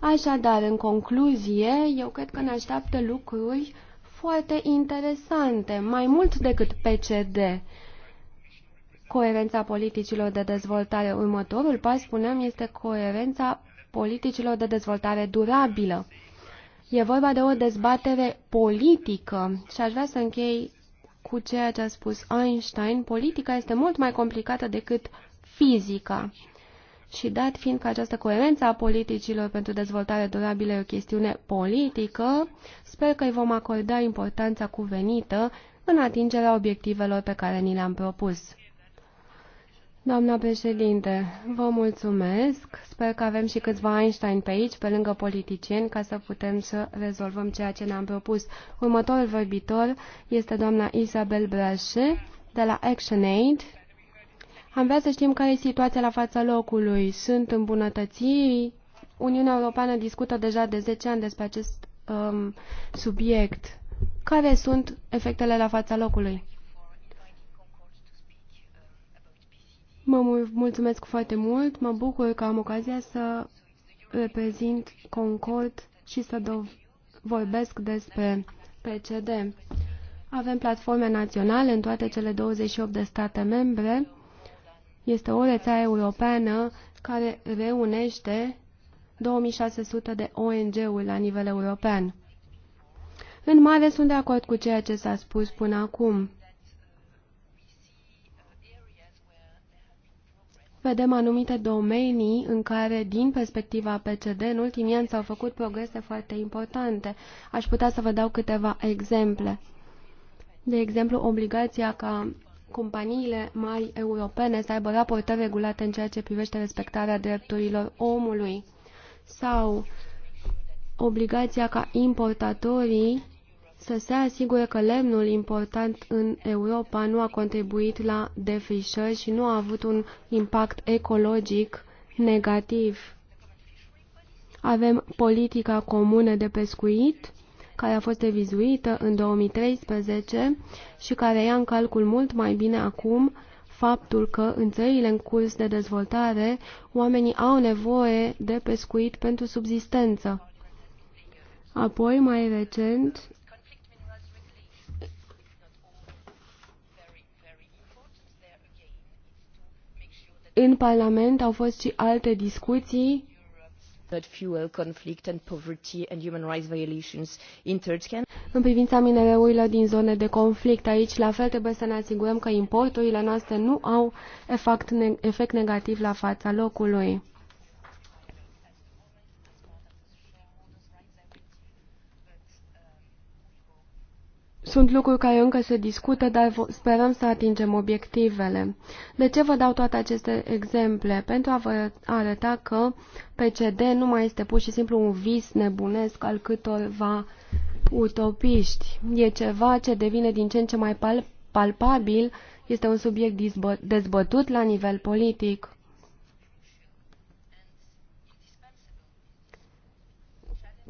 Așadar, în concluzie, eu cred că ne așteaptă lucruri foarte interesante, mai mult decât PCD. Coerența politicilor de dezvoltare. Următorul pas, spuneam, este coerența politicilor de dezvoltare durabilă. E vorba de o dezbatere politică și aș vrea să închei cu ceea ce a spus Einstein. Politica este mult mai complicată decât fizica. Și dat fiind că această coerență a politicilor pentru dezvoltare durabilă e o chestiune politică, sper că îi vom acorda importanța cuvenită în atingerea obiectivelor pe care ni le-am propus. Doamna președinte, vă mulțumesc. Sper că avem și câțiva Einstein pe aici, pe lângă politicieni, ca să putem să rezolvăm ceea ce ne-am propus. Următorul vorbitor este doamna Isabel Brașe, de la ActionAid. Am vrea să știm care e situația la fața locului. Sunt îmbunătățiri? Uniunea Europeană discută deja de 10 ani despre acest um, subiect. Care sunt efectele la fața locului? Mă mulțumesc foarte mult, mă bucur că am ocazia să reprezint Concord și să vorbesc despre PCD. Avem platforme naționale în toate cele 28 de state membre. Este o rețea europeană care reunește 2600 de ONG-uri la nivel european. În mare sunt de acord cu ceea ce s-a spus până acum. vedem anumite domenii în care, din perspectiva PCD, în ultimii ani s-au făcut progrese foarte importante. Aș putea să vă dau câteva exemple. De exemplu, obligația ca companiile mari europene să aibă raportări regulate în ceea ce privește respectarea drepturilor omului sau obligația ca importatorii să se asigure că lemnul important în Europa nu a contribuit la defrișări și nu a avut un impact ecologic negativ. Avem politica comună de pescuit, care a fost revizuită în 2013 și care ia în calcul mult mai bine acum faptul că în țările în curs de dezvoltare oamenii au nevoie de pescuit pentru subzistență. Apoi, mai recent, În Parlament au fost și alte discuții fuel conflict and poverty and human rights violations in Turkey. În privința minereurilor din zone de conflict, aici la fel trebuie să ne asigurăm că importurile noastre nu au efect, ne efect negativ la fața locului. Sunt lucruri care încă se discută, dar sperăm să atingem obiectivele. De ce vă dau toate aceste exemple? Pentru a vă arăta că PCD nu mai este pur și simplu un vis nebunesc al câtorva utopiști. E ceva ce devine din ce în ce mai palpabil, este un subiect dezbătut la nivel politic.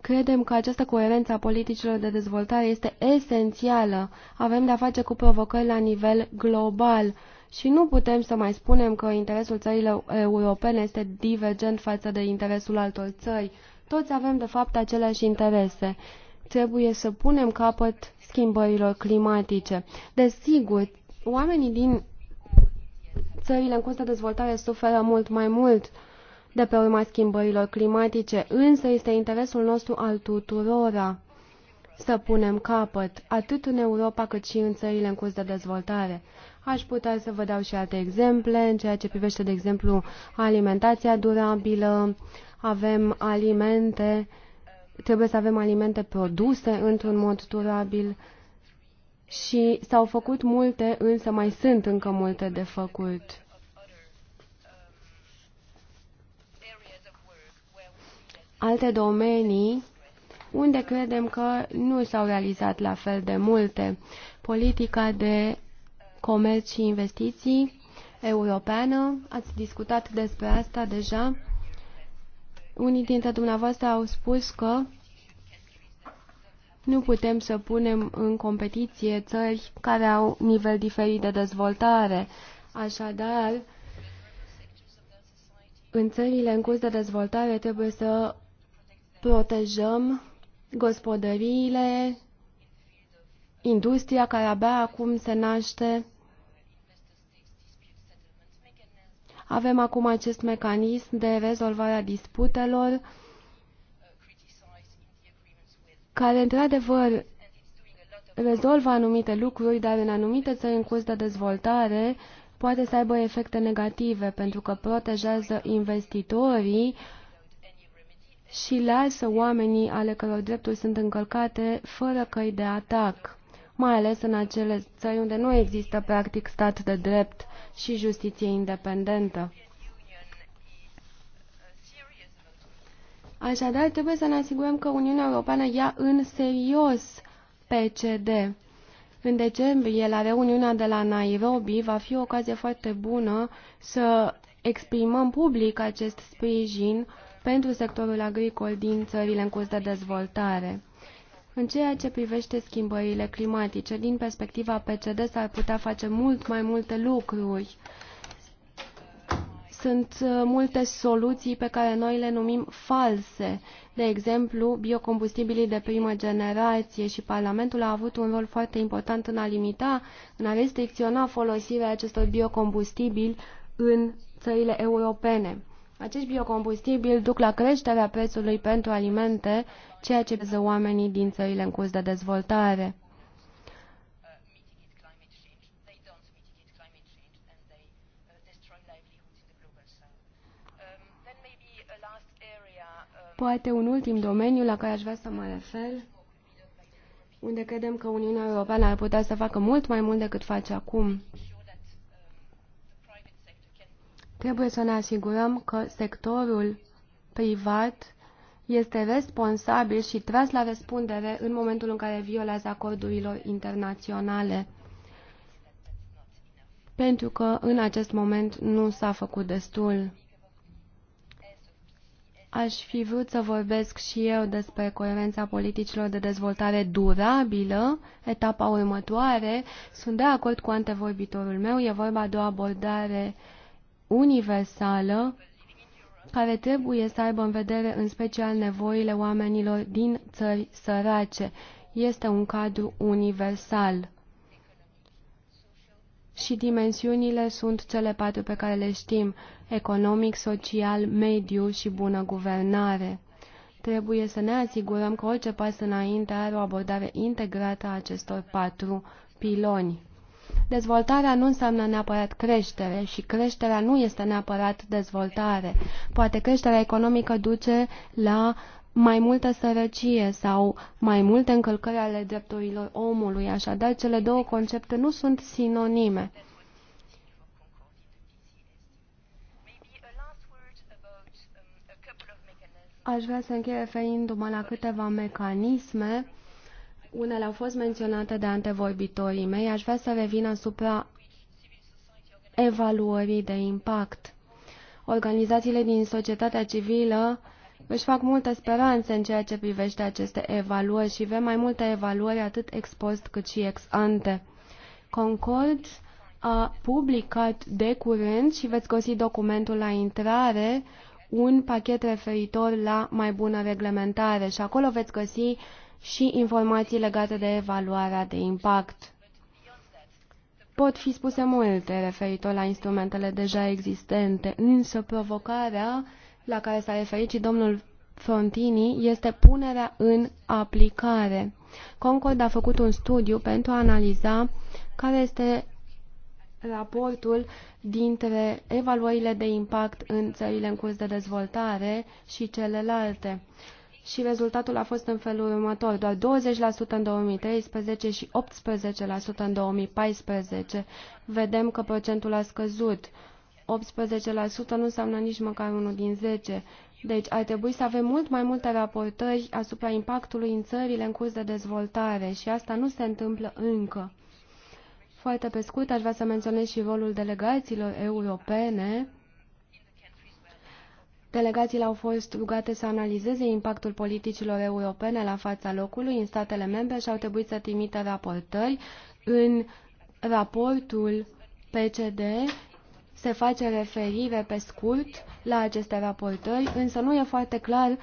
Credem că această coerență a politicilor de dezvoltare este esențială. Avem de-a face cu provocări la nivel global și nu putem să mai spunem că interesul țărilor europene este divergent față de interesul altor țări. Toți avem, de fapt, aceleași interese. Trebuie să punem capăt schimbărilor climatice. Desigur, oamenii din țările în curs de dezvoltare suferă mult mai mult uh, de pe urma schimbărilor climatice, însă este interesul nostru al tuturora să punem capăt, atât în Europa cât și în țările în curs de dezvoltare. Aș putea să vă dau și alte exemple, în ceea ce privește, de exemplu, alimentația durabilă, avem alimente, trebuie să avem alimente produse într-un mod durabil și s-au făcut multe, însă mai sunt încă multe de făcut. alte domenii unde credem că nu s-au realizat la fel de multe. Politica de comerț și investiții europeană, ați discutat despre asta deja. Unii dintre dumneavoastră au spus că nu putem să punem în competiție țări care au nivel diferit de dezvoltare. Așadar, în țările în curs de dezvoltare trebuie să protejăm gospodăriile, industria care abia acum se naște. Avem acum acest mecanism de rezolvare a disputelor care, într-adevăr, rezolvă anumite lucruri, dar în anumite țări în curs de dezvoltare poate să aibă efecte negative pentru că protejează investitorii și lasă oamenii ale căror drepturi sunt încălcate fără căi de atac, mai ales în acele țări unde nu există practic stat de drept și justiție independentă. Așadar, trebuie să ne asigurăm că Uniunea Europeană ia în serios PCD. În decembrie, la reuniunea de la Nairobi, va fi o ocazie foarte bună să exprimăm public acest sprijin pentru sectorul agricol din țările în curs de dezvoltare. În ceea ce privește schimbările climatice, din perspectiva PCD s-ar putea face mult mai multe lucruri. Sunt uh, multe soluții pe care noi le numim false. De exemplu, biocombustibilii de primă generație și Parlamentul a avut un rol foarte important în a limita, în a restricționa folosirea acestor biocombustibili în țările europene. Acești biocombustibili duc la creșterea prețului pentru alimente, ceea ce vizează oamenii din țările în curs de dezvoltare. Poate un ultim domeniu la care aș vrea să mă refer, unde credem că Uniunea Europeană ar putea să facă mult mai mult decât face acum. Trebuie să ne asigurăm că sectorul privat este responsabil și tras la răspundere în momentul în care violează acordurilor internaționale. Pentru că în acest moment nu s-a făcut destul. Aș fi vrut să vorbesc și eu despre coerența politicilor de dezvoltare durabilă, etapa următoare. Sunt de acord cu antevorbitorul meu, e vorba de o abordare uh, universală care trebuie să aibă în vedere în special nevoile oamenilor din țări sărace. Este un cadru universal. Și dimensiunile sunt cele patru pe care le știm, economic, social, mediu și bună guvernare. Trebuie să ne asigurăm că orice pas înainte are o abordare integrată a acestor patru piloni. Dezvoltarea nu înseamnă neapărat creștere și creșterea nu este neapărat dezvoltare. Poate creșterea economică duce la mai multă sărăcie sau mai multe încălcări ale drepturilor omului, așadar cele două concepte nu sunt sinonime. Aș vrea să închei referindu-mă la câteva mecanisme unele au fost menționate de antevorbitorii mei. Aș vrea să revin asupra evaluării de impact. Organizațiile din societatea civilă își fac multe speranțe în ceea ce privește aceste evaluări și vrem mai multe evaluări atât ex post cât și ex ante. Concord a publicat de curând și veți găsi documentul la intrare un pachet referitor la mai bună reglementare și acolo veți găsi și informații legate de evaluarea de impact. Pot fi spuse multe referitor la instrumentele deja existente, însă provocarea la care s-a referit și domnul Frontini este punerea în aplicare. Concord a făcut un studiu pentru a analiza care este raportul dintre evaluările de impact în țările în curs de dezvoltare și celelalte și rezultatul a fost în felul următor, doar 20% în 2013 și 18% în 2014. Vedem că procentul a scăzut. 18% nu înseamnă nici măcar unul din 10. Deci ar trebui să avem mult mai multe raportări asupra impactului în țările în curs de dezvoltare și asta nu se întâmplă încă. Foarte pe scurt, aș vrea să menționez și rolul delegațiilor europene Delegațiile au fost rugate să analizeze impactul politicilor europene la fața locului în statele membre și au trebuit să trimită raportări. În raportul PCD se face referire pe scurt la aceste raportări, însă nu e foarte clar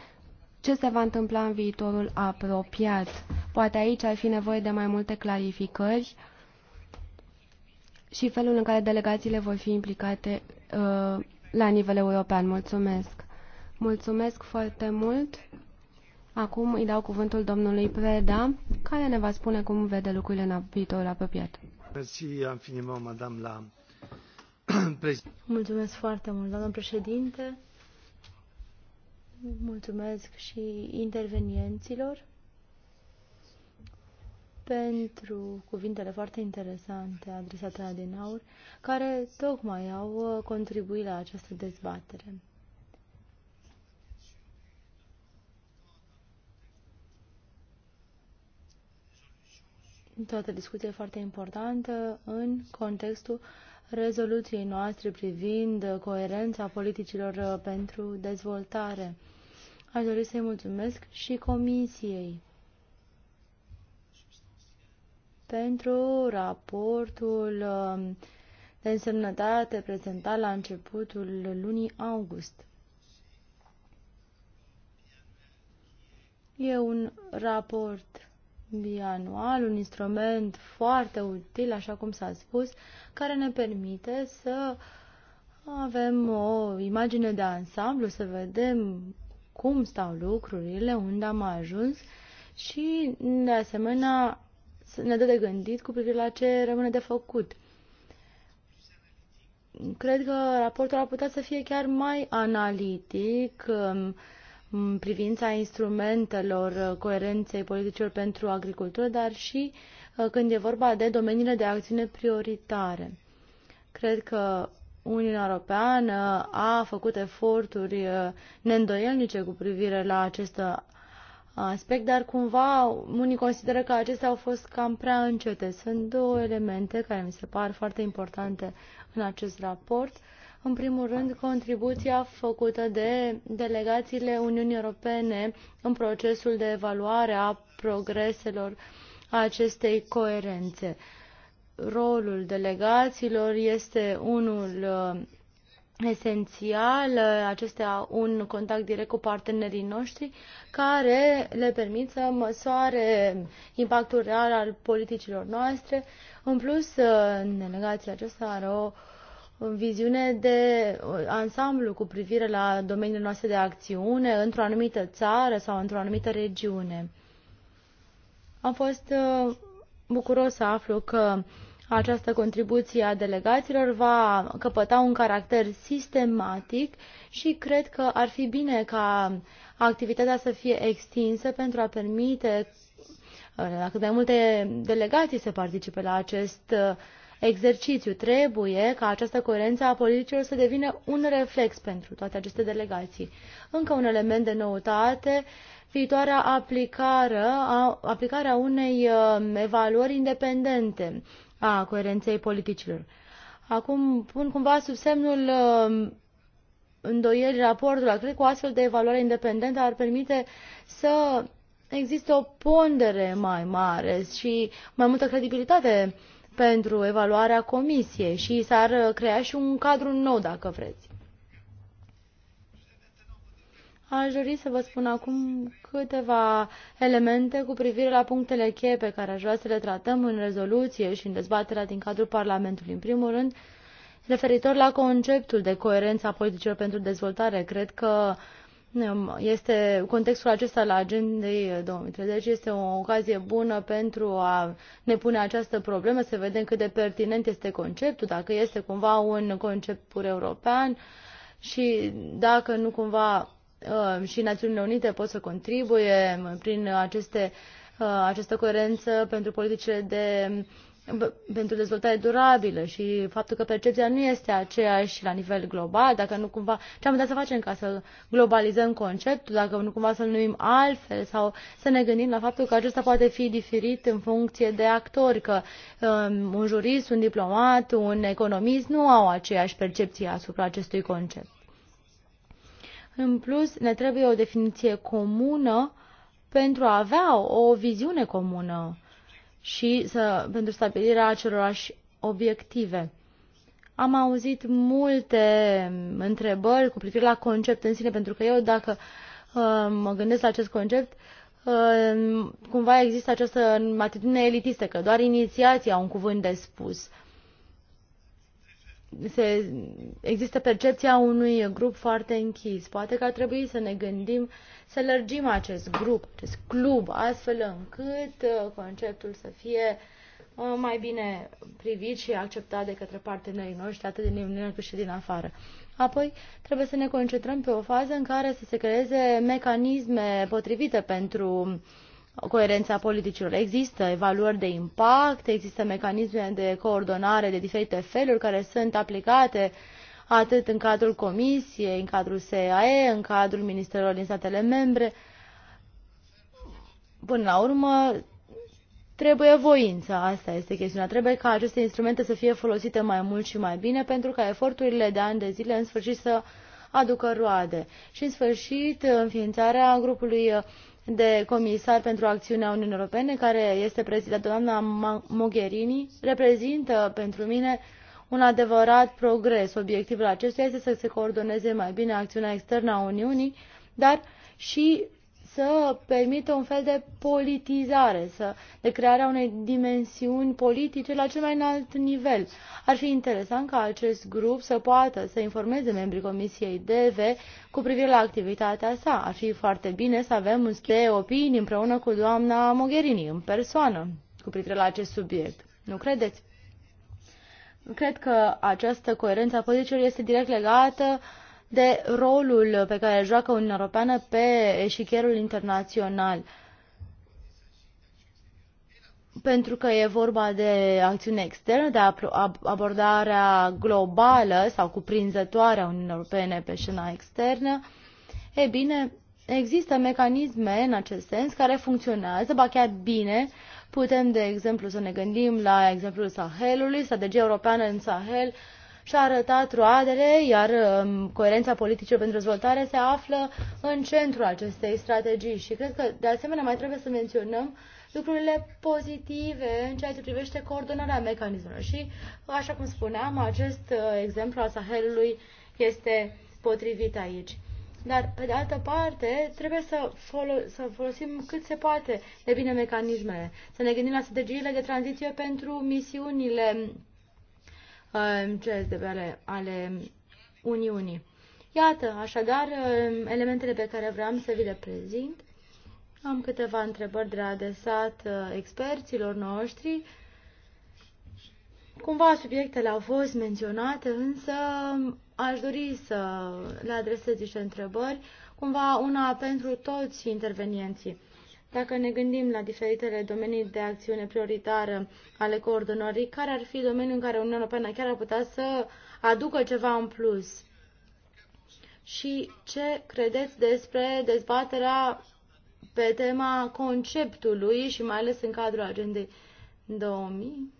ce se va întâmpla în viitorul apropiat. Poate aici ar fi nevoie de mai multe clarificări și felul în care delegațiile vor fi implicate uh, la nivel european. Mulțumesc! Mulțumesc foarte mult! Acum îi dau cuvântul domnului Preda, care ne va spune cum vede lucrurile în viitorul apropiat. *clears throat* Mulțumesc foarte mult, doamnă președinte. Mulțumesc și intervenienților pentru cuvintele foarte interesante adresate la Dinaur, care tocmai au uh, contribuit la această dezbatere. Toată discuția e foarte importantă în contextul rezoluției noastre privind coerența politicilor uh, pentru dezvoltare. Aș dori să-i mulțumesc și Comisiei pentru raportul um, de însemnătate prezentat la începutul lunii august. E un raport bianual, un instrument foarte util, așa cum s-a spus, care ne permite să avem o imagine de ansamblu, să vedem cum stau lucrurile, unde am ajuns și, de asemenea, ne dă de gândit cu privire la ce rămâne de făcut. Cred că raportul ar putea să fie chiar mai analitic um, în privința instrumentelor coerenței politicilor pentru agricultură, dar și uh, când e vorba de domeniile de acțiune prioritare. Cred că Uniunea Europeană a făcut eforturi uh, neîndoielnice cu privire la acest aspect, dar cumva unii consideră că acestea au fost cam prea încete. Sunt două elemente care mi se par foarte importante în acest raport. În primul rând, contribuția făcută de delegațiile Uniunii Europene în procesul de evaluare a progreselor acestei coerențe. Rolul delegațiilor este unul uh, esențial acestea un contact direct cu partenerii noștri care le permit să măsoare impactul real al politicilor noastre. În plus, delegația aceasta are o viziune de ansamblu cu privire la domeniul noastre de acțiune într-o anumită țară sau într-o anumită regiune. Am fost uh, bucuros să aflu că această contribuție a delegaților va căpăta un caracter sistematic și cred că ar fi bine ca activitatea să fie extinsă pentru a permite la cât mai multe delegații să participe la acest uh, exercițiu. Trebuie ca această coerență a politicilor să devină un reflex pentru toate aceste delegații. Încă un element de noutate viitoarea aplicare a, aplicarea unei uh, evaluări independente a coerenței politicilor. Acum pun cumva sub semnul um, îndoieli raportul. Cred că o astfel de evaluare independentă ar permite să existe o pondere mai mare și mai multă credibilitate pentru evaluarea comisiei și s-ar crea și un cadru nou, dacă vreți. Aș dori să vă spun acum câteva elemente cu privire la punctele cheie pe care aș vrea să le tratăm în rezoluție și în dezbaterea din cadrul Parlamentului. În primul rând, referitor la conceptul de coerență a politicilor pentru dezvoltare, cred că um, este contextul acesta la agendei 2030 este o ocazie bună pentru a ne pune această problemă, să vedem cât de pertinent este conceptul, dacă este cumva un concept pur european și dacă nu cumva Uh, și Națiunile Unite pot să contribuie prin aceste, uh, această coerență pentru politicile de pentru dezvoltare durabilă și faptul că percepția nu este aceeași la nivel global, dacă nu cumva, ce am putea să facem ca să globalizăm conceptul, dacă nu cumva să-l numim altfel sau să ne gândim la faptul că acesta poate fi diferit în funcție de actori, că um, un jurist, un diplomat, un economist nu au aceeași percepție asupra acestui concept. În plus, ne trebuie o definiție comună pentru a avea o viziune comună și să, pentru stabilirea acelorași obiective. Am auzit multe întrebări cu privire la concept în sine, pentru că eu, dacă uh, mă gândesc la acest concept, uh, cumva există această atitudine elitistă, că doar inițiații au un cuvânt de spus. Uh, se, există percepția unui grup foarte închis. Poate că ar trebui să ne gândim să lărgim acest grup, acest club, astfel încât uh, conceptul să fie uh, mai bine privit și acceptat de către partenerii noștri, atât din Uniunea cât și din afară. Apoi, trebuie să ne concentrăm pe o fază în care să se creeze mecanisme potrivite pentru uh, coerența politicilor. Există evaluări de impact, există mecanisme de coordonare de diferite feluri care sunt aplicate atât în cadrul Comisiei, în cadrul SAE, în cadrul Ministerelor din statele membre. Până la urmă, trebuie voința, asta este chestiunea. Trebuie ca aceste instrumente să fie folosite mai mult și mai bine pentru ca eforturile de ani de zile în sfârșit să aducă roade. Și în sfârșit, înființarea grupului de comisar pentru acțiunea Uniunii Europene, care este prezidată doamna Mogherini, reprezintă pentru mine un adevărat progres. Obiectivul acestuia este să se coordoneze mai bine acțiunea externă a Uniunii, dar și să permită un fel de politizare, să, de crearea unei dimensiuni politice la cel mai înalt nivel. Ar fi interesant ca acest grup să poată să informeze membrii Comisiei DV cu privire la activitatea sa. Ar fi foarte bine să avem un de opinii împreună cu doamna Mogherini, în persoană, cu privire la acest subiect. Nu credeți? Cred că această coerență a pozițiilor este direct legată uh, de rolul pe care îl joacă Uniunea Europeană pe eșichierul internațional. Pentru că e vorba de acțiune externă, de abordarea globală sau cuprinzătoare a Uniunii Europene pe scena externă, e bine, există mecanisme în acest sens care funcționează, ba chiar bine, putem, de exemplu, să ne gândim la exemplul Sahelului, strategia europeană în Sahel, și-a arătat roadele, iar um, coerența politică pentru dezvoltare se află în centrul acestei strategii. Și cred că, de asemenea, mai trebuie să menționăm lucrurile pozitive în ceea ce privește coordonarea mecanismelor. Și, așa cum spuneam, acest uh, exemplu al Sahelului este potrivit aici. Dar, pe de altă parte, trebuie să, folo- să folosim cât se poate de bine mecanismele, să ne gândim la strategiile de tranziție pentru misiunile Uh, CSDB ale, ale Uniunii. Iată, așadar, uh, elementele pe care vreau să vi le prezint. Am câteva întrebări de la adresat uh, experților noștri. Cumva subiectele au fost menționate, însă aș dori să le adresez niște întrebări, cumva una pentru toți intervenienții. Dacă ne gândim la diferitele domenii de acțiune prioritară ale coordonării, care ar fi domeniul în care Uniunea Europeană chiar ar putea să aducă ceva în plus? Și ce credeți despre dezbaterea pe tema conceptului și mai ales în cadrul agendei 2000?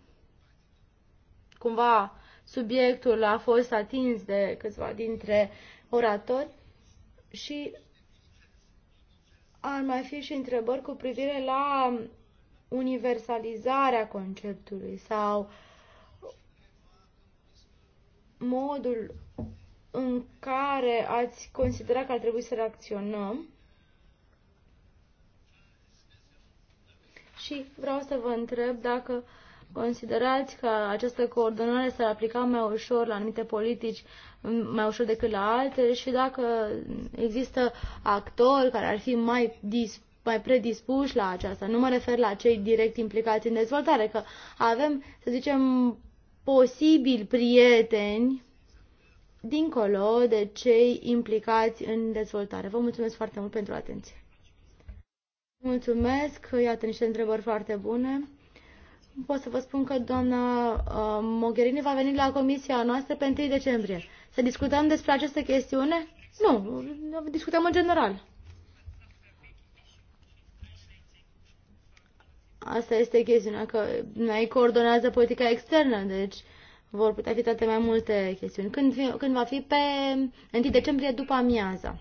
Cumva subiectul a fost atins de câțiva dintre oratori și ar mai fi și întrebări cu privire la universalizarea conceptului sau modul în care ați considera că ar trebui să reacționăm. Și vreau să vă întreb dacă Considerați că această coordonare s-ar aplica mai ușor la anumite politici, mai ușor decât la altele și dacă există actori care ar fi mai dispuși mai predispuși la aceasta. Nu mă refer la cei direct implicați în dezvoltare, că avem, să zicem, posibil prieteni dincolo de cei implicați în dezvoltare. Vă mulțumesc foarte mult pentru atenție. Mulțumesc, iată niște întrebări foarte bune pot să vă spun că doamna uh, Mogherini va veni la comisia noastră pe 1 decembrie. Să discutăm despre aceste chestiune? Nu, discutăm în general. Asta este chestiunea, că noi coordonează politica externă, deci vor putea fi toate mai multe chestiuni. Când, fi, când va fi pe 1 decembrie după amiaza.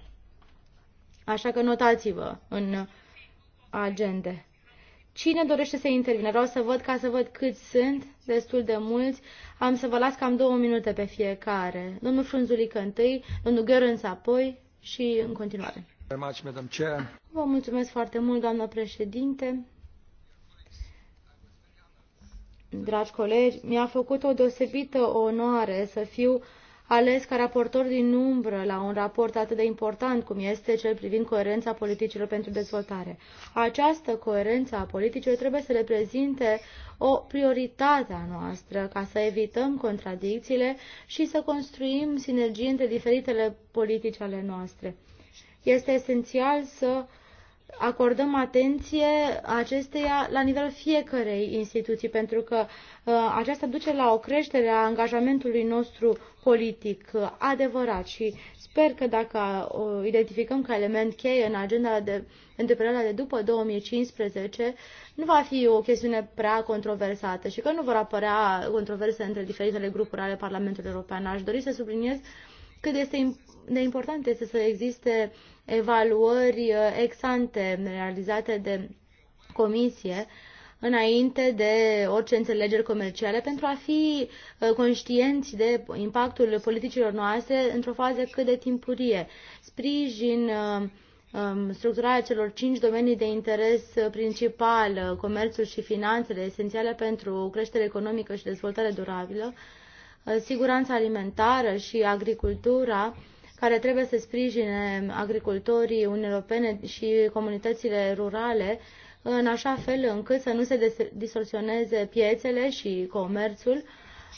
Așa că notați-vă în agende. Cine dorește să intervine? Vreau să văd ca să văd câți sunt, destul de mulți. Am să vă las cam două minute pe fiecare. Domnul Frunzulică întâi, domnul Gărânț apoi și în continuare. Vă mulțumesc foarte mult, doamnă președinte. Dragi colegi, mi-a făcut o deosebită onoare să fiu ales ca raportor din umbră la un raport atât de important cum este cel privind coerența politicilor pentru dezvoltare. Această coerență a politicilor trebuie să reprezinte o prioritate a noastră ca să evităm contradicțiile și să construim sinergii între diferitele politici ale noastre. Este esențial să acordăm atenție acesteia la nivelul fiecărei instituții, pentru că uh, aceasta duce la o creștere a angajamentului nostru politic uh, adevărat și sper că dacă o uh, identificăm ca element cheie în agenda de întreprinderea de după 2015, nu va fi o chestiune prea controversată și că nu vor apărea controverse între diferitele grupuri ale Parlamentului European. Aș dori să subliniez cât este de important este să existe evaluări uh, exante realizate de comisie înainte de orice înțelegeri comerciale pentru a fi uh, conștienți de impactul politicilor noastre într-o fază cât de timpurie. Sprijin uh, um, structurarea celor cinci domenii de interes principal, comerțul și finanțele, esențiale pentru creștere economică și dezvoltare durabilă, siguranța alimentară și agricultura, care trebuie să sprijine agricultorii Uniunii Europene și comunitățile rurale în așa fel încât să nu se distorsioneze piețele și comerțul,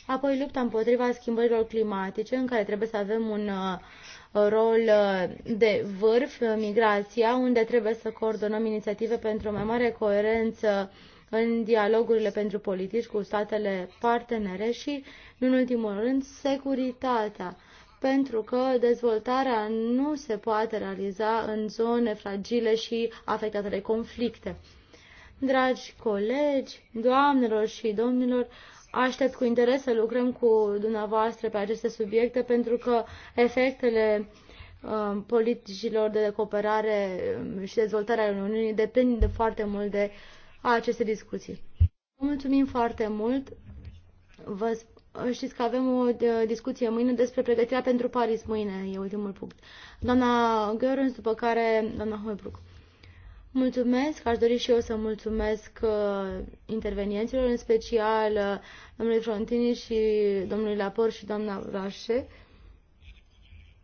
apoi lupta împotriva schimbărilor climatice, în care trebuie să avem un uh, rol uh, de vârf, migrația, unde trebuie să coordonăm inițiative pentru o mai mare coerență în dialogurile pentru politici cu statele partenere și, în ultimul rând, securitatea pentru că dezvoltarea nu se poate realiza în zone fragile și afectate de conflicte. Dragi colegi, doamnelor și domnilor, aștept cu interes să lucrăm cu dumneavoastră pe aceste subiecte pentru că efectele um, politicilor de cooperare um, și dezvoltarea Uniunii depind de foarte mult de aceste discuții. Mulțumim foarte mult. Vă Știți că avem o discuție mâine despre pregătirea pentru Paris. Mâine e ultimul punct. Doamna Görens, după care doamna Hoibruc. Mulțumesc, aș dori și eu să mulțumesc uh, intervenienților, în special uh, domnului Frontini și domnului Lapor și doamna Rașe.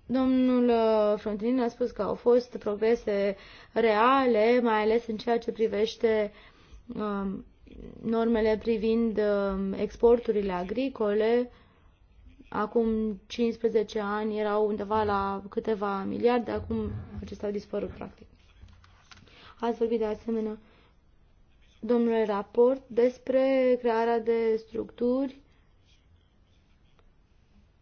Domnul uh, Frontini a spus că au fost progrese reale, mai ales în ceea ce privește um, normele privind um, exporturile agricole, acum 15 ani erau undeva la câteva miliarde, acum acestea au dispărut practic. Ați vorbit de asemenea, domnule raport, despre crearea de structuri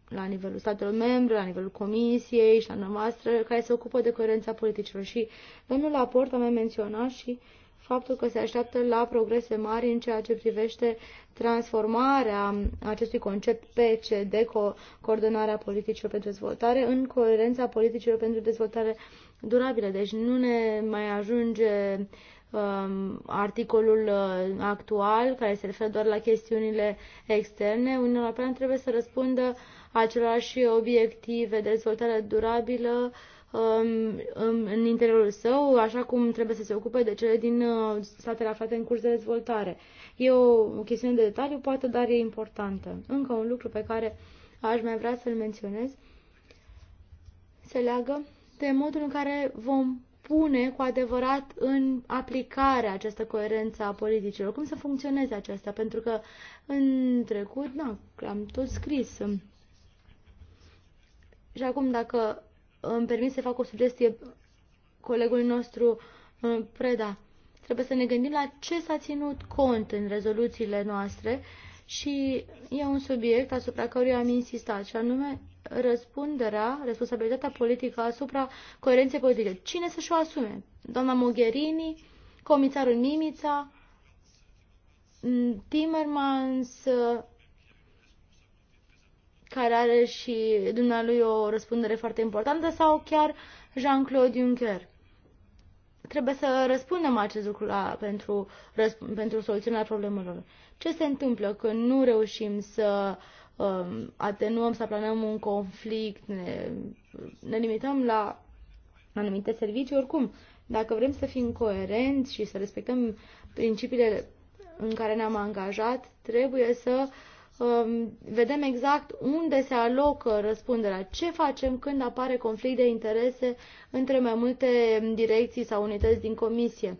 la nivelul statelor membre, la nivelul comisiei și la noastră, care se ocupă de coerența politicilor. Și domnul raport a mai menționat și uh, faptul că se așteaptă la progrese mari în ceea ce privește transformarea acestui concept PC de co coordonarea politicilor pentru dezvoltare în coerența politicilor pentru dezvoltare durabilă. Deci nu ne mai ajunge um, articolul uh, actual care se referă doar la chestiunile externe. Uniunea Europeană trebuie să răspundă același obiective de dezvoltare durabilă uh, Um, um, în interiorul său, așa cum trebuie să se ocupe de cele din uh, statele aflate în curs de dezvoltare. E o chestiune de detaliu, poate, dar e importantă. Încă un lucru pe care aș mai vrea să-l menționez se leagă de modul în care vom pune cu adevărat în aplicare această coerență a politicilor. Cum să funcționeze aceasta? Pentru că în trecut, da, am tot scris. Și acum, dacă îmi permit să fac o sugestie colegului nostru uh, Preda. Trebuie să ne gândim la ce s-a ținut cont în rezoluțiile noastre și e un subiect asupra căruia am insistat, și anume răspunderea, responsabilitatea politică asupra coerenței politice. Cine să-și o asume? Doamna Mogherini, comisarul Nimița, mm, Timmermans, care are și dumnealui o răspundere foarte importantă, sau chiar Jean-Claude Juncker. Trebuie să răspundem acest lucru la, pentru, pentru soluționarea problemelor. Ce se întâmplă când nu reușim să um, atenuăm, să planăm un conflict, ne, ne limităm la anumite servicii? Oricum, dacă vrem să fim coerenți și să respectăm principiile în care ne-am angajat, trebuie să uh, Um, vedem exact unde se alocă răspunderea, ce facem când apare conflict de interese între mai multe direcții sau unități din comisie.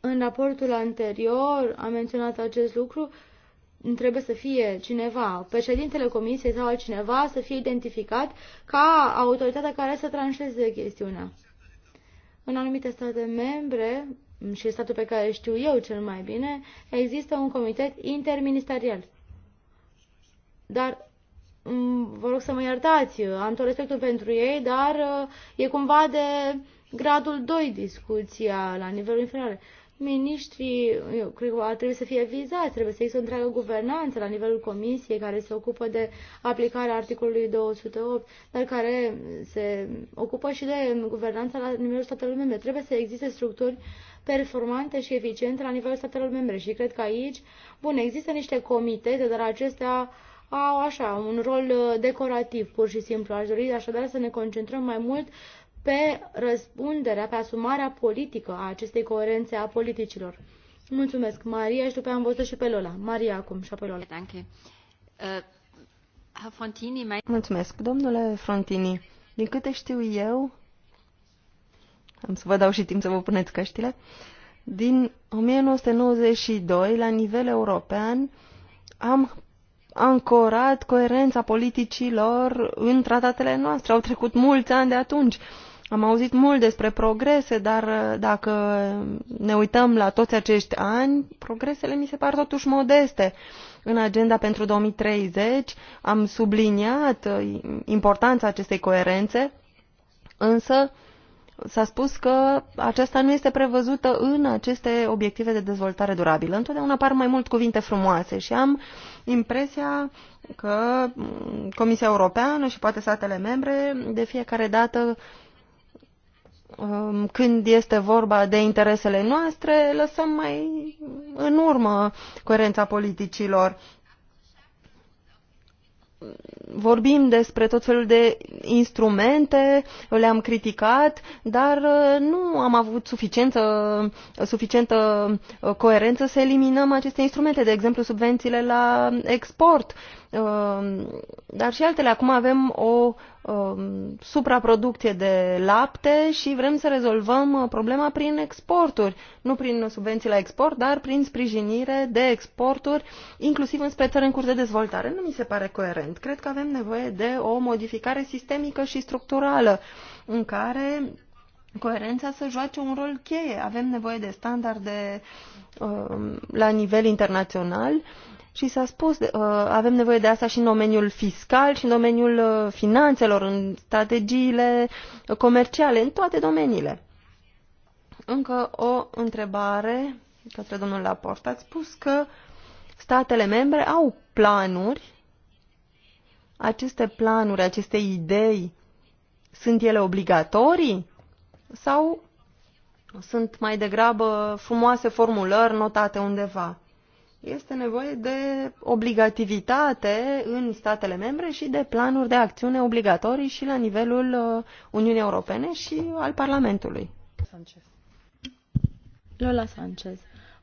În raportul anterior am menționat acest lucru, trebuie să fie cineva, președintele comisiei sau altcineva, să fie identificat ca autoritatea care să tranșeze chestiunea. În anumite state membre, și statul pe care știu eu cel mai bine, există un comitet interministerial. Dar vă rog să mă iertați, am tot respectul pentru ei, dar uh, e cumva de gradul 2 discuția la nivelul inferior miniștrii, eu cred că trebuie să fie vizați, trebuie să există o întreagă guvernanță la nivelul comisiei care se ocupă de aplicarea articolului 208, dar care se ocupă și de guvernanța la nivelul statelor membre. Trebuie să existe structuri performante și eficiente la nivelul statelor membre și cred că aici, bun, există niște comitete, dar acestea au așa, un rol decorativ, pur și simplu. Aș dori așadar să ne concentrăm mai mult pe răspunderea, pe asumarea politică a acestei coerențe a politicilor. Mulțumesc, Maria, și după am văzut și pe Lola. Maria acum și pe Lola. Danke. Uh, Frontini, Mulțumesc, domnule Frontini. Din câte știu eu, am să vă dau și timp să vă puneți căștile, din 1992, la nivel european, am ancorat coerența politicilor în tratatele noastre. Au trecut mulți ani de atunci am auzit mult despre progrese, dar uh, dacă ne uităm la toți acești ani, progresele mi se par totuși modeste. În agenda pentru 2030 am subliniat uh, importanța acestei coerențe, însă s-a spus că aceasta nu este prevăzută în aceste obiective de dezvoltare durabilă. Întotdeauna apar mai mult cuvinte frumoase și am impresia că mm, Comisia Europeană și poate statele membre de fiecare dată Um, când este vorba de interesele noastre, lăsăm mai în urmă coerența politicilor. Vorbim despre tot felul de instrumente, le-am criticat, dar uh, nu am avut suficientă, suficientă uh, coerență să eliminăm aceste instrumente, de exemplu subvențiile la export Um, dar și altele. Acum avem o um, supraproducție de lapte și vrem să rezolvăm uh, problema prin exporturi. Nu prin subvenții la export, dar prin sprijinire de exporturi, inclusiv înspre țări în curs de dezvoltare. Nu mi se pare coerent. Cred că avem nevoie de o modificare sistemică și structurală în care coerența să joace un rol cheie. Avem nevoie de standarde um, la nivel internațional și s-a spus, uh, avem nevoie de asta și în domeniul fiscal și în domeniul uh, finanțelor, în strategiile comerciale, în toate domeniile. Încă o întrebare către domnul Laport. Ați spus că statele membre au planuri. Aceste planuri, aceste idei, sunt ele obligatorii sau sunt mai degrabă frumoase formulări notate undeva? este nevoie de obligativitate în statele membre și de planuri de acțiune obligatorii și la nivelul uh, Uniunii Europene și al Parlamentului. Sanchez. Lola Sanchez.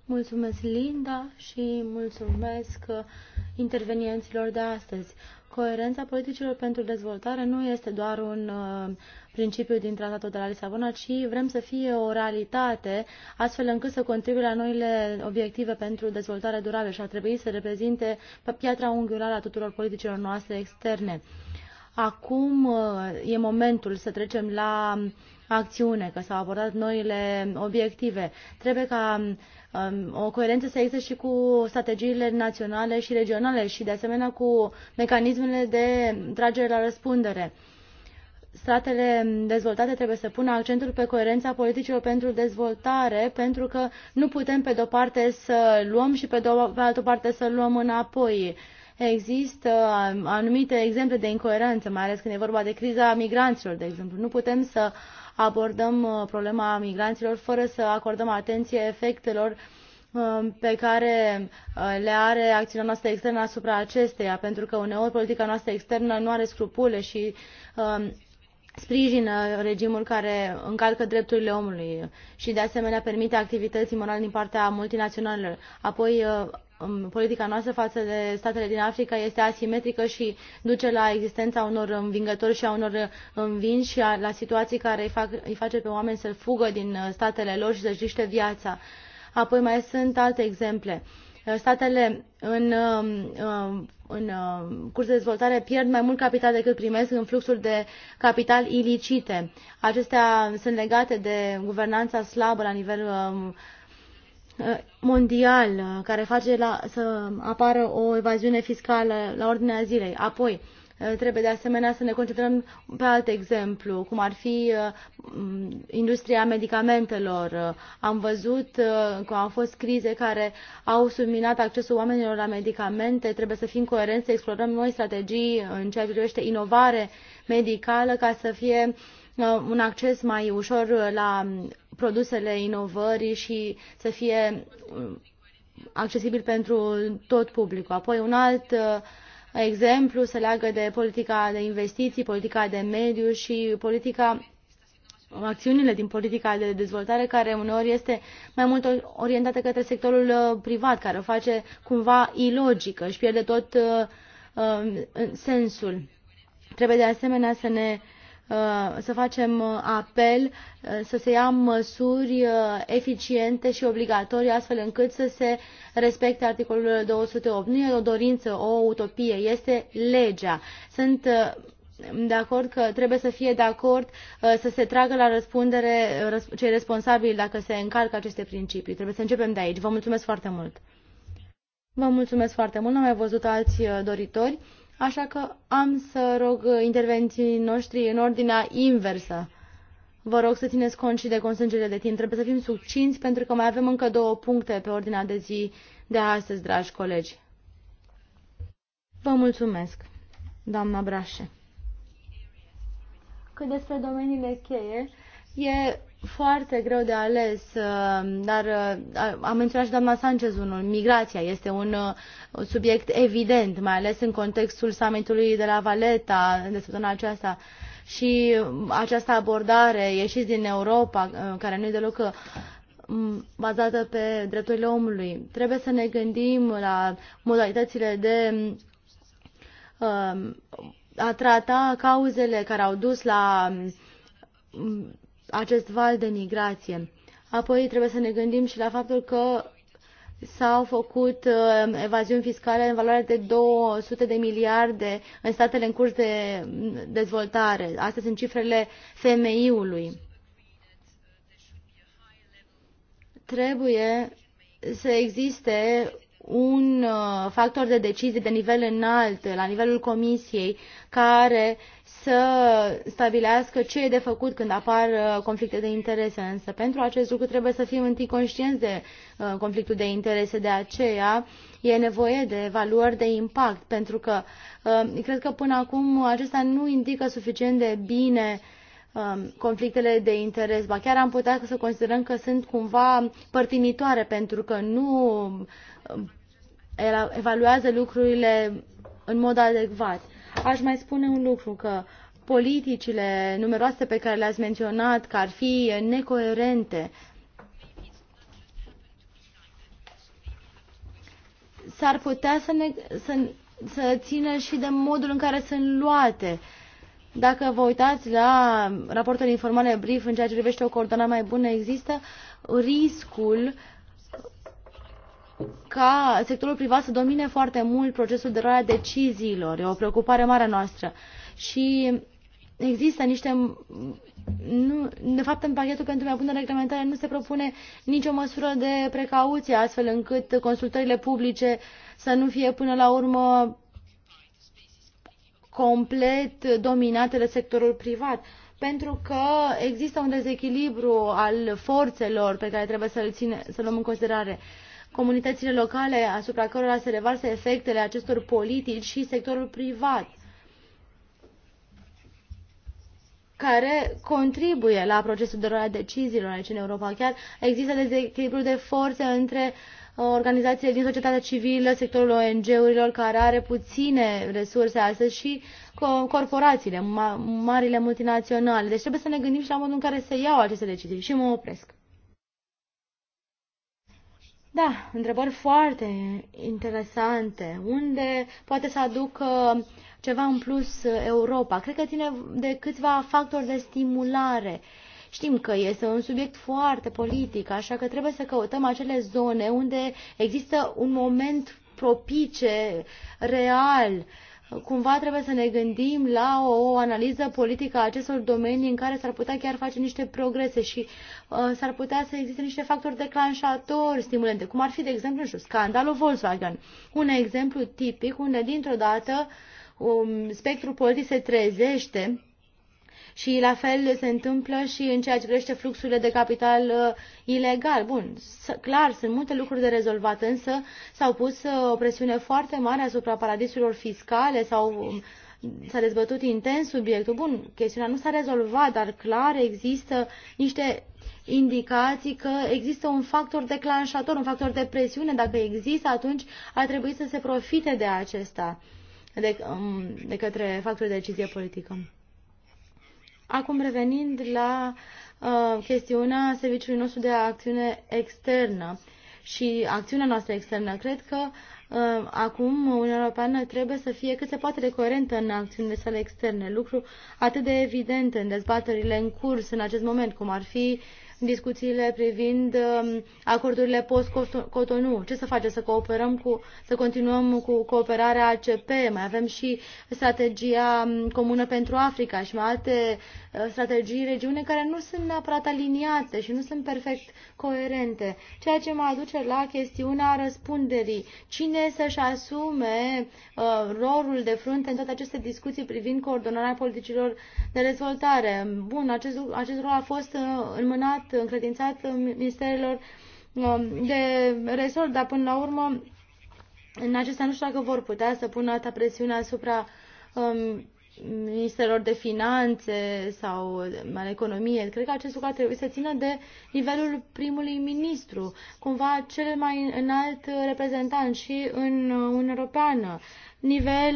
Mulțumesc, Linda, și mulțumesc uh, intervenienților de astăzi. Coerența politicilor pentru dezvoltare nu este doar un uh, principiul din Tratatul de la Lisabona, ci vrem să fie o realitate, astfel încât să contribuie la noile obiective pentru dezvoltare durabilă și ar trebui să reprezinte piatra unghiulară a tuturor politicilor noastre externe. Acum e momentul să trecem la acțiune, că s-au abordat noile obiective. Trebuie ca um, o coerență să existe și cu strategiile naționale și regionale și, de asemenea, cu mecanismele de tragere la răspundere statele dezvoltate trebuie să pună accentul pe coerența politicilor pentru dezvoltare, pentru că nu putem pe de-o parte să luăm și pe de-o altă parte să luăm înapoi. Există anumite exemple de incoerență, mai ales când e vorba de criza migranților, de exemplu. Nu putem să abordăm uh, problema migranților fără să acordăm atenție efectelor uh, pe care uh, le are acțiunea noastră externă asupra acesteia, pentru că uneori politica noastră externă nu are scrupule și sprijină regimul care încalcă drepturile omului și de asemenea permite activități imorale din partea multinaționalelor. Apoi uh, um, politica noastră față de statele din Africa este asimetrică și duce la existența unor învingători și a unor învinși și la situații care îi, fac, îi face pe oameni să fugă din uh, statele lor și să-și viața. Apoi mai sunt alte exemple. Uh, statele în, um, um, în um, curs de dezvoltare pierd mai mult capital decât primesc în fluxuri de capital ilicite. Acestea sunt legate de guvernanța slabă la nivel uh, mondial, uh, care face la, să apară o evaziune fiscală la ordinea zilei. Apoi, Uh, trebuie de asemenea să ne concentrăm pe alt exemplu, cum ar fi uh, industria medicamentelor. Uh, am văzut că au fost crize care au subminat accesul oamenilor la medicamente. Trebuie să fim coerenți, să explorăm noi strategii în ceea ce privește inovare medicală ca să fie un acces mai ușor la produsele inovării și să fie accesibil pentru tot publicul. Apoi un alt exemplu se leagă de politica de investiții, politica de mediu și politica acțiunile din politica de dezvoltare, care uneori este mai mult orientată către sectorul uh, privat, care o face cumva ilogică și pierde tot uh, uh, sensul. Trebuie de asemenea să ne Uh, să facem uh, apel uh, să se ia măsuri eficiente și obligatorii astfel încât să se respecte articolul 208. Nu e o dorință, o utopie, este legea. Sunt de acord că trebuie să fie de acord să se tragă la răspundere cei responsabili dacă se încalcă aceste principii. Trebuie să începem de aici. Vă mulțumesc foarte mult! Vă mulțumesc foarte mult, Nu am mai văzut alți doritori. Așa că am să rog uh, intervenții noștri în ordinea inversă. Vă rog să țineți cont și de consângele de timp. Trebuie să fim succinți pentru că mai avem încă două puncte pe ordinea de zi de astăzi, dragi colegi. Vă mulțumesc, doamna Brașe. Cât despre domeniile cheie, e foarte greu de ales, uh, dar uh, am menționat și doamna Sanchez unul. Migrația este un uh, subiect evident, mai ales în contextul summitului de la Valeta de săptămâna aceasta și această abordare, ieșiți din Europa, care nu e deloc bazată pe drepturile omului. Trebuie să ne gândim la modalitățile de a trata cauzele care au dus la um, acest val de migrație. Apoi trebuie să ne gândim și la faptul că s-au făcut uh, evaziuni fiscale în valoare de 200 de miliarde în statele în curs de dezvoltare. Astea sunt cifrele FMI-ului. Trebuie să existe un uh, factor de decizie de nivel înalt, la nivelul comisiei, care să stabilească ce e de făcut când apar uh, conflicte de interese. Însă pentru acest lucru trebuie să fim întâi conștienți de uh, conflictul de interese. De aceea e nevoie de evaluări de impact, pentru că cred că până acum acesta nu indică suficient de bine Um, conflictele de interes. Ba chiar am putea să considerăm că sunt cumva părtinitoare pentru că nu um, evaluează lucrurile în mod adecvat. Aș mai spune un lucru că politicile numeroase pe care le-ați menționat, că ar fi necoerente, s-ar putea să, ne, să, să țină și de modul în care sunt luate. Uh, dacă vă uitați la raportele informale brief în ceea ce privește o coordonare mai bună, există riscul ca sectorul privat să domine foarte mult procesul de luare a deciziilor. E o preocupare mare a noastră. Și există niște... Nu, de fapt, în pachetul pentru mai bună reglementare nu se propune nicio măsură de precauție, astfel încât consultările publice să nu fie până la urmă complet dominate de sectorul privat, pentru că există un dezechilibru al forțelor pe care trebuie să-l ține, să luăm în considerare comunitățile locale asupra cărora se revarsă efectele acestor politici și sectorul privat care contribuie la procesul de luare a deciziilor aici în Europa. Chiar există dezechilibru de forțe între uh, organizațiile din societatea civilă, sectorul ONG-urilor care are puține resurse astăzi și corporațiile, marile multinaționale. Deci trebuie să ne gândim și la modul în care se iau aceste decizii și mă opresc. Da, întrebări foarte interesante. Unde poate să aducă ceva în plus Europa? Cred că ține de câțiva factori de stimulare. Uh, Știm că este un subiect foarte politic, așa că trebuie să căutăm acele zone unde există un moment propice, real. Cumva trebuie să ne gândim la o analiză politică a acestor domenii în care s-ar putea chiar face niște progrese și uh, s-ar putea să existe niște factori declanșatori stimulente, cum ar fi, de exemplu, știu, scandalul Volkswagen. Un exemplu tipic unde, dintr-o dată, um, spectrul politic se trezește și la fel se întâmplă și în ceea ce privește fluxurile de capital uh, ilegal. Bun, clar, sunt multe lucruri de rezolvat, însă s-au pus uh, o presiune foarte mare asupra paradisurilor fiscale sau um, s-a dezbătut intens subiectul. Bun, chestiunea nu s-a rezolvat, dar clar există niște indicații că există un factor declanșator, un factor de presiune. Dacă există, atunci ar trebui să se profite de acesta, de, um, de către factorul de decizie politică. Acum revenind la uh, chestiunea serviciului nostru de acțiune externă și acțiunea noastră externă, cred că uh, acum Uniunea Europeană trebuie să fie cât se poate de coerentă în acțiunile sale externe, lucru atât de evident în dezbaterile în curs în acest moment, cum ar fi uh, discuțiile privind um, acordurile post-Cotonou. Ce să facem? Să cooperăm cu, să continuăm cu cooperarea ACP, mai avem și strategia um, comună pentru Africa și mai alte uh, strategii regiune care nu sunt neapărat aliniate și nu sunt perfect coerente. Ceea ce mă aduce la chestiunea răspunderii. Cine să-și asume uh, rolul de frunte în toate aceste discuții privind coordonarea politicilor de dezvoltare? Bun, acest, acest rol a fost uh, înmânat încredințat ministerilor um, de resort, dar până la urmă în acestea nu știu dacă vor putea să pună atâta presiune asupra um, ministerilor de finanțe sau al economie. Cred că acest lucru ar trebui să țină de nivelul primului ministru, cumva cel mai înalt reprezentant și în Uniunea Europeană. Nivel,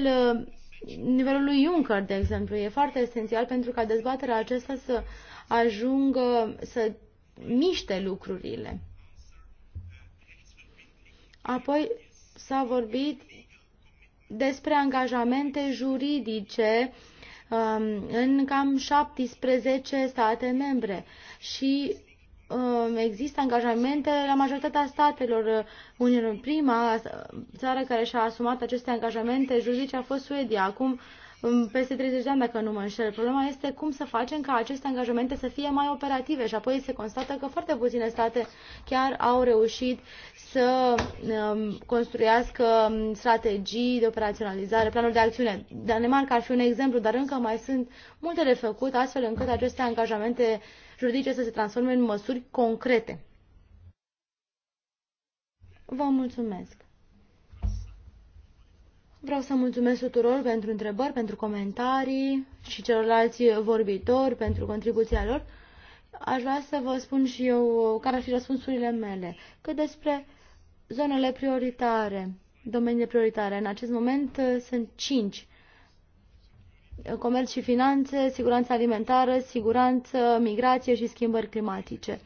nivelul lui Juncker, de exemplu, e foarte esențial pentru ca dezbaterea aceasta să ajungă să miște lucrurile. Apoi s-a vorbit despre angajamente juridice um, în cam 17 state membre și um, există angajamente la majoritatea statelor uh, Uniunii. Prima uh, țară care și-a asumat aceste angajamente juridice a fost Suedia. Acum uh, peste 30 de ani, dacă nu mă înșel. Problema este cum să facem ca aceste angajamente să fie mai operative și apoi se constată că foarte puține state chiar au reușit să um, construiască um, strategii de operaționalizare, planuri de acțiune. Danemarca ar fi un exemplu, dar încă mai sunt multe de făcut, astfel încât aceste angajamente juridice să se transforme în măsuri concrete. Vă mulțumesc! Vreau să mulțumesc tuturor pentru întrebări, pentru comentarii și celorlalți vorbitori pentru contribuția lor. Aș vrea să vă spun și eu care ar fi răspunsurile mele. Că despre zonele prioritare, domeniile prioritare, în acest moment uh, sunt cinci. Comerț și finanțe, siguranță alimentară, siguranță, migrație și schimbări climatice.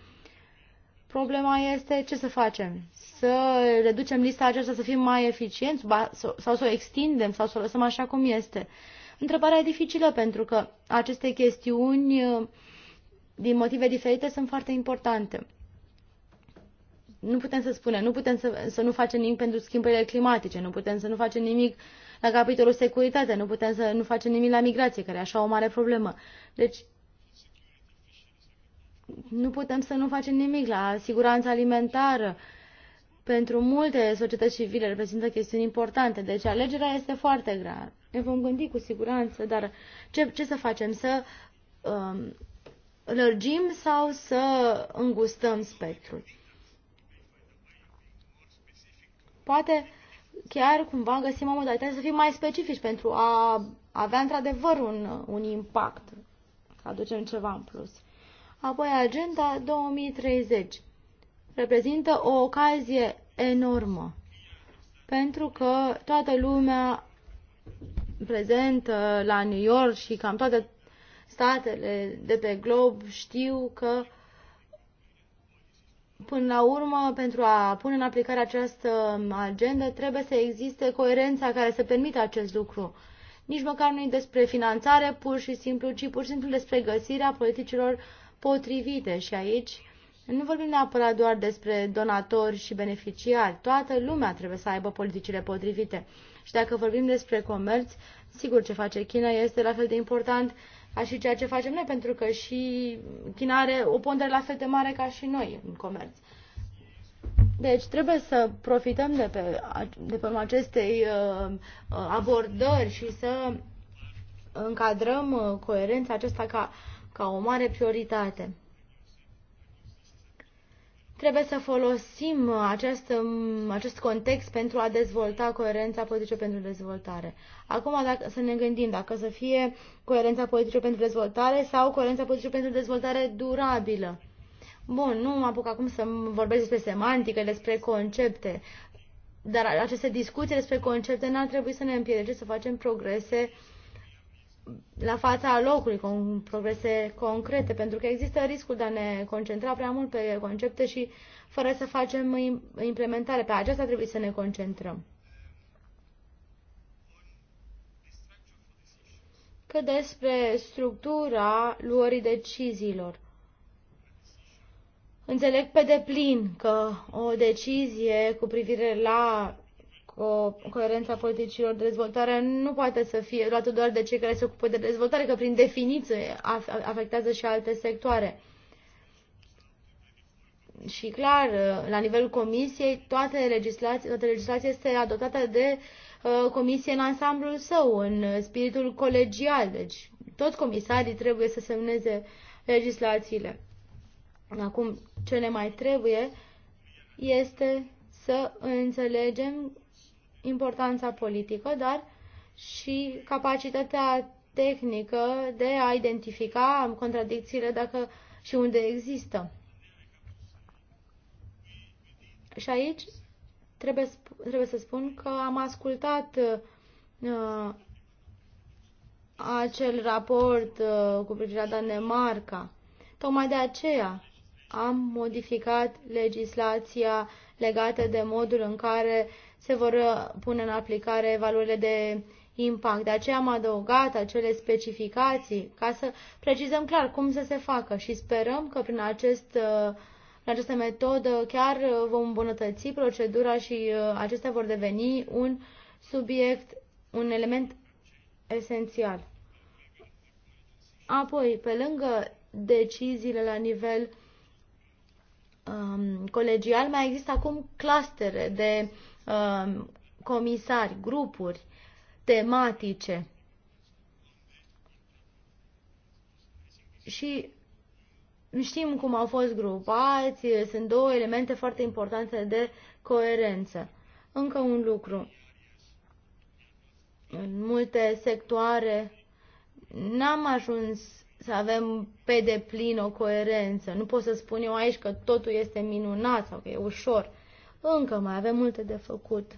Problema este ce să facem? Să reducem lista aceasta, să fim mai eficienți sau să o extindem sau să o lăsăm așa cum este? Întrebarea e dificilă pentru că aceste chestiuni, din motive diferite, sunt foarte importante. Nu putem să spunem, nu putem să, să nu facem nimic pentru schimbările climatice, nu putem să nu facem nimic la capitolul securitate, nu putem să nu facem nimic la migrație, care e așa o mare problemă. Deci nu putem să nu facem nimic la siguranța alimentară. Pentru multe societăți civile reprezintă chestiuni importante, deci alegerea este foarte grea. Ne vom gândi cu siguranță, dar ce, ce să facem? Să um, lărgim sau să îngustăm spectrul? Poate chiar cumva găsim o modalitate să fim mai specifici pentru a avea într-adevăr un, un impact, să aducem ceva în plus. Apoi Agenda 2030 reprezintă o ocazie enormă pentru că toată lumea prezentă la New York și cam toate statele de pe glob știu că până la urmă, pentru a pune în aplicare această agendă, trebuie să existe coerența care să permită acest lucru. Nici măcar nu e despre finanțare pur și simplu, ci pur și simplu despre găsirea politicilor potrivite și aici nu vorbim neapărat doar despre donatori și beneficiari. Toată lumea trebuie să aibă politicile potrivite. Și dacă vorbim despre comerț, sigur ce face China este la fel de important ca și ceea ce facem noi, pentru că și China are o pondere la fel de mare ca și noi în comerț. Deci trebuie să profităm de pe, de pe acestei uh, uh, abordări și să încadrăm uh, coerența acesta ca ca o mare prioritate. Trebuie să folosim acest, acest context pentru a dezvolta coerența politică pentru dezvoltare. Acum dacă, să ne gândim dacă să fie coerența politică pentru dezvoltare sau coerența politică pentru dezvoltare durabilă. Bun, nu mă apuc acum să vorbesc despre semantică, despre concepte, dar aceste discuții despre concepte n-ar trebui să ne împiedice să facem progrese uh, la fața locului, cu progrese concrete, pentru că există riscul de a ne concentra prea mult pe concepte și fără să facem implementare. Pe aceasta trebuie să ne concentrăm. Cât despre structura luării deciziilor. Înțeleg pe deplin că o decizie cu privire la coerența politicilor de dezvoltare nu poate să fie luată doar de cei care se ocupă de dezvoltare, că prin definiție afectează și alte sectoare. Și clar, la nivelul comisiei, toate legislații, toată legislația este adoptată de uh, comisie în ansamblul său, în spiritul colegial. Deci, toți comisarii trebuie să semneze legislațiile. Acum, ce ne mai trebuie este să înțelegem importanța politică, dar și capacitatea tehnică de a identifica contradicțiile dacă și unde există. Și aici trebuie, trebuie să spun că am ascultat uh, acel raport uh, cu privire la Danemarca. Tocmai de aceea am modificat legislația legată de modul în care uh, se vor uh, pune în aplicare valorile de impact. De aceea am adăugat acele specificații ca să precizăm clar cum să se facă și sperăm că prin acest uh, prin această metodă chiar uh, vom îmbunătăți procedura și acestea vor deveni un subiect, un element esențial. Apoi, pe lângă deciziile la nivel um, colegial, mai există acum clustere de Um, comisari, grupuri tematice. Și știm cum au fost grupați, sunt două elemente foarte importante de coerență. Încă un lucru. În multe sectoare n-am ajuns să avem pe deplin o coerență. Nu pot să spun eu aici că totul este minunat sau că e ușor. Încă mai avem multe de făcut.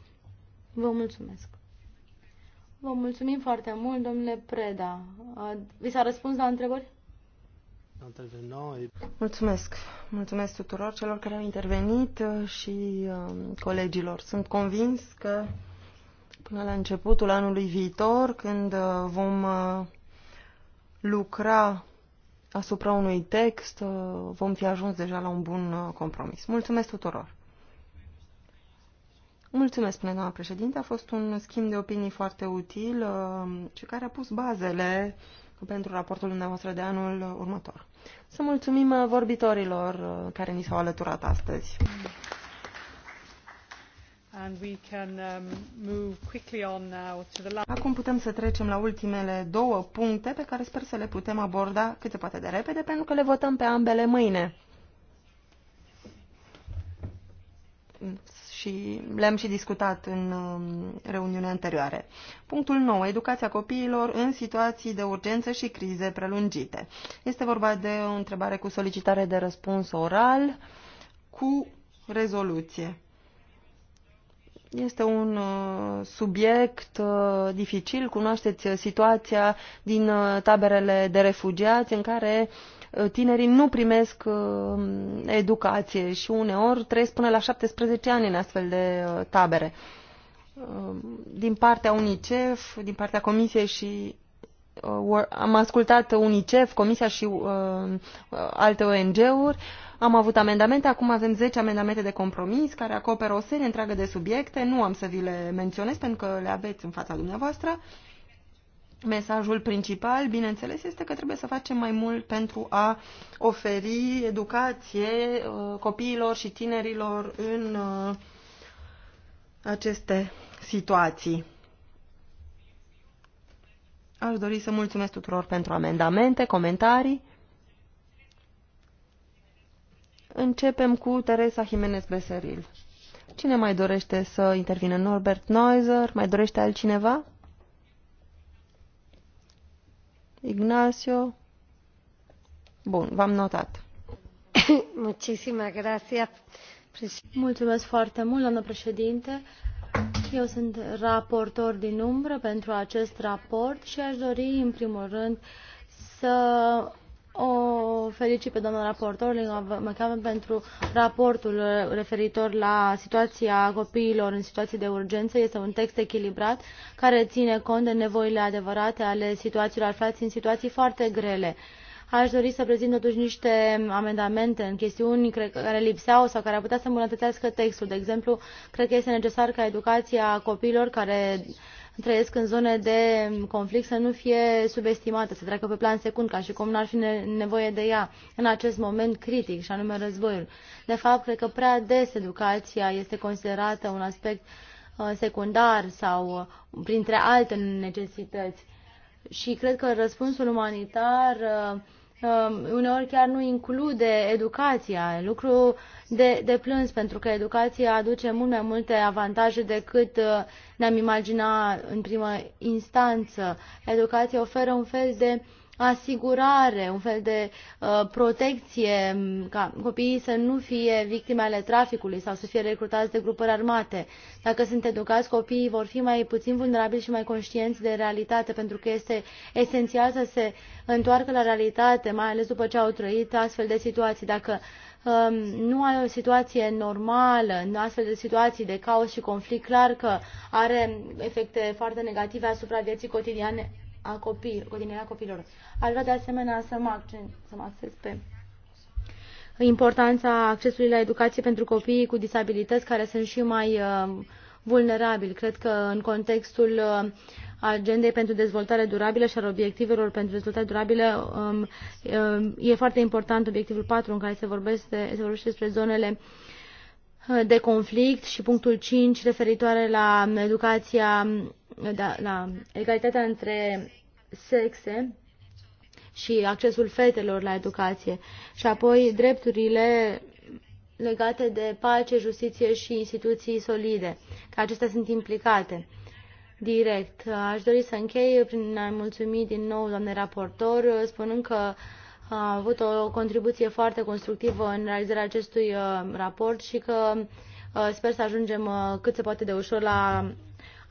Vă mulțumesc. Vă mulțumim foarte mult, domnule Preda. Vi s-a răspuns la întrebări? Mulțumesc. Mulțumesc tuturor celor care au intervenit uh, și um, colegilor. Sunt convins că până la începutul anului viitor, când uh, vom uh, lucra asupra unui text, vom fi ajuns deja la un bun compromis. Mulțumesc tuturor! Mulțumesc, spune doamna președinte. A fost un schimb de opinii foarte util uh, și care a pus bazele pentru raportul dumneavoastră de anul următor. Să mulțumim uh, vorbitorilor uh, care ni s-au alăturat astăzi. Um, Acum putem să trecem la ultimele două puncte pe care sper să le putem aborda cât se poate de repede pentru că le votăm pe ambele mâine și le-am și discutat în um, reuniunea anterioare. Punctul 9. Educația copiilor în situații de urgență și crize prelungite. Este vorba de o întrebare cu solicitare de răspuns oral cu rezoluție. Este un uh, subiect uh, dificil. Cunoașteți situația din uh, taberele de refugiați în care tinerii nu primesc uh, educație și uneori trăiesc până la 17 ani în astfel de uh, tabere. Uh, din partea UNICEF, din partea Comisiei și am ascultat UNICEF, Comisia și alte ONG-uri, am avut amendamente, acum avem 10 amendamente de compromis care acoperă o serie întreagă de subiecte, nu am să vi le menționez pentru că le aveți în fața dumneavoastră. Uh, Mesajul principal, bineînțeles, este că trebuie să facem mai mult pentru a oferi educație uh, copiilor și tinerilor în uh, aceste situații. Aș dori să mulțumesc tuturor pentru amendamente, comentarii. Începem cu Teresa Jimenez Beseril. Cine mai dorește să intervină? Norbert Neuser? Mai dorește altcineva? Ignacio. Bun, v-am notat. *coughs* Mulțumesc foarte mult, doamnă președinte. Eu sunt raportor din umbră pentru acest raport și aș dori, în primul rând, să o felicit pe doamna raportor McAven pentru raportul referitor la situația copiilor în situații de urgență. Este un text echilibrat care ține cont de nevoile adevărate ale situațiilor aflați în situații foarte grele. Aș dori să prezint totuși niște amendamente în chestiuni care lipseau sau care ar putea să îmbunătățească textul. De exemplu, cred că este necesar ca educația copiilor care trăiesc în zone de conflict să nu fie subestimată, să treacă pe plan secund, ca și cum n-ar fi nevoie de ea în acest moment critic, și anume războiul. De fapt, cred că prea des educația este considerată un aspect uh, secundar sau uh, printre alte necesități. Și cred că răspunsul umanitar uh, Um, uneori chiar nu include educația, lucru de, de plâns, pentru că educația aduce mult mai multe avantaje decât uh, ne-am imagina în primă instanță. Educația oferă un fel de uh, asigurare, un fel de uh, protecție ca copiii să nu fie victime ale traficului sau să fie recrutați de grupări armate. Dacă sunt educați, copiii vor fi mai puțin vulnerabili și mai conștienți de realitate, pentru că este esențial să se întoarcă la realitate, mai ales după ce au trăit astfel de situații. Dacă um, nu ai o situație normală, în astfel de situații de caos și conflict, clar că are efecte foarte negative asupra vieții cotidiane a copiilor, cu tinerea copiilor. Aș vrea de asemenea să mă, accent, să mă acces pe importanța accesului la educație pentru copiii cu disabilități care sunt și mai uh, vulnerabili. Cred că în contextul uh, agendei pentru dezvoltare durabilă și al obiectivelor pentru dezvoltare durabilă um, uh, e foarte important obiectivul 4 în care se vorbește, se vorbește despre zonele de conflict și punctul 5 referitoare la educația da, la egalitatea între sexe și accesul fetelor la educație și apoi drepturile legate de pace, justiție și instituții solide, că acestea sunt implicate direct. Aș dori să închei prin a mulțumi din nou, doamne raportor, spunând că a avut o contribuție foarte constructivă în realizarea acestui uh, raport și că uh, sper să ajungem uh, cât se poate de ușor la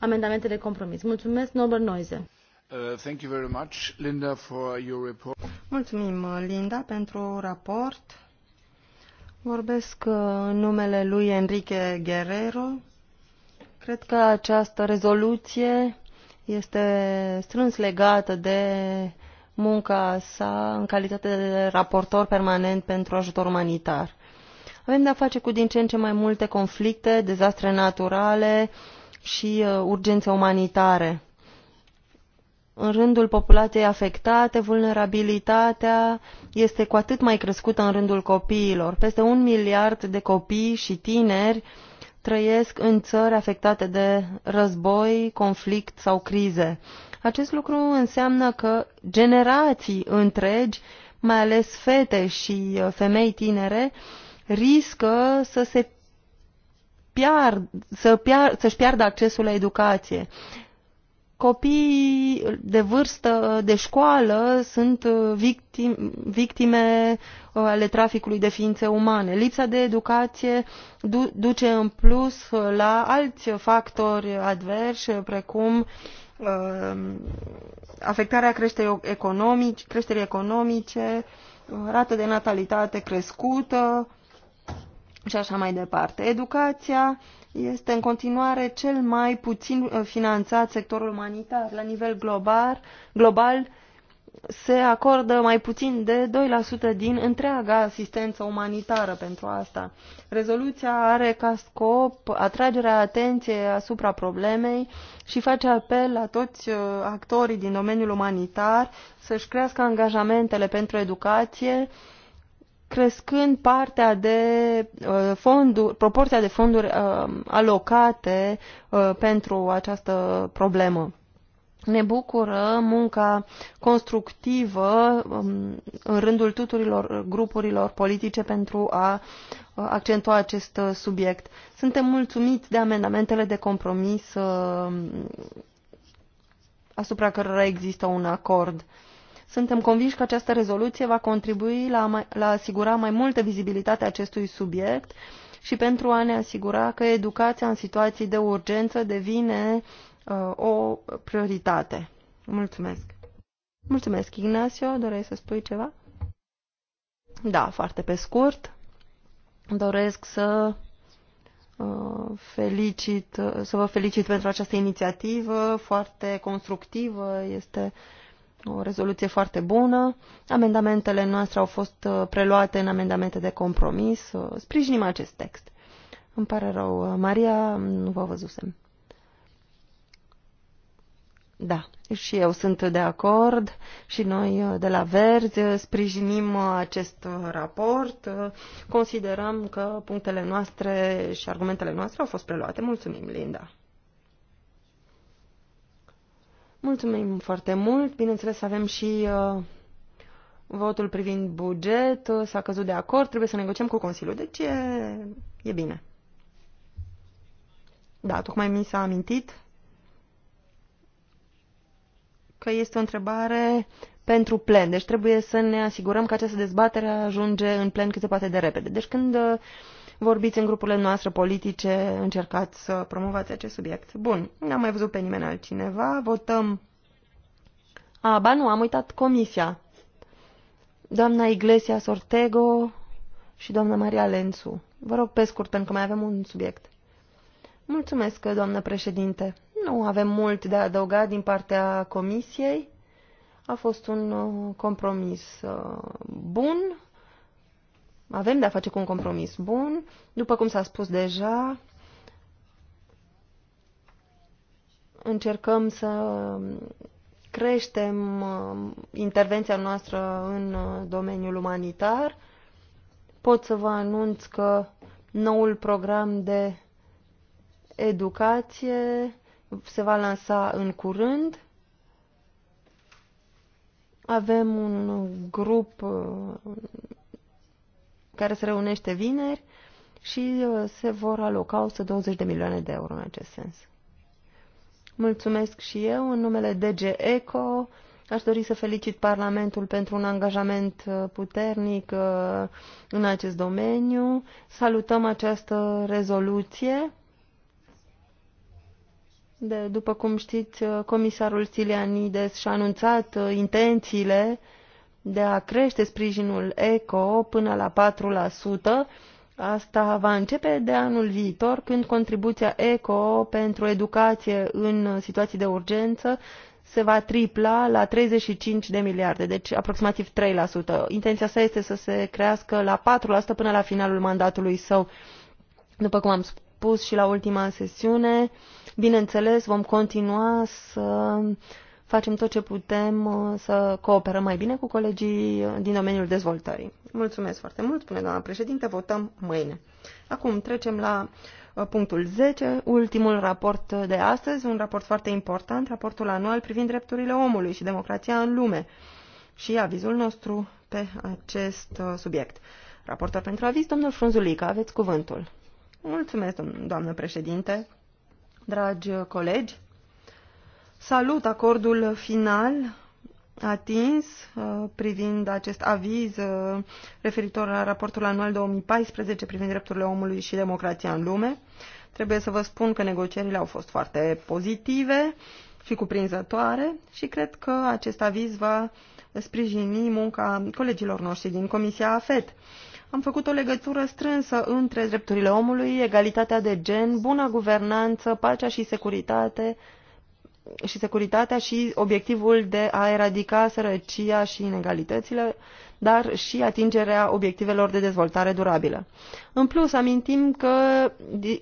amendamente de compromis. Mulțumesc, Norbert Noize. Uh, Mulțumim, uh, Linda, pentru raport. Vorbesc uh, în numele lui Enrique Guerrero. Cred că această rezoluție este strâns legată de munca sa în calitate de raportor permanent pentru ajutor umanitar. Avem de-a face cu din ce în ce mai multe conflicte, dezastre naturale, și uh, urgențe umanitare. În rândul populației afectate, vulnerabilitatea este cu atât mai crescută în rândul copiilor. Peste un miliard de copii și tineri trăiesc în țări afectate de război, conflict sau crize. Acest lucru înseamnă că generații întregi, mai ales fete și uh, femei tinere, riscă să se piard, să piard, să-și piardă accesul la educație. Copiii de vârstă de școală sunt uh, victime, victime uh, ale traficului de ființe umane. Lipsa de educație du duce în plus uh, la alți factori adversi, precum afectarea creșterii economice, creșterii economice rată de natalitate crescută, și așa mai departe. Educația este în continuare cel mai puțin uh, finanțat sector umanitar. La nivel global, global se acordă mai puțin de 2% din întreaga asistență umanitară pentru asta. Rezoluția are ca scop atragerea atenției asupra problemei și face apel la toți uh, actorii din domeniul umanitar să-și crească angajamentele pentru educație, crescând partea de uh, fonduri, proporția de fonduri uh, alocate uh, pentru această problemă. Ne bucură munca constructivă um, în rândul tuturor grupurilor politice pentru a accentua acest subiect. Suntem mulțumiți de amendamentele de compromis asupra cărora există un acord. Suntem convinși că această rezoluție va contribui la, mai, la asigura mai multă vizibilitate acestui subiect și pentru a ne asigura că educația în situații de urgență devine uh, o prioritate. Mulțumesc! Mulțumesc, Ignacio. Doreai să spui ceva? Da, foarte pe scurt. Doresc să uh, felicit, să vă felicit pentru această inițiativă foarte constructivă. Este uh, o rezoluție foarte bună. Amendamentele noastre au fost uh, preluate în amendamente de compromis. Uh, sprijinim acest text. Îmi pare rău, uh, Maria, nu vă văzusem. Da, și eu sunt de acord și noi de la Verzi sprijinim acest raport. Considerăm că punctele noastre și argumentele noastre au fost preluate. Mulțumim, Linda. Mulțumim foarte mult. Bineînțeles, avem și uh, votul privind buget. Uh, s-a căzut de acord. Trebuie să negociem cu Consiliul. Deci e, e bine. Da, tocmai mi s-a amintit că este o întrebare pentru plen. Deci trebuie să ne asigurăm că această dezbatere ajunge în plen cât se poate de repede. Deci când uh, vorbiți în grupurile noastre politice, încercați să promovați acest subiect. Bun, n-am mai văzut pe nimeni altcineva, votăm. A, ba nu, am uitat comisia. Doamna Iglesia Sortego și doamna Maria Lențu. Vă rog pe scurt, pentru că mai avem un subiect. Mulțumesc, doamnă președinte. Nu avem mult de adăugat din partea comisiei. A fost un uh, compromis uh, bun avem de-a face cu un compromis bun. După cum s-a spus deja, încercăm să creștem uh, intervenția noastră în uh, domeniul umanitar. Pot să vă anunț că noul program de educație se va lansa în curând. Avem un grup uh, care se reunește vineri și uh, se vor aloca 120 de milioane de euro în acest sens. Mulțumesc și eu în numele DG ECO. Aș dori să felicit Parlamentul pentru un angajament uh, puternic uh, în acest domeniu. Salutăm această rezoluție. De, după cum știți, comisarul Silianides și-a anunțat intențiile de a crește sprijinul ECO până la 4%. Asta va începe de anul viitor, când contribuția ECO pentru educație în situații de urgență se va tripla la 35 de miliarde, deci aproximativ 3%. Intenția sa este să se crească la 4% până la finalul mandatului său. După cum am spus și la ultima sesiune, bineînțeles vom continua să facem tot ce putem uh, să cooperăm mai bine cu colegii din domeniul dezvoltării. Mulțumesc foarte mult, spune doamna președinte, votăm mâine. Acum trecem la uh, punctul 10, ultimul raport de astăzi, un raport foarte important, raportul anual privind drepturile omului și democrația în lume și avizul nostru pe acest uh, subiect. Raportor pentru aviz, domnul Frunzulica, aveți cuvântul. Mulțumesc, doamnă președinte, dragi colegi. Salut acordul final atins uh, privind acest aviz uh, referitor la raportul anual 2014 privind drepturile omului și democrația în lume. Trebuie să vă spun că negocierile au fost foarte pozitive și cuprinzătoare și cred că acest aviz va sprijini munca colegilor noștri din Comisia AFET. Am făcut o legătură strânsă între drepturile omului, egalitatea de gen, bună guvernanță, pacea și securitate, și securitatea și obiectivul de a eradica sărăcia și inegalitățile, dar și atingerea obiectivelor de dezvoltare durabilă. În plus, amintim că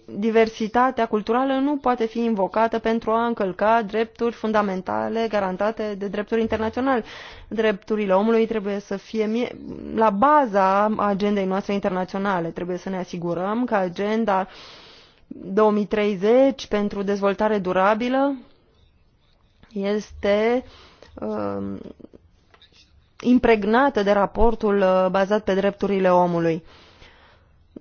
diversitatea culturală nu poate fi invocată pentru a încălca drepturi fundamentale garantate de drepturi internaționale. Drepturile omului trebuie să fie la baza agendei noastre internaționale. Trebuie să ne asigurăm că agenda 2030 pentru dezvoltare durabilă este uh, impregnată de raportul uh, bazat pe drepturile omului.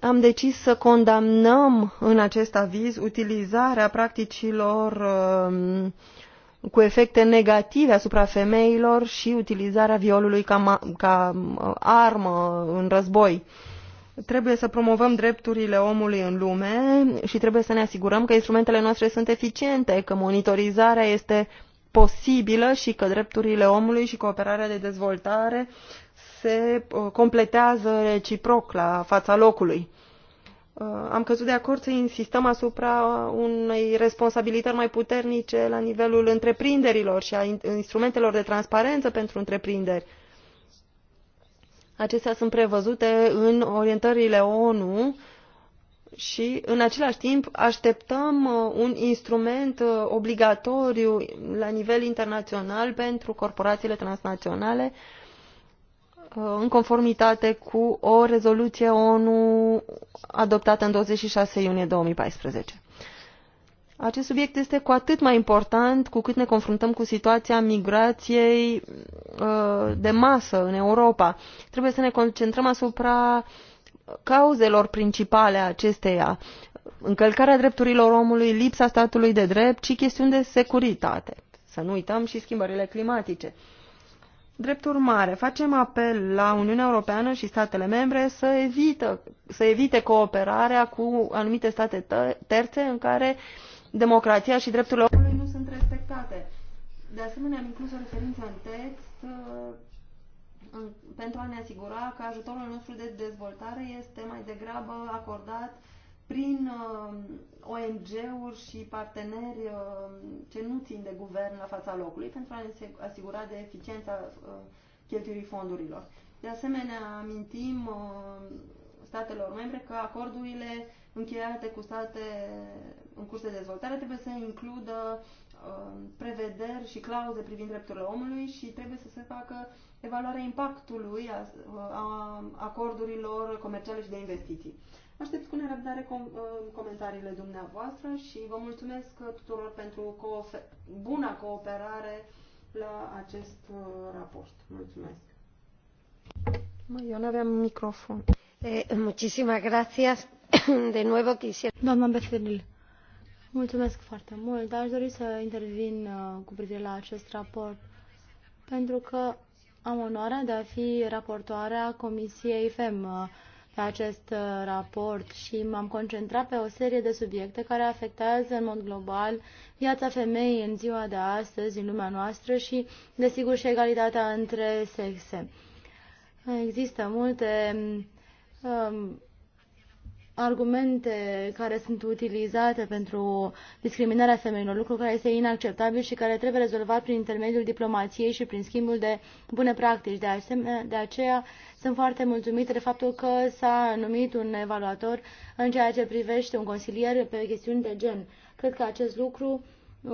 Am decis să condamnăm în acest aviz utilizarea practicilor uh, cu efecte negative asupra femeilor și utilizarea violului ca, ca uh, armă în război. Trebuie să promovăm drepturile omului în lume și trebuie să ne asigurăm că instrumentele noastre sunt eficiente, că monitorizarea este posibilă și că drepturile omului și cooperarea de dezvoltare se uh, completează reciproc la fața locului. Uh, am căzut de acord să insistăm asupra unei responsabilități mai puternice la nivelul întreprinderilor și a instrumentelor de transparență pentru întreprinderi. Acestea sunt prevăzute în orientările ONU și în același timp așteptăm uh, un instrument uh, obligatoriu la nivel internațional pentru corporațiile transnaționale uh, în conformitate cu o rezoluție ONU adoptată în 26 iunie 2014. Acest subiect este cu atât mai important cu cât ne confruntăm cu situația migrației de masă în Europa. Trebuie să ne concentrăm asupra cauzelor principale a acesteia, încălcarea drepturilor omului, lipsa statului de drept, ci chestiuni de securitate. Să nu uităm și schimbările climatice. Drept urmare, facem apel la Uniunea Europeană și statele membre să, evită, să evite cooperarea cu anumite state terțe în care democrația și drepturile omului nu sunt respectate. De asemenea, am inclus o referință în text în, pentru a ne asigura că ajutorul nostru de dezvoltare este mai degrabă acordat prin uh, ONG-uri și parteneri uh, ce nu țin de guvern la fața locului pentru a ne asigura de eficiența uh, cheltuirii fondurilor. De asemenea, amintim uh, statelor membre că acordurile încheiate cu state în curs de dezvoltare trebuie să includă Um, prevederi și clauze privind drepturile omului și trebuie să se facă evaluarea impactului a, a acordurilor comerciale și de investiții. Aștept cu nerăbdare com um, comentariile dumneavoastră și vă mulțumesc tuturor pentru co buna cooperare la acest uh, raport. Mulțumesc! Mă, eu nu aveam microfon. Eh, muchísimas gracias. *coughs* De nuevo quisiera... Doamna Becerril, Mulțumesc foarte mult, dar aș dori să intervin uh, cu privire la acest raport, pentru că am onoarea de a fi raportoarea Comisiei FEM uh, pe acest uh, raport și m-am concentrat pe o serie de subiecte care afectează în mod global viața femeii în ziua de astăzi, în lumea noastră și, desigur, și egalitatea între sexe. Există multe um, argumente care sunt utilizate pentru discriminarea femeilor, lucru care este inacceptabil și care trebuie rezolvat prin intermediul diplomației și prin schimbul de bune practici. De, asemenea, de aceea sunt foarte mulțumită de faptul că s-a numit un evaluator în ceea ce privește un consilier pe chestiuni de gen. Cred că acest lucru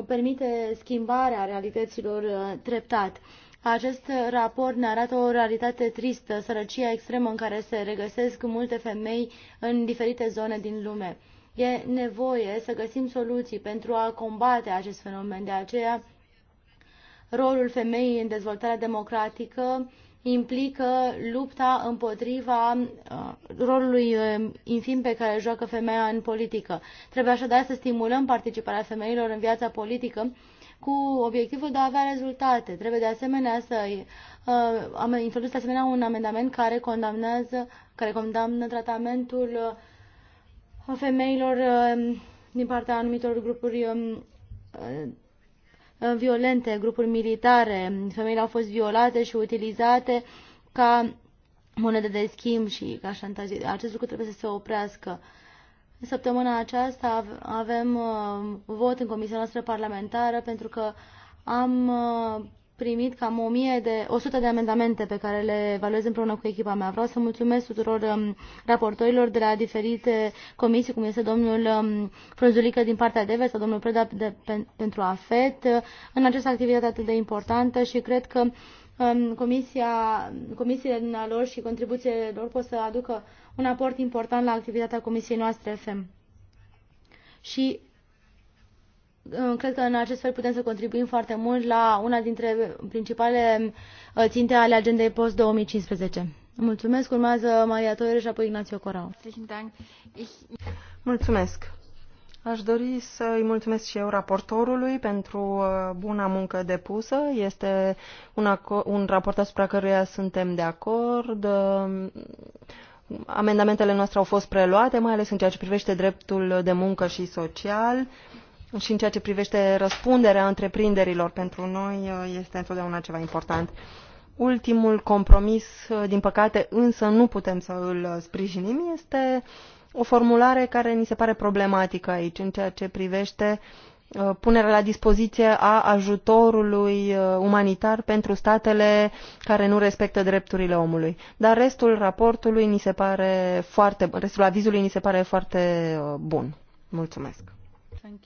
permite schimbarea realităților uh, treptat. Acest raport ne arată o realitate tristă, sărăcia extremă în care se regăsesc multe femei în diferite zone din lume. E nevoie să găsim soluții pentru a combate acest fenomen. De aceea, rolul femeii în dezvoltarea democratică implică lupta împotriva uh, rolului uh, infim pe care joacă femeia în politică. Trebuie așadar să stimulăm participarea femeilor în viața politică cu obiectivul de a avea rezultate. Trebuie de asemenea să uh, am introdus de asemenea un amendament care condamnează, care condamnă tratamentul uh, femeilor uh, din partea anumitor grupuri um, violente, grupuri militare. Femeile au fost violate și utilizate ca monede de schimb și ca șantaje. Acest lucru trebuie să se oprească. Uh, Săptămâna aceasta avem uh, vot în comisia noastră parlamentară pentru că am uh, primit cam 1000 de, 100 de amendamente pe care le evaluez împreună cu echipa mea. Vreau să mulțumesc tuturor um, raportorilor de la diferite comisii, cum este domnul um, Frunzulică din partea DEVE sau domnul Preda de, pe, pentru AFET, uh, în această activitate atât de importantă și cred că um, comisia, comisiile din lor și contribuțiile lor pot să aducă uh, un aport important la activitatea Comisiei noastre FM. Și uh, cred că în acest fel putem să contribuim foarte mult la una dintre principalele uh, ținte ale agendei post-2015. Mulțumesc. Urmează Maria Toire și apoi Ignacio Corau. Mulțumesc. Aș dori să îi mulțumesc și eu raportorului pentru uh, buna muncă depusă. Este un, un raport asupra căruia suntem de acord. Amendamentele noastre au fost preluate, mai ales în ceea ce privește dreptul de muncă și social și în ceea ce privește răspunderea întreprinderilor. Pentru noi uh, este întotdeauna ceva important. Ultimul compromis, uh, din păcate, însă nu putem să îl uh, sprijinim, este o formulare care ni se pare problematică aici, în ceea ce privește uh, Uh, punerea la dispoziție a ajutorului uh, umanitar pentru statele care nu respectă drepturile omului. Dar restul raportului ni se pare foarte, restul avizului ni se pare foarte uh, bun. Mulțumesc. Um,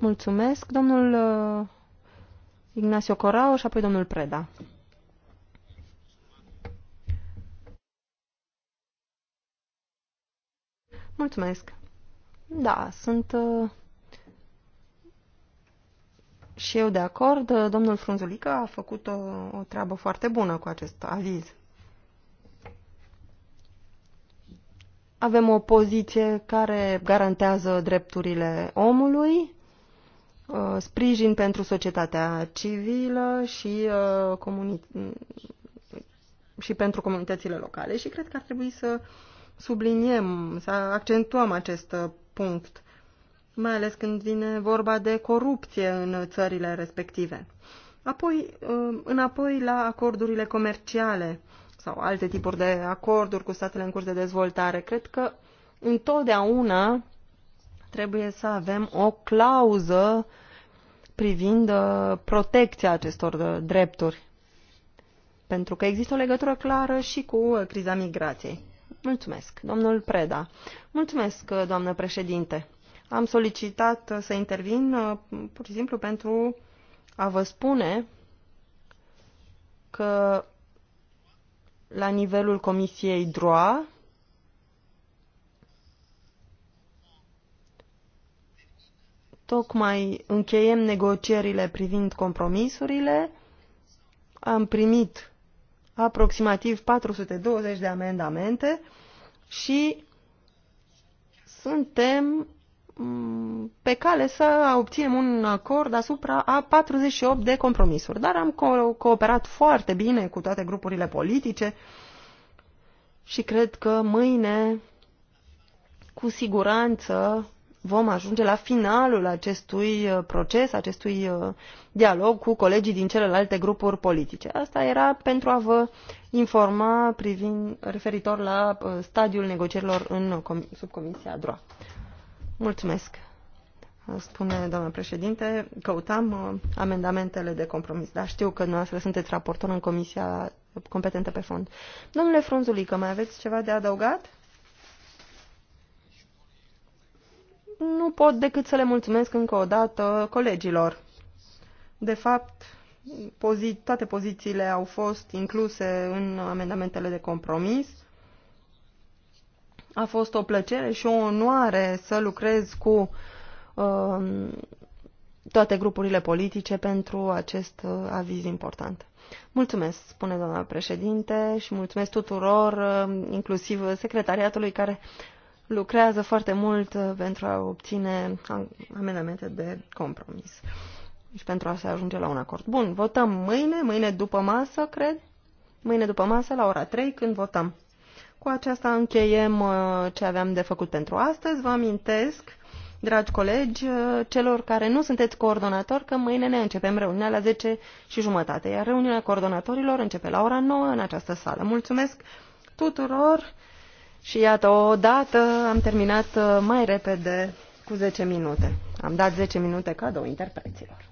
Mulțumesc, domnul Ignacio Corao și apoi domnul Preda. Mulțumesc. Da, sunt uh, și eu de acord. Domnul Frunzulică a făcut o, o treabă foarte bună cu acest aviz. Avem o poziție care garantează drepturile omului, uh, sprijin pentru societatea civilă și, uh, și pentru comunitățile locale și cred că ar trebui să subliniem, să accentuăm acest punct mai ales când vine vorba de corupție în țările respective. Apoi, um, înapoi la acordurile comerciale sau alte tipuri de acorduri cu statele în curs de dezvoltare. Cred că întotdeauna trebuie să avem o clauză privind uh, protecția acestor uh, drepturi. Pentru că există o legătură clară și cu uh, criza migrației. Mulțumesc, domnul Preda. Mulțumesc, doamnă președinte am solicitat uh, să intervin uh, pur și simplu pentru a vă spune că la nivelul Comisiei DROA tocmai încheiem negocierile privind compromisurile. Am primit aproximativ 420 de amendamente și suntem Mm, pe cale să obținem un acord asupra a 48 de compromisuri, dar am co- cooperat foarte bine cu toate grupurile politice și cred că mâine, cu siguranță, vom ajunge la finalul acestui uh, proces, acestui uh, dialog cu colegii din celelalte grupuri politice. Asta era pentru a vă informa privind, referitor la uh, stadiul negocierilor în subcomisia DROA. Mulțumesc, spune doamna președinte. Căutam uh, amendamentele de compromis, dar știu că noastră sunteți raportor în comisia competentă pe fond. Domnule Frunzulică, mai aveți ceva de adăugat? Nu pot decât să le mulțumesc încă o dată colegilor. De fapt, pozi toate pozițiile au fost incluse în amendamentele de compromis a fost o plăcere și o onoare să lucrez cu uh, toate grupurile politice pentru acest uh, aviz important. Mulțumesc, spune doamna președinte, și mulțumesc tuturor, uh, inclusiv secretariatului care lucrează foarte mult uh, pentru a obține amendamente de compromis și pentru a se ajunge la un acord. Bun, votăm mâine, mâine după masă, cred. Mâine după masă, la ora 3, când votăm. Cu aceasta încheiem uh, ce aveam de făcut pentru astăzi. Vă amintesc, dragi colegi, uh, celor care nu sunteți coordonatori, că mâine ne începem reuniunea la 10 și jumătate, iar reuniunea coordonatorilor începe la ora 9 în această sală. Mulțumesc tuturor și iată, dată am terminat uh, mai repede cu 10 minute. Am dat 10 minute cadou interpreților.